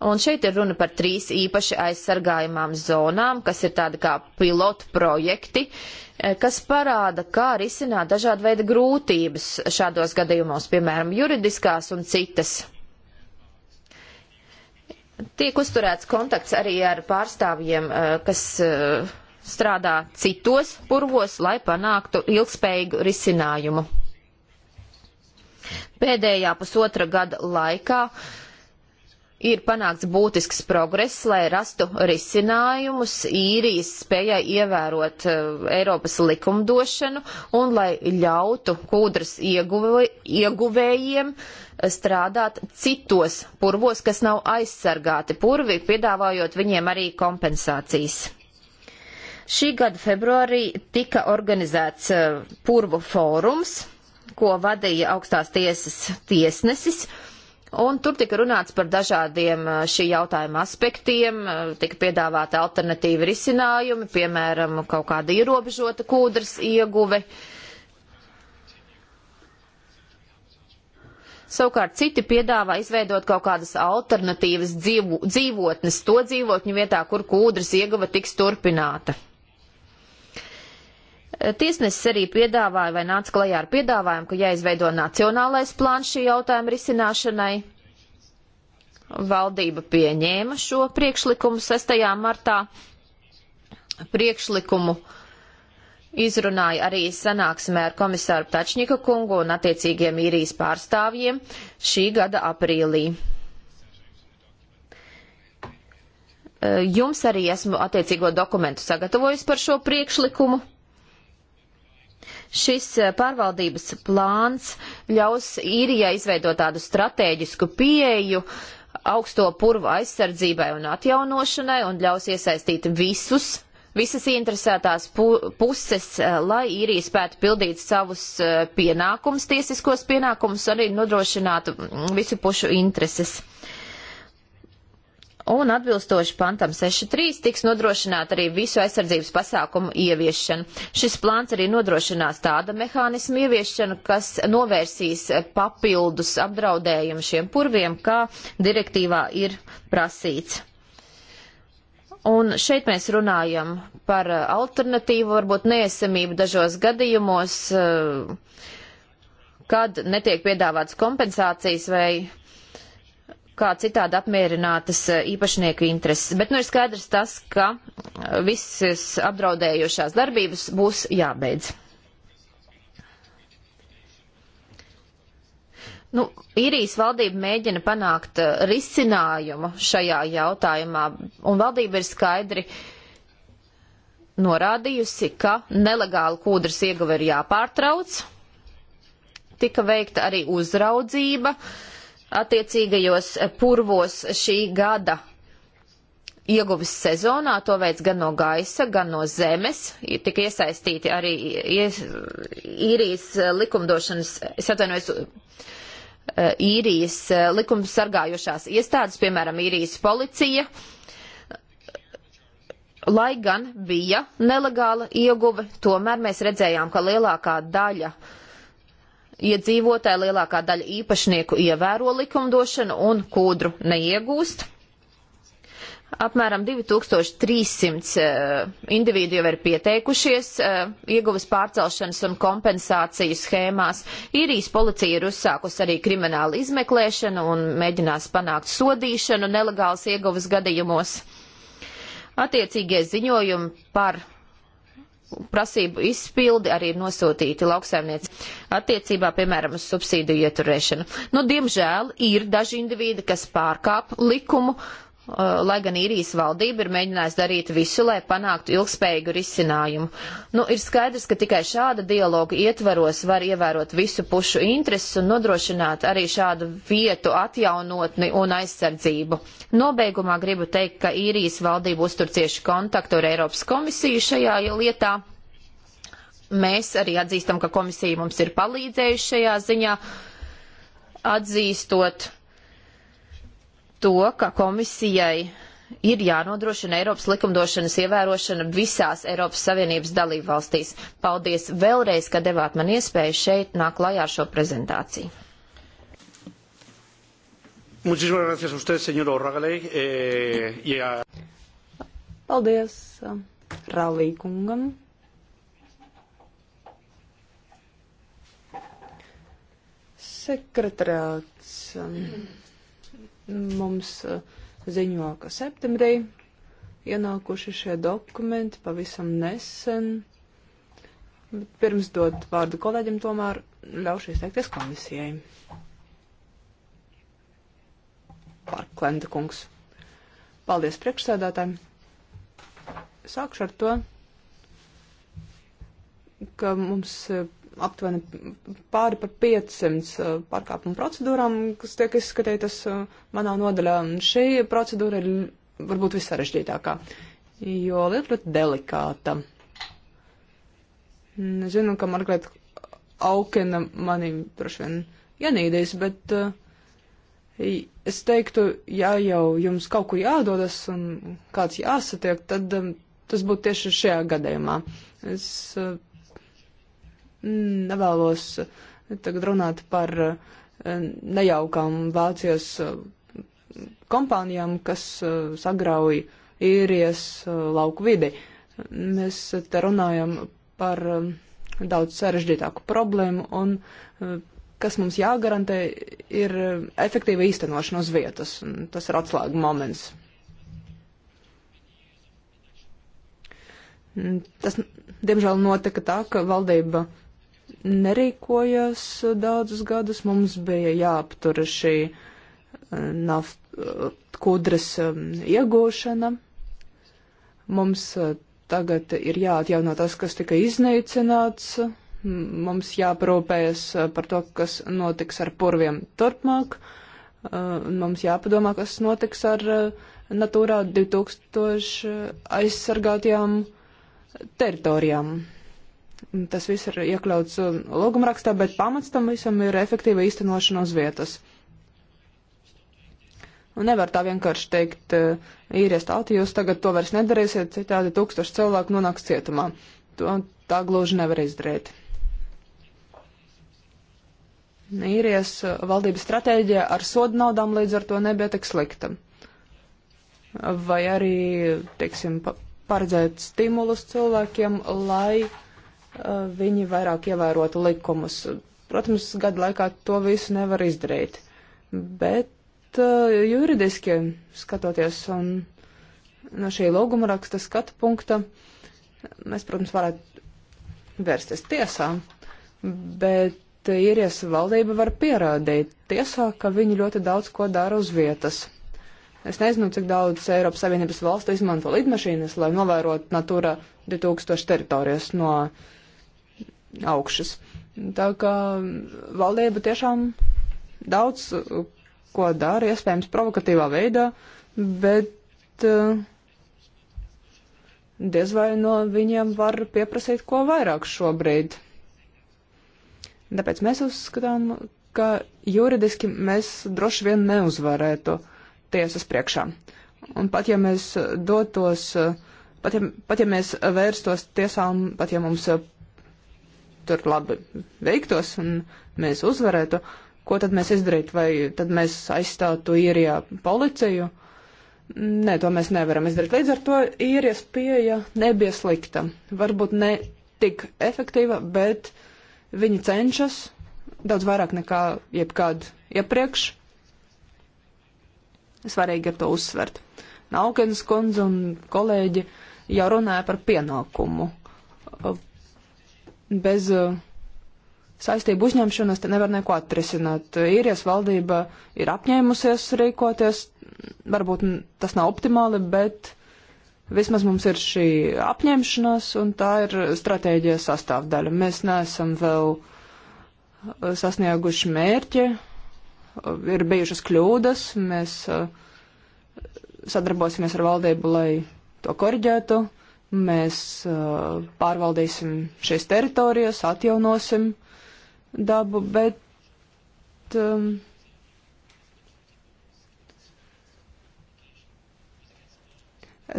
Un šeit ir runa par trīs īpaši aizsargājumām zonām, kas ir tādi kā pilotu projekti, eh, kas parāda, kā risināt dažādu veidu grūtības šādos gadījumos, piemēram, juridiskās un citas. Tiek uzturēts kontakts arī ar pārstāvjiem, eh, kas eh, strādā citos purvos, lai panāktu ilgspējīgu risinājumu. Pēdējā pusotra gada laikā ir panākts būtisks progress, lai rastu risinājumus īrijas spējai ievērot uh, Eiropas likumdošanu un lai ļautu kūdras ieguvi, ieguvējiem strādāt citos purvos, kas nav aizsargāti purvi, piedāvājot viņiem arī kompensācijas. Šī gada februārī tika organizēts uh, purvu fórums, ko vadīja augstās tiesas tiesnesis. Un tur tika runāts par dažādiem šī jautājuma aspektiem, tika piedāvāta alternatīva risinājumi, piemēram, kaut kāda ierobežota kūdras ieguve. Savukārt citi piedāvā izveidot kaut kādas alternatīvas dzīvo, dzīvotnes to dzīvotņu vietā, kur kūdras ieguva tiks turpināta. Tiesnesis arī piedāvāja vai nāca klajā ar piedāvājumu, ka jāizveido nacionālais plāns šī jautājuma risināšanai. Valdība pieņēma šo priekšlikumu 6. martā. Priekšlikumu izrunāja arī sanāksmē ar komisāru Tačņika kungu un attiecīgiem īrijas pārstāvjiem šī gada aprīlī. Jums arī esmu attiecīgo dokumentu sagatavojis par šo priekšlikumu. Šis eh, pārvaldības plāns ļaus īrijai izveidot tādu strateģisku pieeju augsto purvu aizsardzībai un atjaunošanai un ļaus iesaistīt visus visas interesētās puses, eh, lai īrija spētu pildīt savus eh, pienākumus, tiesiskos pienākumus, arī nodrošinātu mm, visu pušu intereses un atbilstoši pantam 6.3 tiks nodrošināta arī visu aizsardzības pasākumu ieviešana. Šis plāns arī nodrošinās tāda mehānismu ieviešanu, kas novērsīs papildus apdraudējumu šiem purviem, kā direktīvā ir prasīts. Un šeit mēs runājam par alternatīvu, varbūt neesamību dažos gadījumos, eh, kad netiek piedāvāts kompensācijas vai kā citādi apmierinātas eh, īpašnieku intereses. Bet nu ir skaidrs tas, ka eh, visas apdraudējošās darbības būs jābeidz. Nu, īrijas valdība mēģina panākt eh, risinājumu šajā jautājumā, un valdība ir skaidri norādījusi, ka nelegāla kūdras ieguve ir jāpārtrauc. Tika veikta arī uzraudzība uh, attiecīgajos purvos šī gada ieguvis sezonā, to veids gan no gaisa, gan no zemes, tik iesaistīti arī ies, īrijas likumdošanas, es atvainojos, eh, īrijas eh, likums sargājošās iestādes, piemēram, īrijas policija, lai gan bija nelegāla ieguve, tomēr mēs redzējām, ka lielākā daļa uh, Iedzīvotāji lielākā daļa īpašnieku ievēro likumdošanu un kūdru neiegūst. Apmēram 2300 uh, eh, individu jau ir pieteikušies uh, ieguvas pārcelšanas un kompensāciju schēmās. Īrijas policija ir uzsākusi arī kriminālu izmeklēšanu un mēģinās panākt sodīšanu nelegāls ieguvas gadījumos. Attiecīgie ziņojumi par prasību izpildi arī ir nosūtīti lauksaimnieci attiecībā, piemēram, uz subsīdiju ieturēšanu. Nu, diemžēl ir daži individi, kas pārkāp likumu, uh, Eh, lai gan īrijas valdība ir mēģinājusi darīt visu, lai panāktu ilgspējīgu risinājumu. Nu, ir skaidrs, ka tikai šāda dialoga ietvaros var ievērot visu pušu intereses un nodrošināt arī šādu vietu atjaunotni un aizsardzību. Nobeigumā gribu teikt, ka īrijas valdība uztur cieši kontaktu ar Eiropas komisiju šajā lietā. Mēs arī atzīstam, ka komisija mums ir palīdzējusi šajā ziņā, atzīstot to, ka komisijai ir jānodrošina Eiropas likumdošanas ievērošana visās Eiropas Savienības dalību valstīs. Paldies vēlreiz, ka devāt man iespēju šeit nāk klajā ar šo prezentāciju. Muchísimas gracias a usted, señor O'Reilly. Eh, y a... Paldies, eh, Rālī kungam. Sekretariāts. Um, mums eh, ziņo, ka septembrī ienākuši šie dokumenti pavisam nesen. Bet pirms dot vārdu kolēģim, tomēr ļaušu izteikties komisijai. Parklenta kungs. Paldies priekšsēdētājiem. Sākšu ar to, ka mums eh, aptuveni pāri par 500 uh, pārkāpumu procedūrām, kas tiek izskatītas uh, manā nodaļā. Šī procedūra ir varbūt visarežģītākā, jo lieta ļoti delikāta. Mm, zinu, ka Margarita Aukena mani droši vien ienīdīs, bet uh, es teiktu, ja jau jums kaut kur jādodas un kāds jāsatiek, tad um, tas būtu tieši šajā gadījumā. Es nevēlos tagad runāt par eh, nejaukām Vācijas eh, kompānijām, kas eh, sagrauj īrijas lauku vidi. Mēs te runājam par daudz sarežģītāku problēmu un kas mums jāgarantē ir efektīva īstenošana uz vietas. Tas ir atslēga moments. Tas, diemžēl, notika tā, ka valdība nerīkojās daudzus gadus. Mums bija jāaptur šī eh, naft, eh, kudras eh, iegūšana. Mums tagad ir jāatjauno tas, kas tika iznīcināts. Mums jāparūpējas par to, kas notiks ar purviem turpmāk. Mums jāpadomā, kas notiks ar Natūrā 2000 aizsargātajām teritorijām. Tas viss ir iekļauts um, logumrakstā, bet pamats tam visam ir efektīva īstenošana uz vietas. Un nevar tā vienkārši teikt, uh, īries tauti, jūs tagad to vairs nedarīsiet, citādi tūkstoši cilvēku nonāks cietumā. To, tā gluži nevar izdarīt. Īrijas uh, valdības stratēģija ar sodu naudām līdz ar to nebija tik slikta. Vai arī, teiksim, paredzēt stimulus cilvēkiem, lai uh, Eh, viņi vairāk ievērotu likumus. Protams, gadu laikā to visu nevar izdarīt, bet eh, juridiski skatoties un no šī lūguma raksta skatu punkta, mēs, protams, varētu vērsties tiesā, bet īrijas valdība var pierādīt tiesā, ka viņi ļoti daudz ko dara uz vietas. Es nezinu, cik daudz Eiropas Savienības valstu izmanto lidmašīnas, lai novērotu Natura 2000 teritorijas no uh, augšas. Tā kā valdība tiešām daudz uh, ko dara, iespējams, provokatīvā veidā, bet uh, diez vai no viņiem var pieprasīt ko vairāk šobrīd. Tāpēc mēs uzskatām, ka juridiski mēs droši vien neuzvarētu tiesas priekšā. Un pat ja mēs dotos, uh, pat ja, pat ja mēs vērstos tiesām, pat ja mums tur labi veiktos un mēs uzvarētu, ko tad mēs izdarītu? Vai tad mēs aizstātu īrijā policiju? Nē, to mēs nevaram izdarīt. Līdz ar to īrijas pieeja nebija slikta. Varbūt ne tik efektīva, bet viņi cenšas daudz vairāk nekā jebkad iepriekš. Svarīgi ir to uzsvert. Naukens kundze un kolēģi jau runāja par pienākumu bez uh, saistību uzņemšanas te nevar neko atrisināt. Īrijas valdība ir apņēmusies rīkoties, varbūt tas nav optimāli, bet vismaz mums ir šī apņemšanās un tā ir stratēģijas sastāvdaļa. Mēs neesam vēl uh, sasnieguši mērķi, uh, ir bijušas kļūdas, mēs uh, sadarbosimies ar valdību, lai to korģētu. Mēs uh, pārvaldīsim šīs teritorijas, atjaunosim dabu, bet um,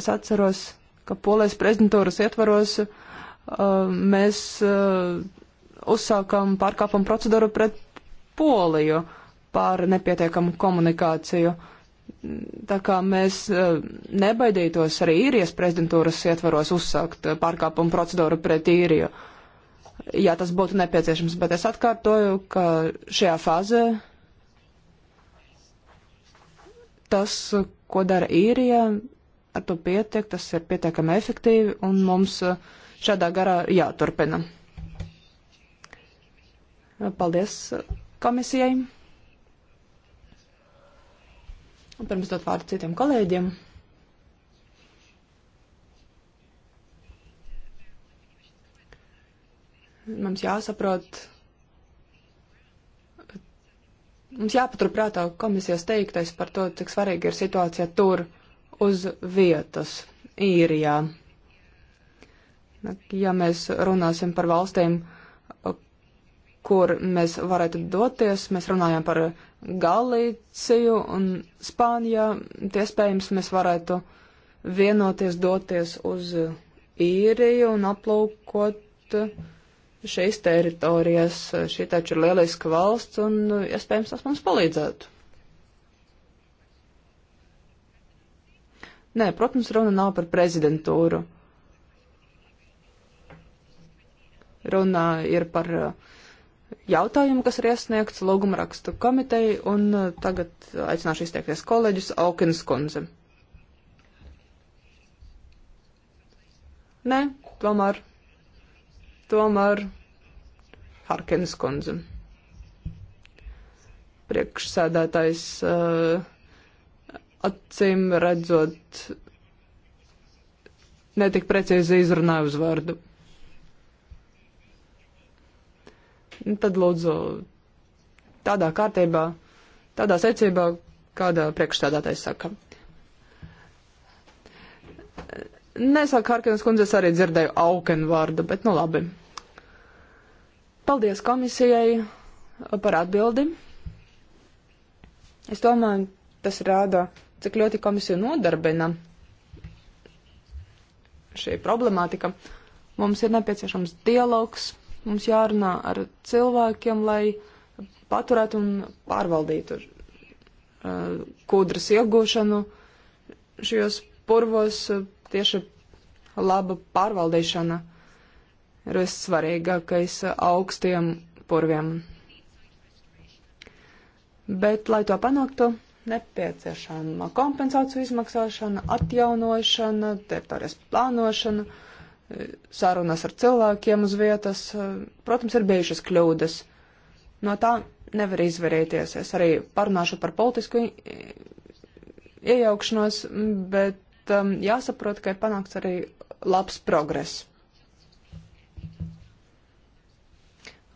es atceros, ka polijas prezidentūras ietvaros uh, mēs uh, uzsākām pārkāpumu procedūru pret Poliju par nepietiekamu komunikāciju. Uh, tā kā mēs e, nebaidītos arī īrijas prezidentūras ietvaros uzsākt e, pārkāpumu procedūru pret īriju, ja tas būtu nepieciešams, bet es atkārtoju, ka šajā fāzē tas, ko dara īrija, ar to pietiek, tas ir pietiekami efektīvi un mums e, šādā garā jāturpina. Paldies komisijai! Un pirms dot vārdu citiem kolēģiem. Mums jāsaprot, mums jāpaturprātā komisijas teiktais par to, cik svarīga ir situācija tur uz vietas, īrijā. Ja mēs runāsim par valstīm, kur mēs varētu doties, mēs runājam par Galīciju un Spānijā, iespējams, mēs varētu vienoties doties uz īriju un aplūkot šīs teritorijas. Šī taču ir lieliska valsts un iespējams tas mums palīdzētu. Nē, protams, runa nav par prezidentūru. Runa ir par uh, jautājumu, kas ir iesniegts logumrakstu komiteju, un uh, tagad aicināšu izteikties kolēģis Aukins kundze. Nē, tomēr, tomēr Harkins kundze. Priekšsēdētājs uh, acīm redzot netik precīzi izrunāja uzvārdu. tad lūdzu tādā kārtībā, tādā secībā, kādā priekšstādātais saka. Nesāk Harkinas kundzes arī dzirdēju auken vārdu, bet nu labi. Paldies komisijai par atbildi. Es domāju, tas rāda, cik ļoti komisija nodarbina šī problemātika. Mums ir nepieciešams dialogs Mums jārunā ar cilvēkiem, lai paturētu un pārvaldītu uh, kūdras iegūšanu šajos purvos. Uh, tieši laba pārvaldīšana ir vissvarīgākais uh, augstiem purviem. Bet, lai to panāktu, nepieciešama kompensāciju izmaksāšana, atjaunošana, teritorijas plānošana. Uh, sarunas ar cilvēkiem uz vietas. Protams, ir bijušas kļūdas. No tā nevar izvarīties. Es arī parunāšu par politisku iejaukšanos, bet um, jāsaprot, ka ir panākts arī labs progress.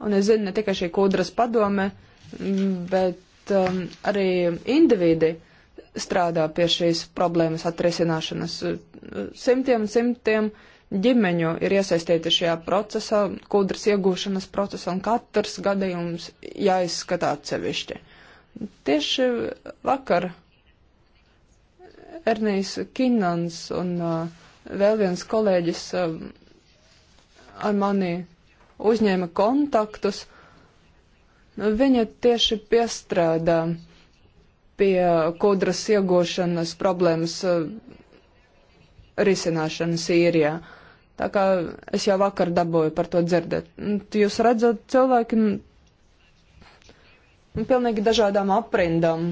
Un es zinu, ne tikai šī kūdras padome, bet um, arī individi strādā pie šīs problēmas atrisināšanas. Simtiem, simtiem uh, ģimeņu ir iesaistīti šajā procesā, kūdras iegūšanas procesā, un katrs gadījums jāizskatā atsevišķi. Tieši vakar Ernijs Kinans un uh, vēl viens kolēģis uh, ar mani uzņēma kontaktus. Viņa tieši piestrādā pie kūdras iegūšanas problēmas uh, risināšanas īrijā. Ja. Tā kā es jau vakar dabūju par to dzirdēt. Jūs redzat, cilvēki nu, pilnīgi dažādām aprindām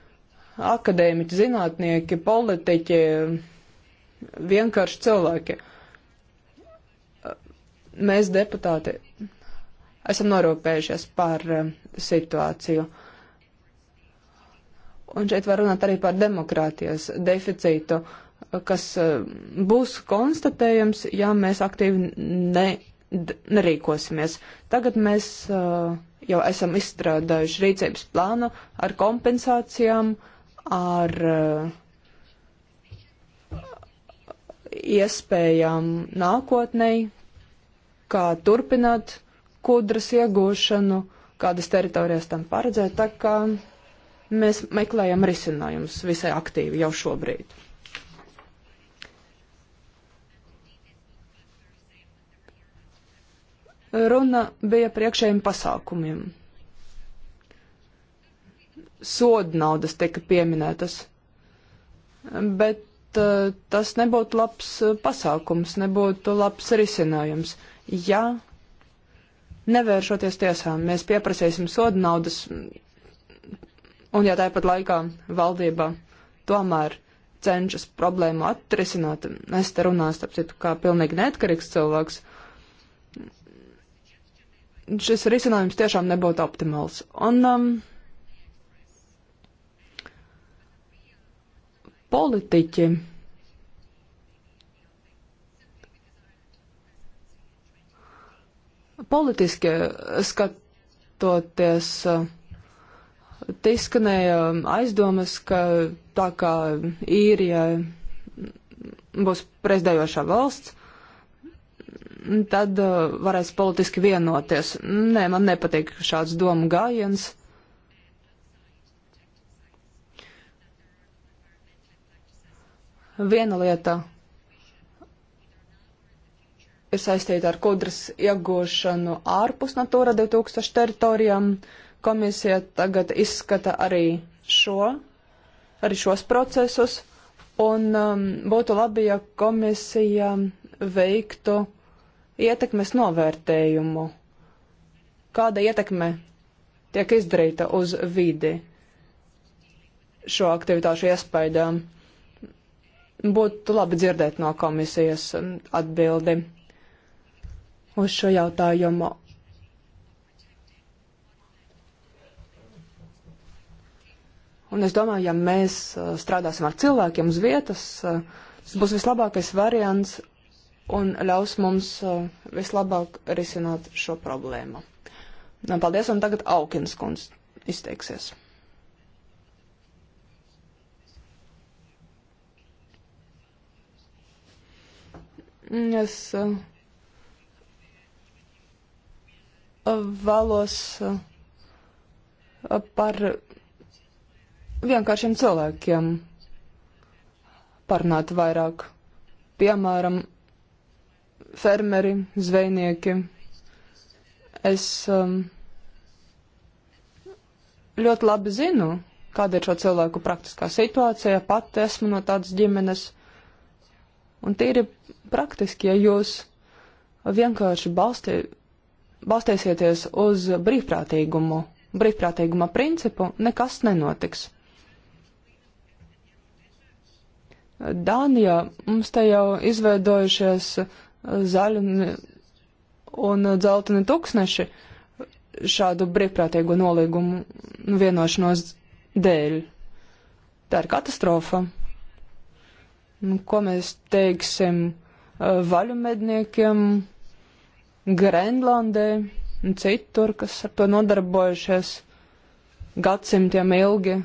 - akadēmiķi, zinātnieki, politiķi, vienkārši cilvēki. Mēs, deputāti, esam norūpējušies par eh, situāciju. Un šeit var runāt arī par demokrātijas deficītu. Uh, kas eh, būs konstatējams, ja mēs aktīvi ne, nerīkosimies. Tagad mēs eh, jau esam izstrādājuši rīcības plānu ar kompensācijām, ar eh, iespējām nākotnei, kā turpināt kudras iegūšanu, kādas teritorijas tam paredzēt, tā kā mēs meklējam risinājumus visai aktīvi jau šobrīd. Runa bija priekšējiem pasākumiem. Sodnaudas tika pieminētas, bet uh, tas nebūtu labs uh, pasākums, nebūtu labs risinājums. Ja nevēršoties tiesām, mēs pieprasīsim sodu naudas, un ja tāpat laikā valdība tomēr cenšas problēmu atrisināt, es te runāju, starp citu, kā pilnīgi neatkarīgs cilvēks, šis risinājums tiešām nebūtu optimāls. Un um, politiķi politiski skatoties, te izskanēja aizdomas, ka tā kā īrija būs prezidējošā valsts, tad uh, varēs politiski vienoties. Nē, man nepatīk šāds domu gājiens. Viena lieta ir saistīta ar kudras iegūšanu ārpus Natūra 2000 teritorijām. Komisija tagad izskata arī šo, arī šos procesus, un um, būtu labi, ja komisija veiktu uh, ietekmes novērtējumu. Kāda ietekme tiek izdarīta uz vidi šo aktivitāšu iespējām? Būtu labi dzirdēt no komisijas atbildi uz šo jautājumu. Un es domāju, ja mēs uh, strādāsim ar cilvēkiem uz vietas, uh, tas būs vislabākais variants, un ļaus mums eh, vislabāk risināt šo problēmu. Paldies, un tagad Aukins kundz izteiksies. Es eh, vēlos eh, par vienkāršiem cilvēkiem parunāt vairāk. Piemēram, fermeri, zvejnieki. Es um, ļoti labi zinu, kāda ir šo cilvēku praktiskā situācija. Pati esmu no tādas ģimenes. Un tīri praktiski, ja jūs vienkārši balstie, balstēsieties uz brīvprātīgumu, brīvprātīguma principu, nekas nenotiks. Dānijā mums te jau izveidojušies zaļi un, un dzelteni tūkstneši šādu brīvprātīgo nolīgumu vienošanos dēļ. Tā ir katastrofa. Nu, ko mēs teiksim vaļumedniekiem Grenlandē un citur, kas ar to nodarbojušies gadsimtiem ilgi,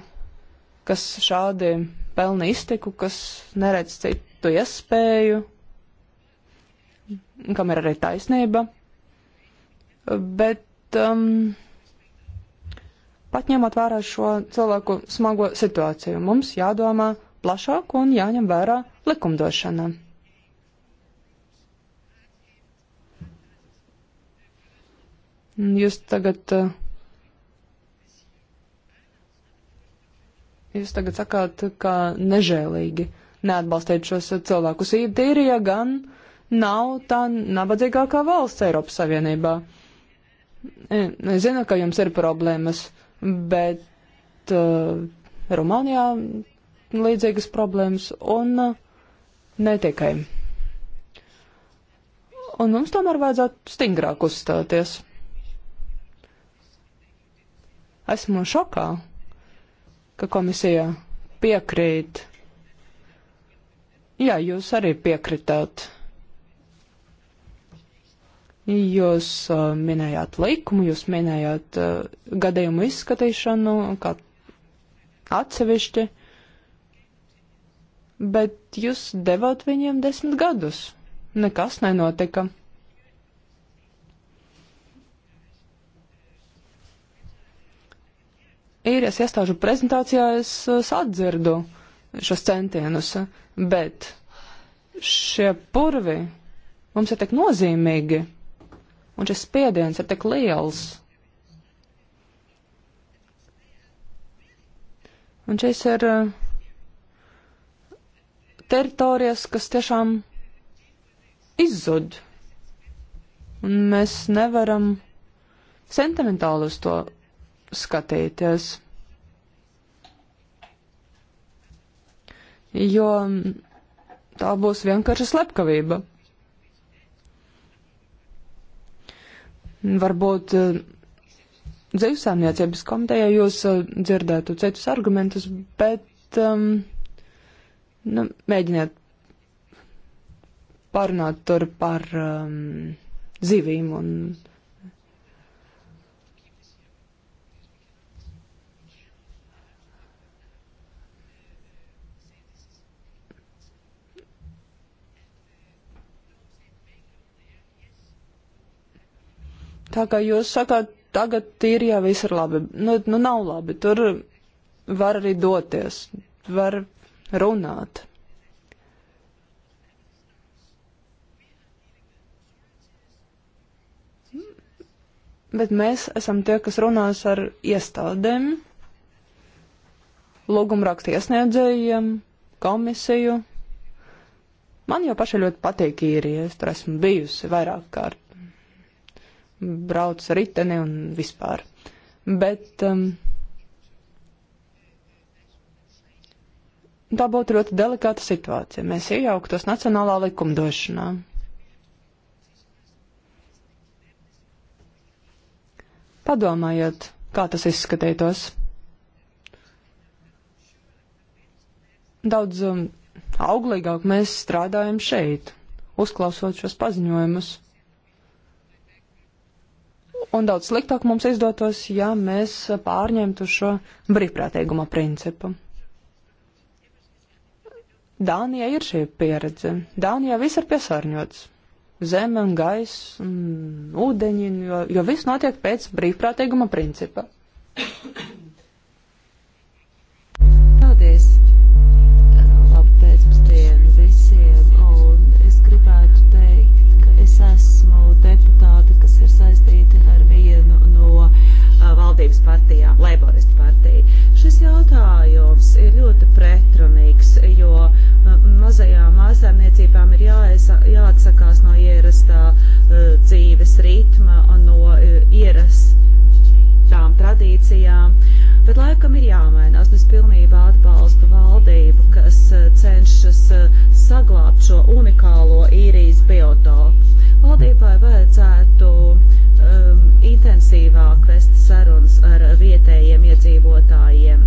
kas šādi pelna iztiku, kas neredz citu iespēju? kam ir arī taisnība, bet um, pat ņemot vērā šo cilvēku smago situāciju, mums jādomā plašāk un jāņem vērā likumdošana. Jūs tagad, uh, jūs tagad sakāt, ka nežēlīgi neatbalstīt šos cilvēkus īrija gan nav tā nabadzīgākā valsts Eiropas Savienībā. E, es zinu, ka jums ir problēmas, bet uh, Rumānijā līdzīgas problēmas un uh, ne tikai. Un mums tomēr vajadzētu stingrāk uzstāties. Esmu šokā, ka komisija piekrīt. Jā, jūs arī piekritāt Jūs uh, minējāt likumu, jūs minējāt uh, gadījumu izskatīšanu kā atsevišķi, bet jūs devāt viņiem desmit gadus. Nekas nenotika. īrijas iestāžu prezentācijā es uh, sadzirdu šos centienus, bet šie purvi mums ir tik nozīmīgi un šis spiediens ir tik liels. Un šis ir eh, teritorijas, kas tiešām izzud. Un mēs nevaram sentimentāli uz to skatīties. Jo tā būs vienkārši slepkavība. Varbūt eh, dzīvsāmniecības komitejā jūs eh, dzirdētu citus argumentus, bet um, nu, mēģiniet pārunāt tur par um, ehm, zivīm un uh, Tā kā jūs sakāt, tagad ir, jā, viss ir labi. Nu, nu nav labi, tur var arī doties, var runāt. Bet mēs esam tie, kas runās ar iestādēm, lūgumrakstu iesniedzējiem, komisiju. Man jau pašai ļoti patīk īrija, es tur esmu bijusi vairāk kārt brauc riteni un vispār. Bet um, tā būtu ļoti delikāta situācija. Mēs iejauktos nacionālā likumdošanā. Padomājiet, kā tas izskatītos. Daudz um, auglīgāk mēs strādājam šeit, uzklausot šos paziņojumus un daudz sliktāk mums izdotos, ja mēs pārņemtu šo brīvprātīguma principu. Dānijā ir šī pieredze. Dānijā viss ir piesārņots. Zeme un gaiss un ūdeņi, jo, jo viss notiek pēc brīvprātīguma principa. valdības partijā, Leiboristu partija. Šis jautājums ir ļoti pretrunīgs, jo uh, mazajām mājasēmniecībām ir jāesa, jāatsakās no ierastā uh, dzīves ritma un no uh, ierastām tradīcijām, bet laikam ir jāmainās. Es pilnībā atbalstu valdību, kas uh, cenšas uh, saglābt šo unikālo īrijas biotopu. Valdībai vajadzētu um, intensīvāk vest sarunas ar vietējiem iedzīvotājiem,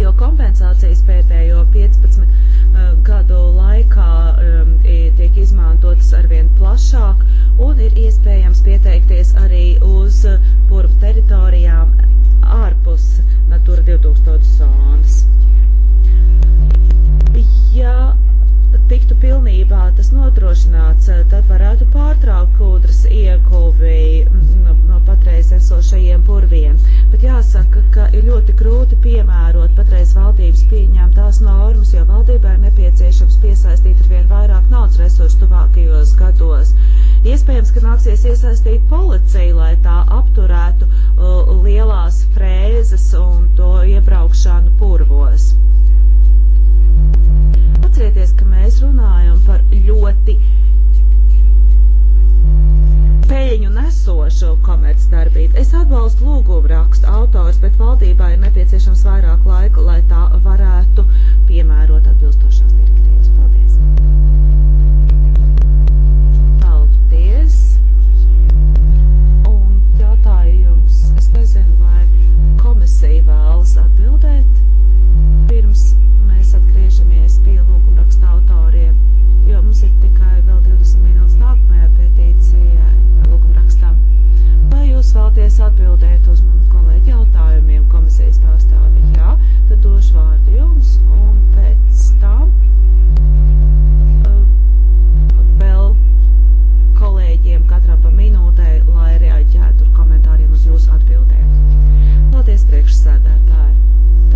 jo kompensācijas pēdējo 15 uh, eh, gadu laikā um, tiek izmantotas arvien plašāk un ir iespējams pieteikties arī uz purvu teritorijām ārpus Natura 2000 zonas. Ja tiktu pilnībā tas nodrošināts, eh, tad varētu pārtraukt kūdras ieguvi mm, mm, no, no patreiz esošajiem purviem. Bet jāsaka, ka ir ļoti grūti piemērot patreiz valdības pieņemtās normas, jo valdībai ir nepieciešams piesaistīt ar vien vairāk naudas resursu tuvākajos gados. Iespējams, ka nāksies iesaistīt policiju, lai tā apturētu uh, lielās frēzes un to iebraukšanu purvos. Atcerieties, ka mēs mēs runājam par ļoti peļņu nesošu komercdarbību. Es atbalstu lūgumu rakstu autors, bet valdībā ir nepieciešams vairāk laika, lai tā varētu piemērot atbilstošās direktīvas. Paldies! Paldies! Un jautājums, es nezinu, vai komisija vēlas atbildēt pirms mēs atgriežamies jo mums ir tikai vēl 20 minūtes nākamajai pētīcijai lūgumrakstam. Vai jūs vēlaties atbildēt uz manu kolēģi jautājumiem komisijas pārstāvi? Jā, tad došu vārdu jums un pēc tam uh, vēl kolēģiem katram pa minūtei, lai reaģētu ar komentāriem uz jūsu atbildēm. Paldies priekšsēdētāji!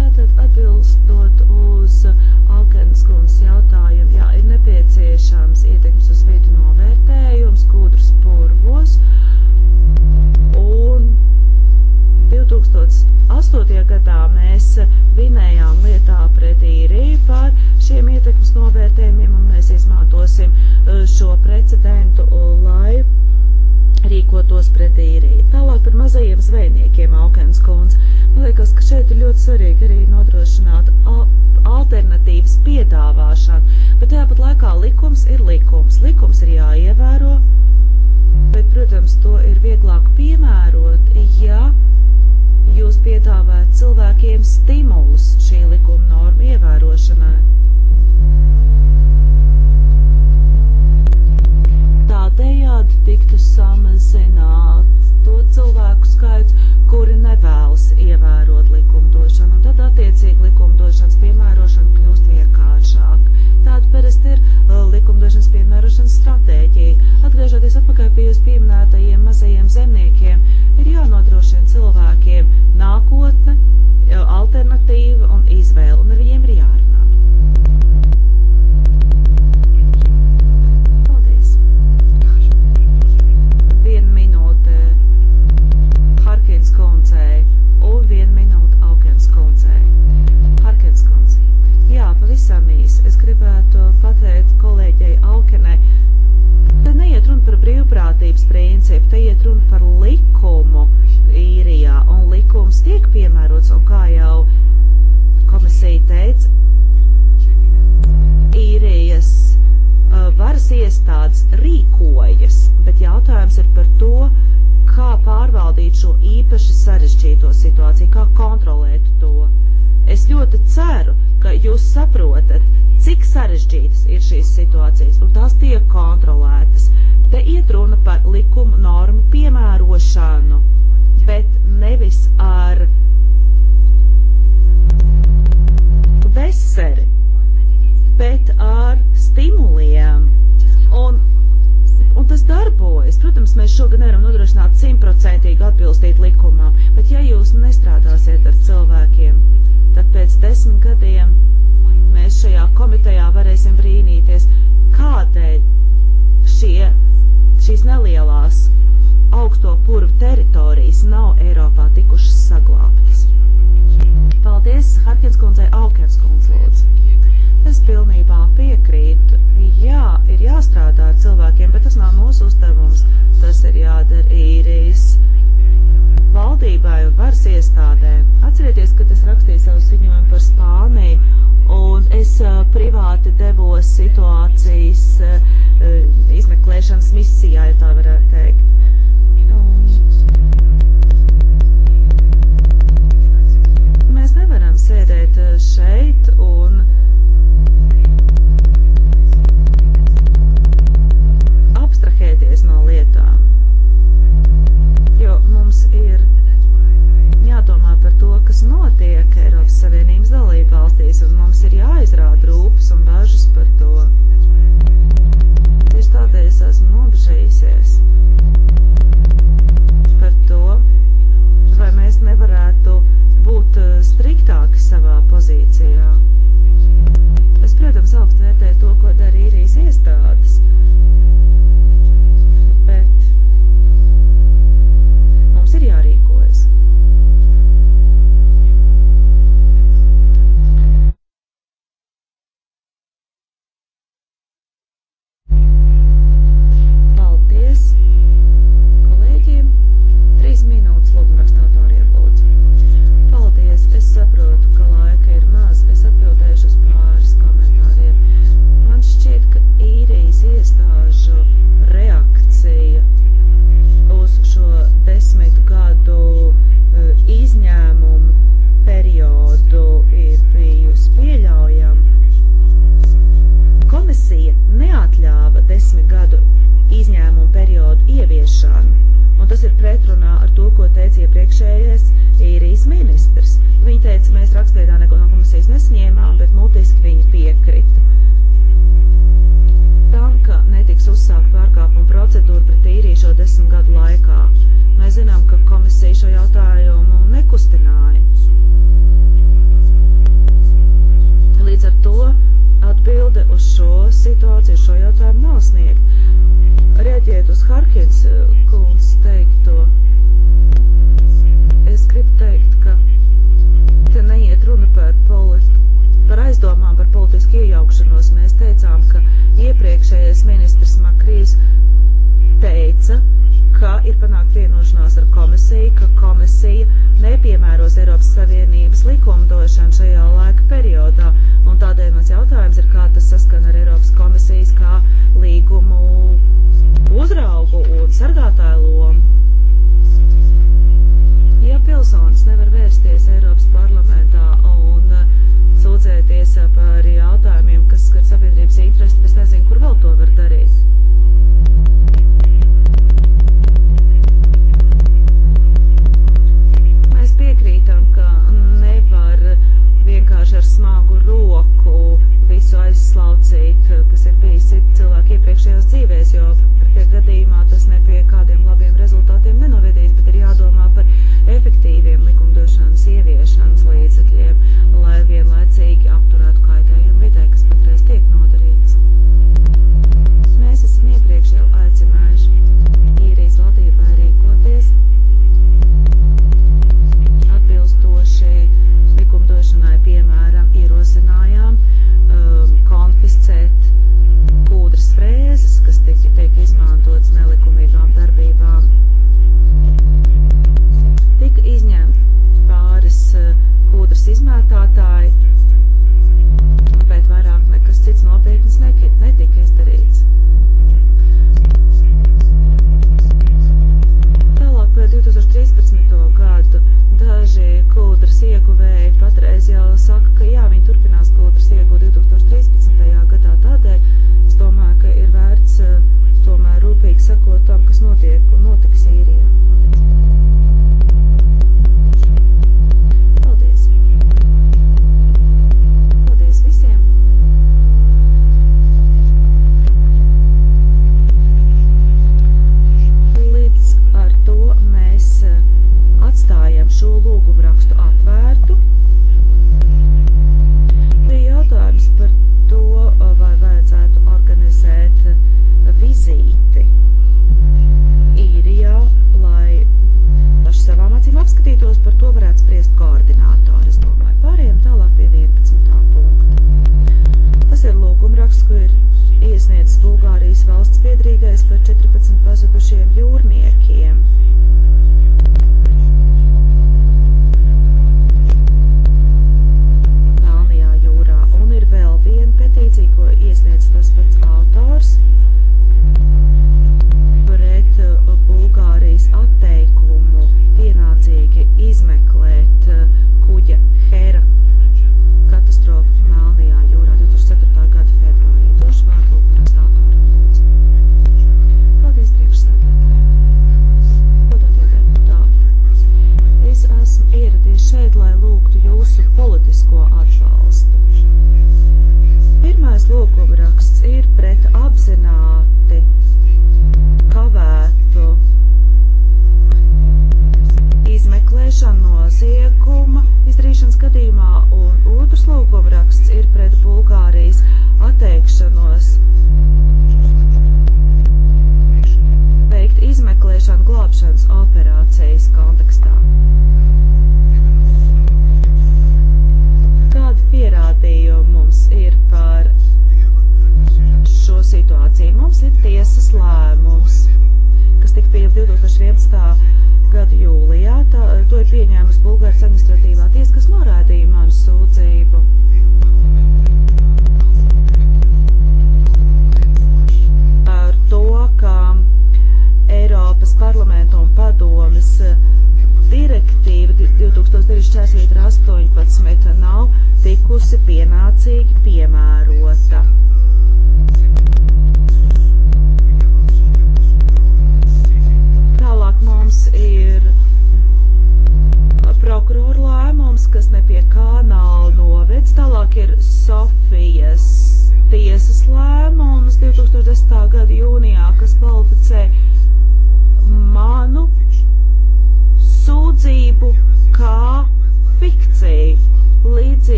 Tātad atbildot uz Alkenas kundas jautājumu nepieciešams ietekmes uz vietu novērtējums kūdrus purvos. Un 2008. gadā mēs vinējām lietā pret īriju par šiem ietekmes novērtējumiem, un mēs izmantosim uh, šo precedentu rīkotos pret īriju. Tālāk par mazajiem zvejniekiem Aukens kundze. Man liekas, ka šeit ir ļoti svarīgi arī nodrošināt alternatīvas piedāvāšanu, bet tāpat laikā likums ir likums. Likums ir jāievēro, bet, protams, to ir vieglāk piemērot, ja jūs piedāvājat cilvēkiem stimulus šī likuma norma ievērošanai. tādējādi tiktu samazināt to cilvēku skaits, kuri nevēlas ievērot likumdošanu. Un tad attiecīgi likumdošanas piemērošana kļūst vienkāršāk. Tāda parasti ir uh, likumdošanas piemērošanas stratēģija. Atgriežoties atpakaļ pie jūs pieminētajiem mazajiem zemniekiem, ir jānodrošina cilvēkiem nākotne, uh, alternatīva un izvēle brīvprātības principu. Te iet runa par likumu īrijā, un likums tiek piemērots, un kā jau komisija teica, īrijas uh, varas iestādes rīkojas, bet jautājums ir par to, kā pārvaldīt šo īpaši sarežģīto situāciju, kā kontrolēt to. Es ļoti ceru, ka jūs saprotat, cik sarežģītas ir šīs situācijas, un tās tiek kontrolētas. Te iet runa par likuma normu piemērošanu, bet nevis ar veseri, bet ar stimuliem. Un, un tas darbojas. Protams, mēs šogad nevaram nodrošināt simtprocentīgi atbilstīt likumam, bet ja jūs nestrādāsiet ar cilvēkiem, tad pēc desmit gadiem mēs šajā komitejā varēsim brīnīties, kādēļ šie, šīs nelielās augsto purvu teritorijas nav Eiropā tikušas saglābtas. Paldies, Harkins kundzei, Aukers kundz lūdzu. Es pilnībā piekrītu. Jā, ir jāstrādā ar cilvēkiem, bet tas nav mūsu uzdevums. Tas ir jādara īrijas valdībai un varas iestādēm. Atcerieties, kad es rakstīju savu ziņojumu par Spāniju, un es uh, privāti devos situācijas uh, izmeklēšanas misijā, ja tā varētu teikt. Un nu, mēs nevaram sēdēt šeit un abstrahēties no lietām kuru mums ir jādomā par to, kas notiek Eiropas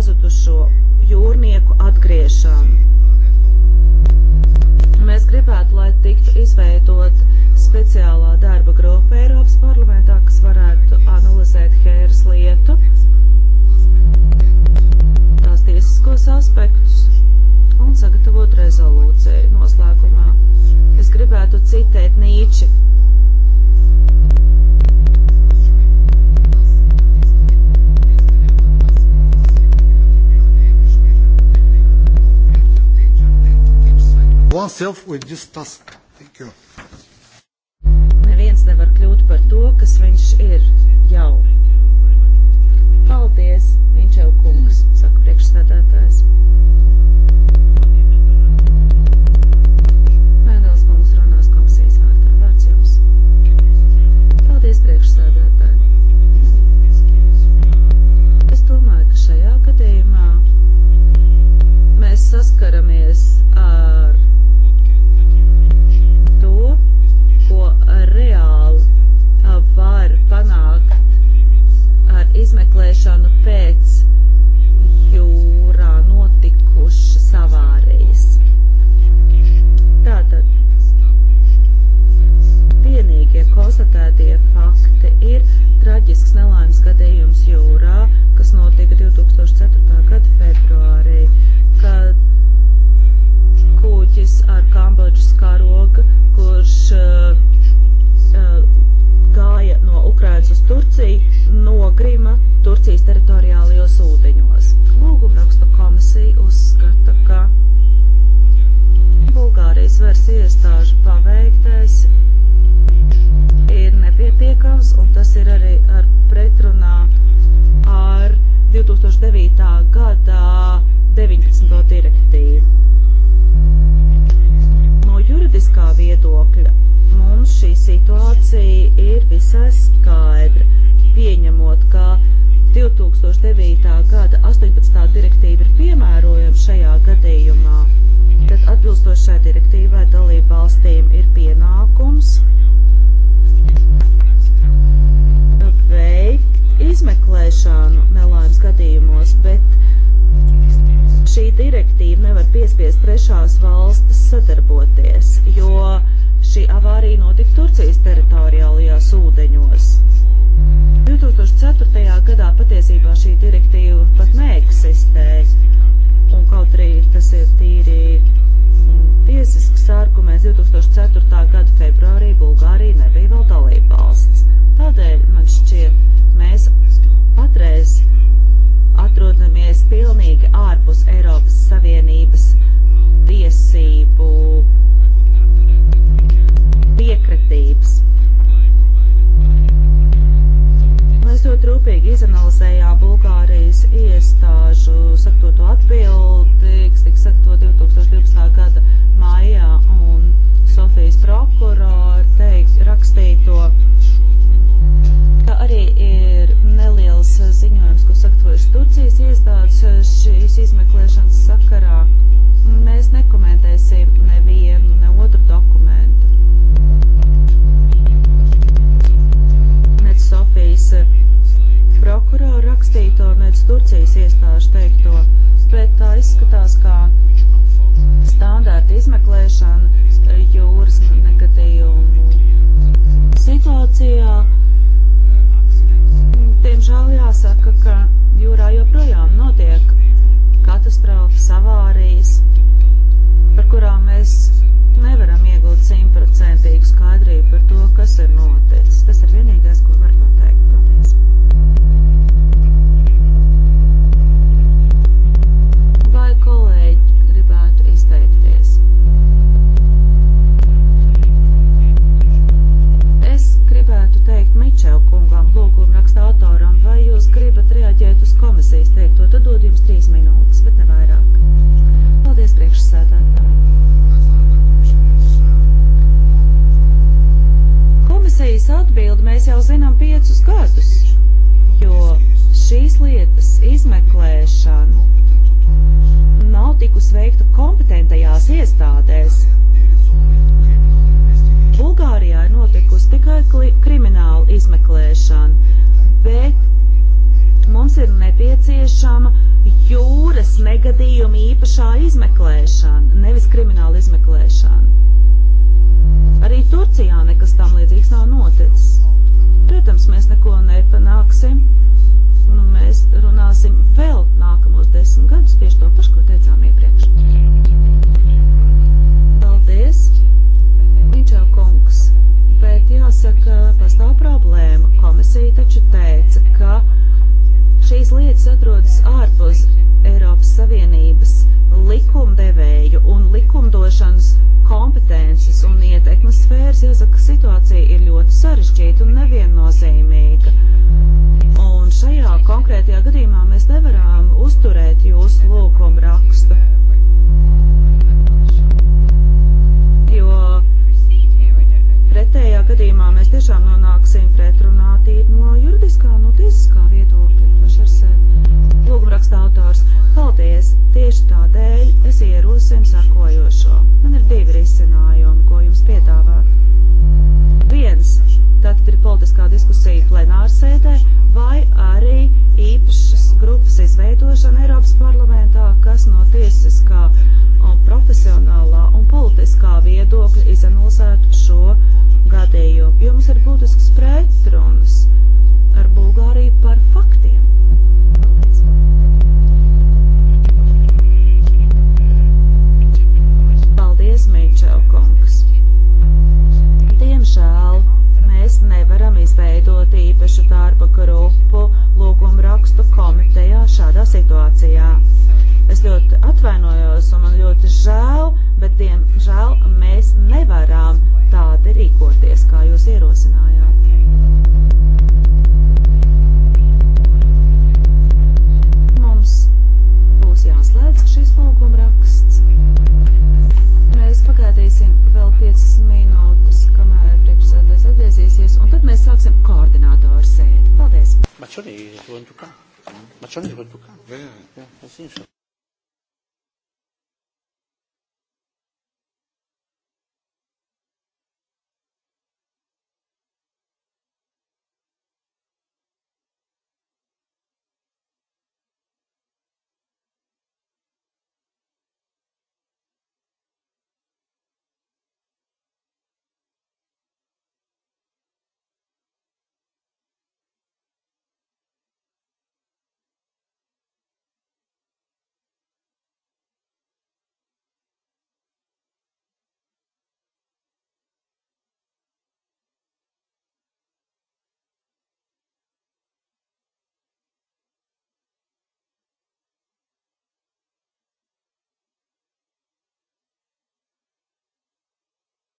pazudušo jūrnieku atgriešanu. Mēs gribētu, lai tiktu izveidot speciālā darba grupa Eiropas parlamentā, kas varētu analizēt Hēras lietu, tās tiesiskos aspektus un sagatavot rezolūciju noslēgumā. Es gribētu citēt Nīči oneself with this task. Thank you. Neviens nevar kļūt par to, kas viņš ir jau. Paldies, viņš jau kungs, saka priekšstādātājs.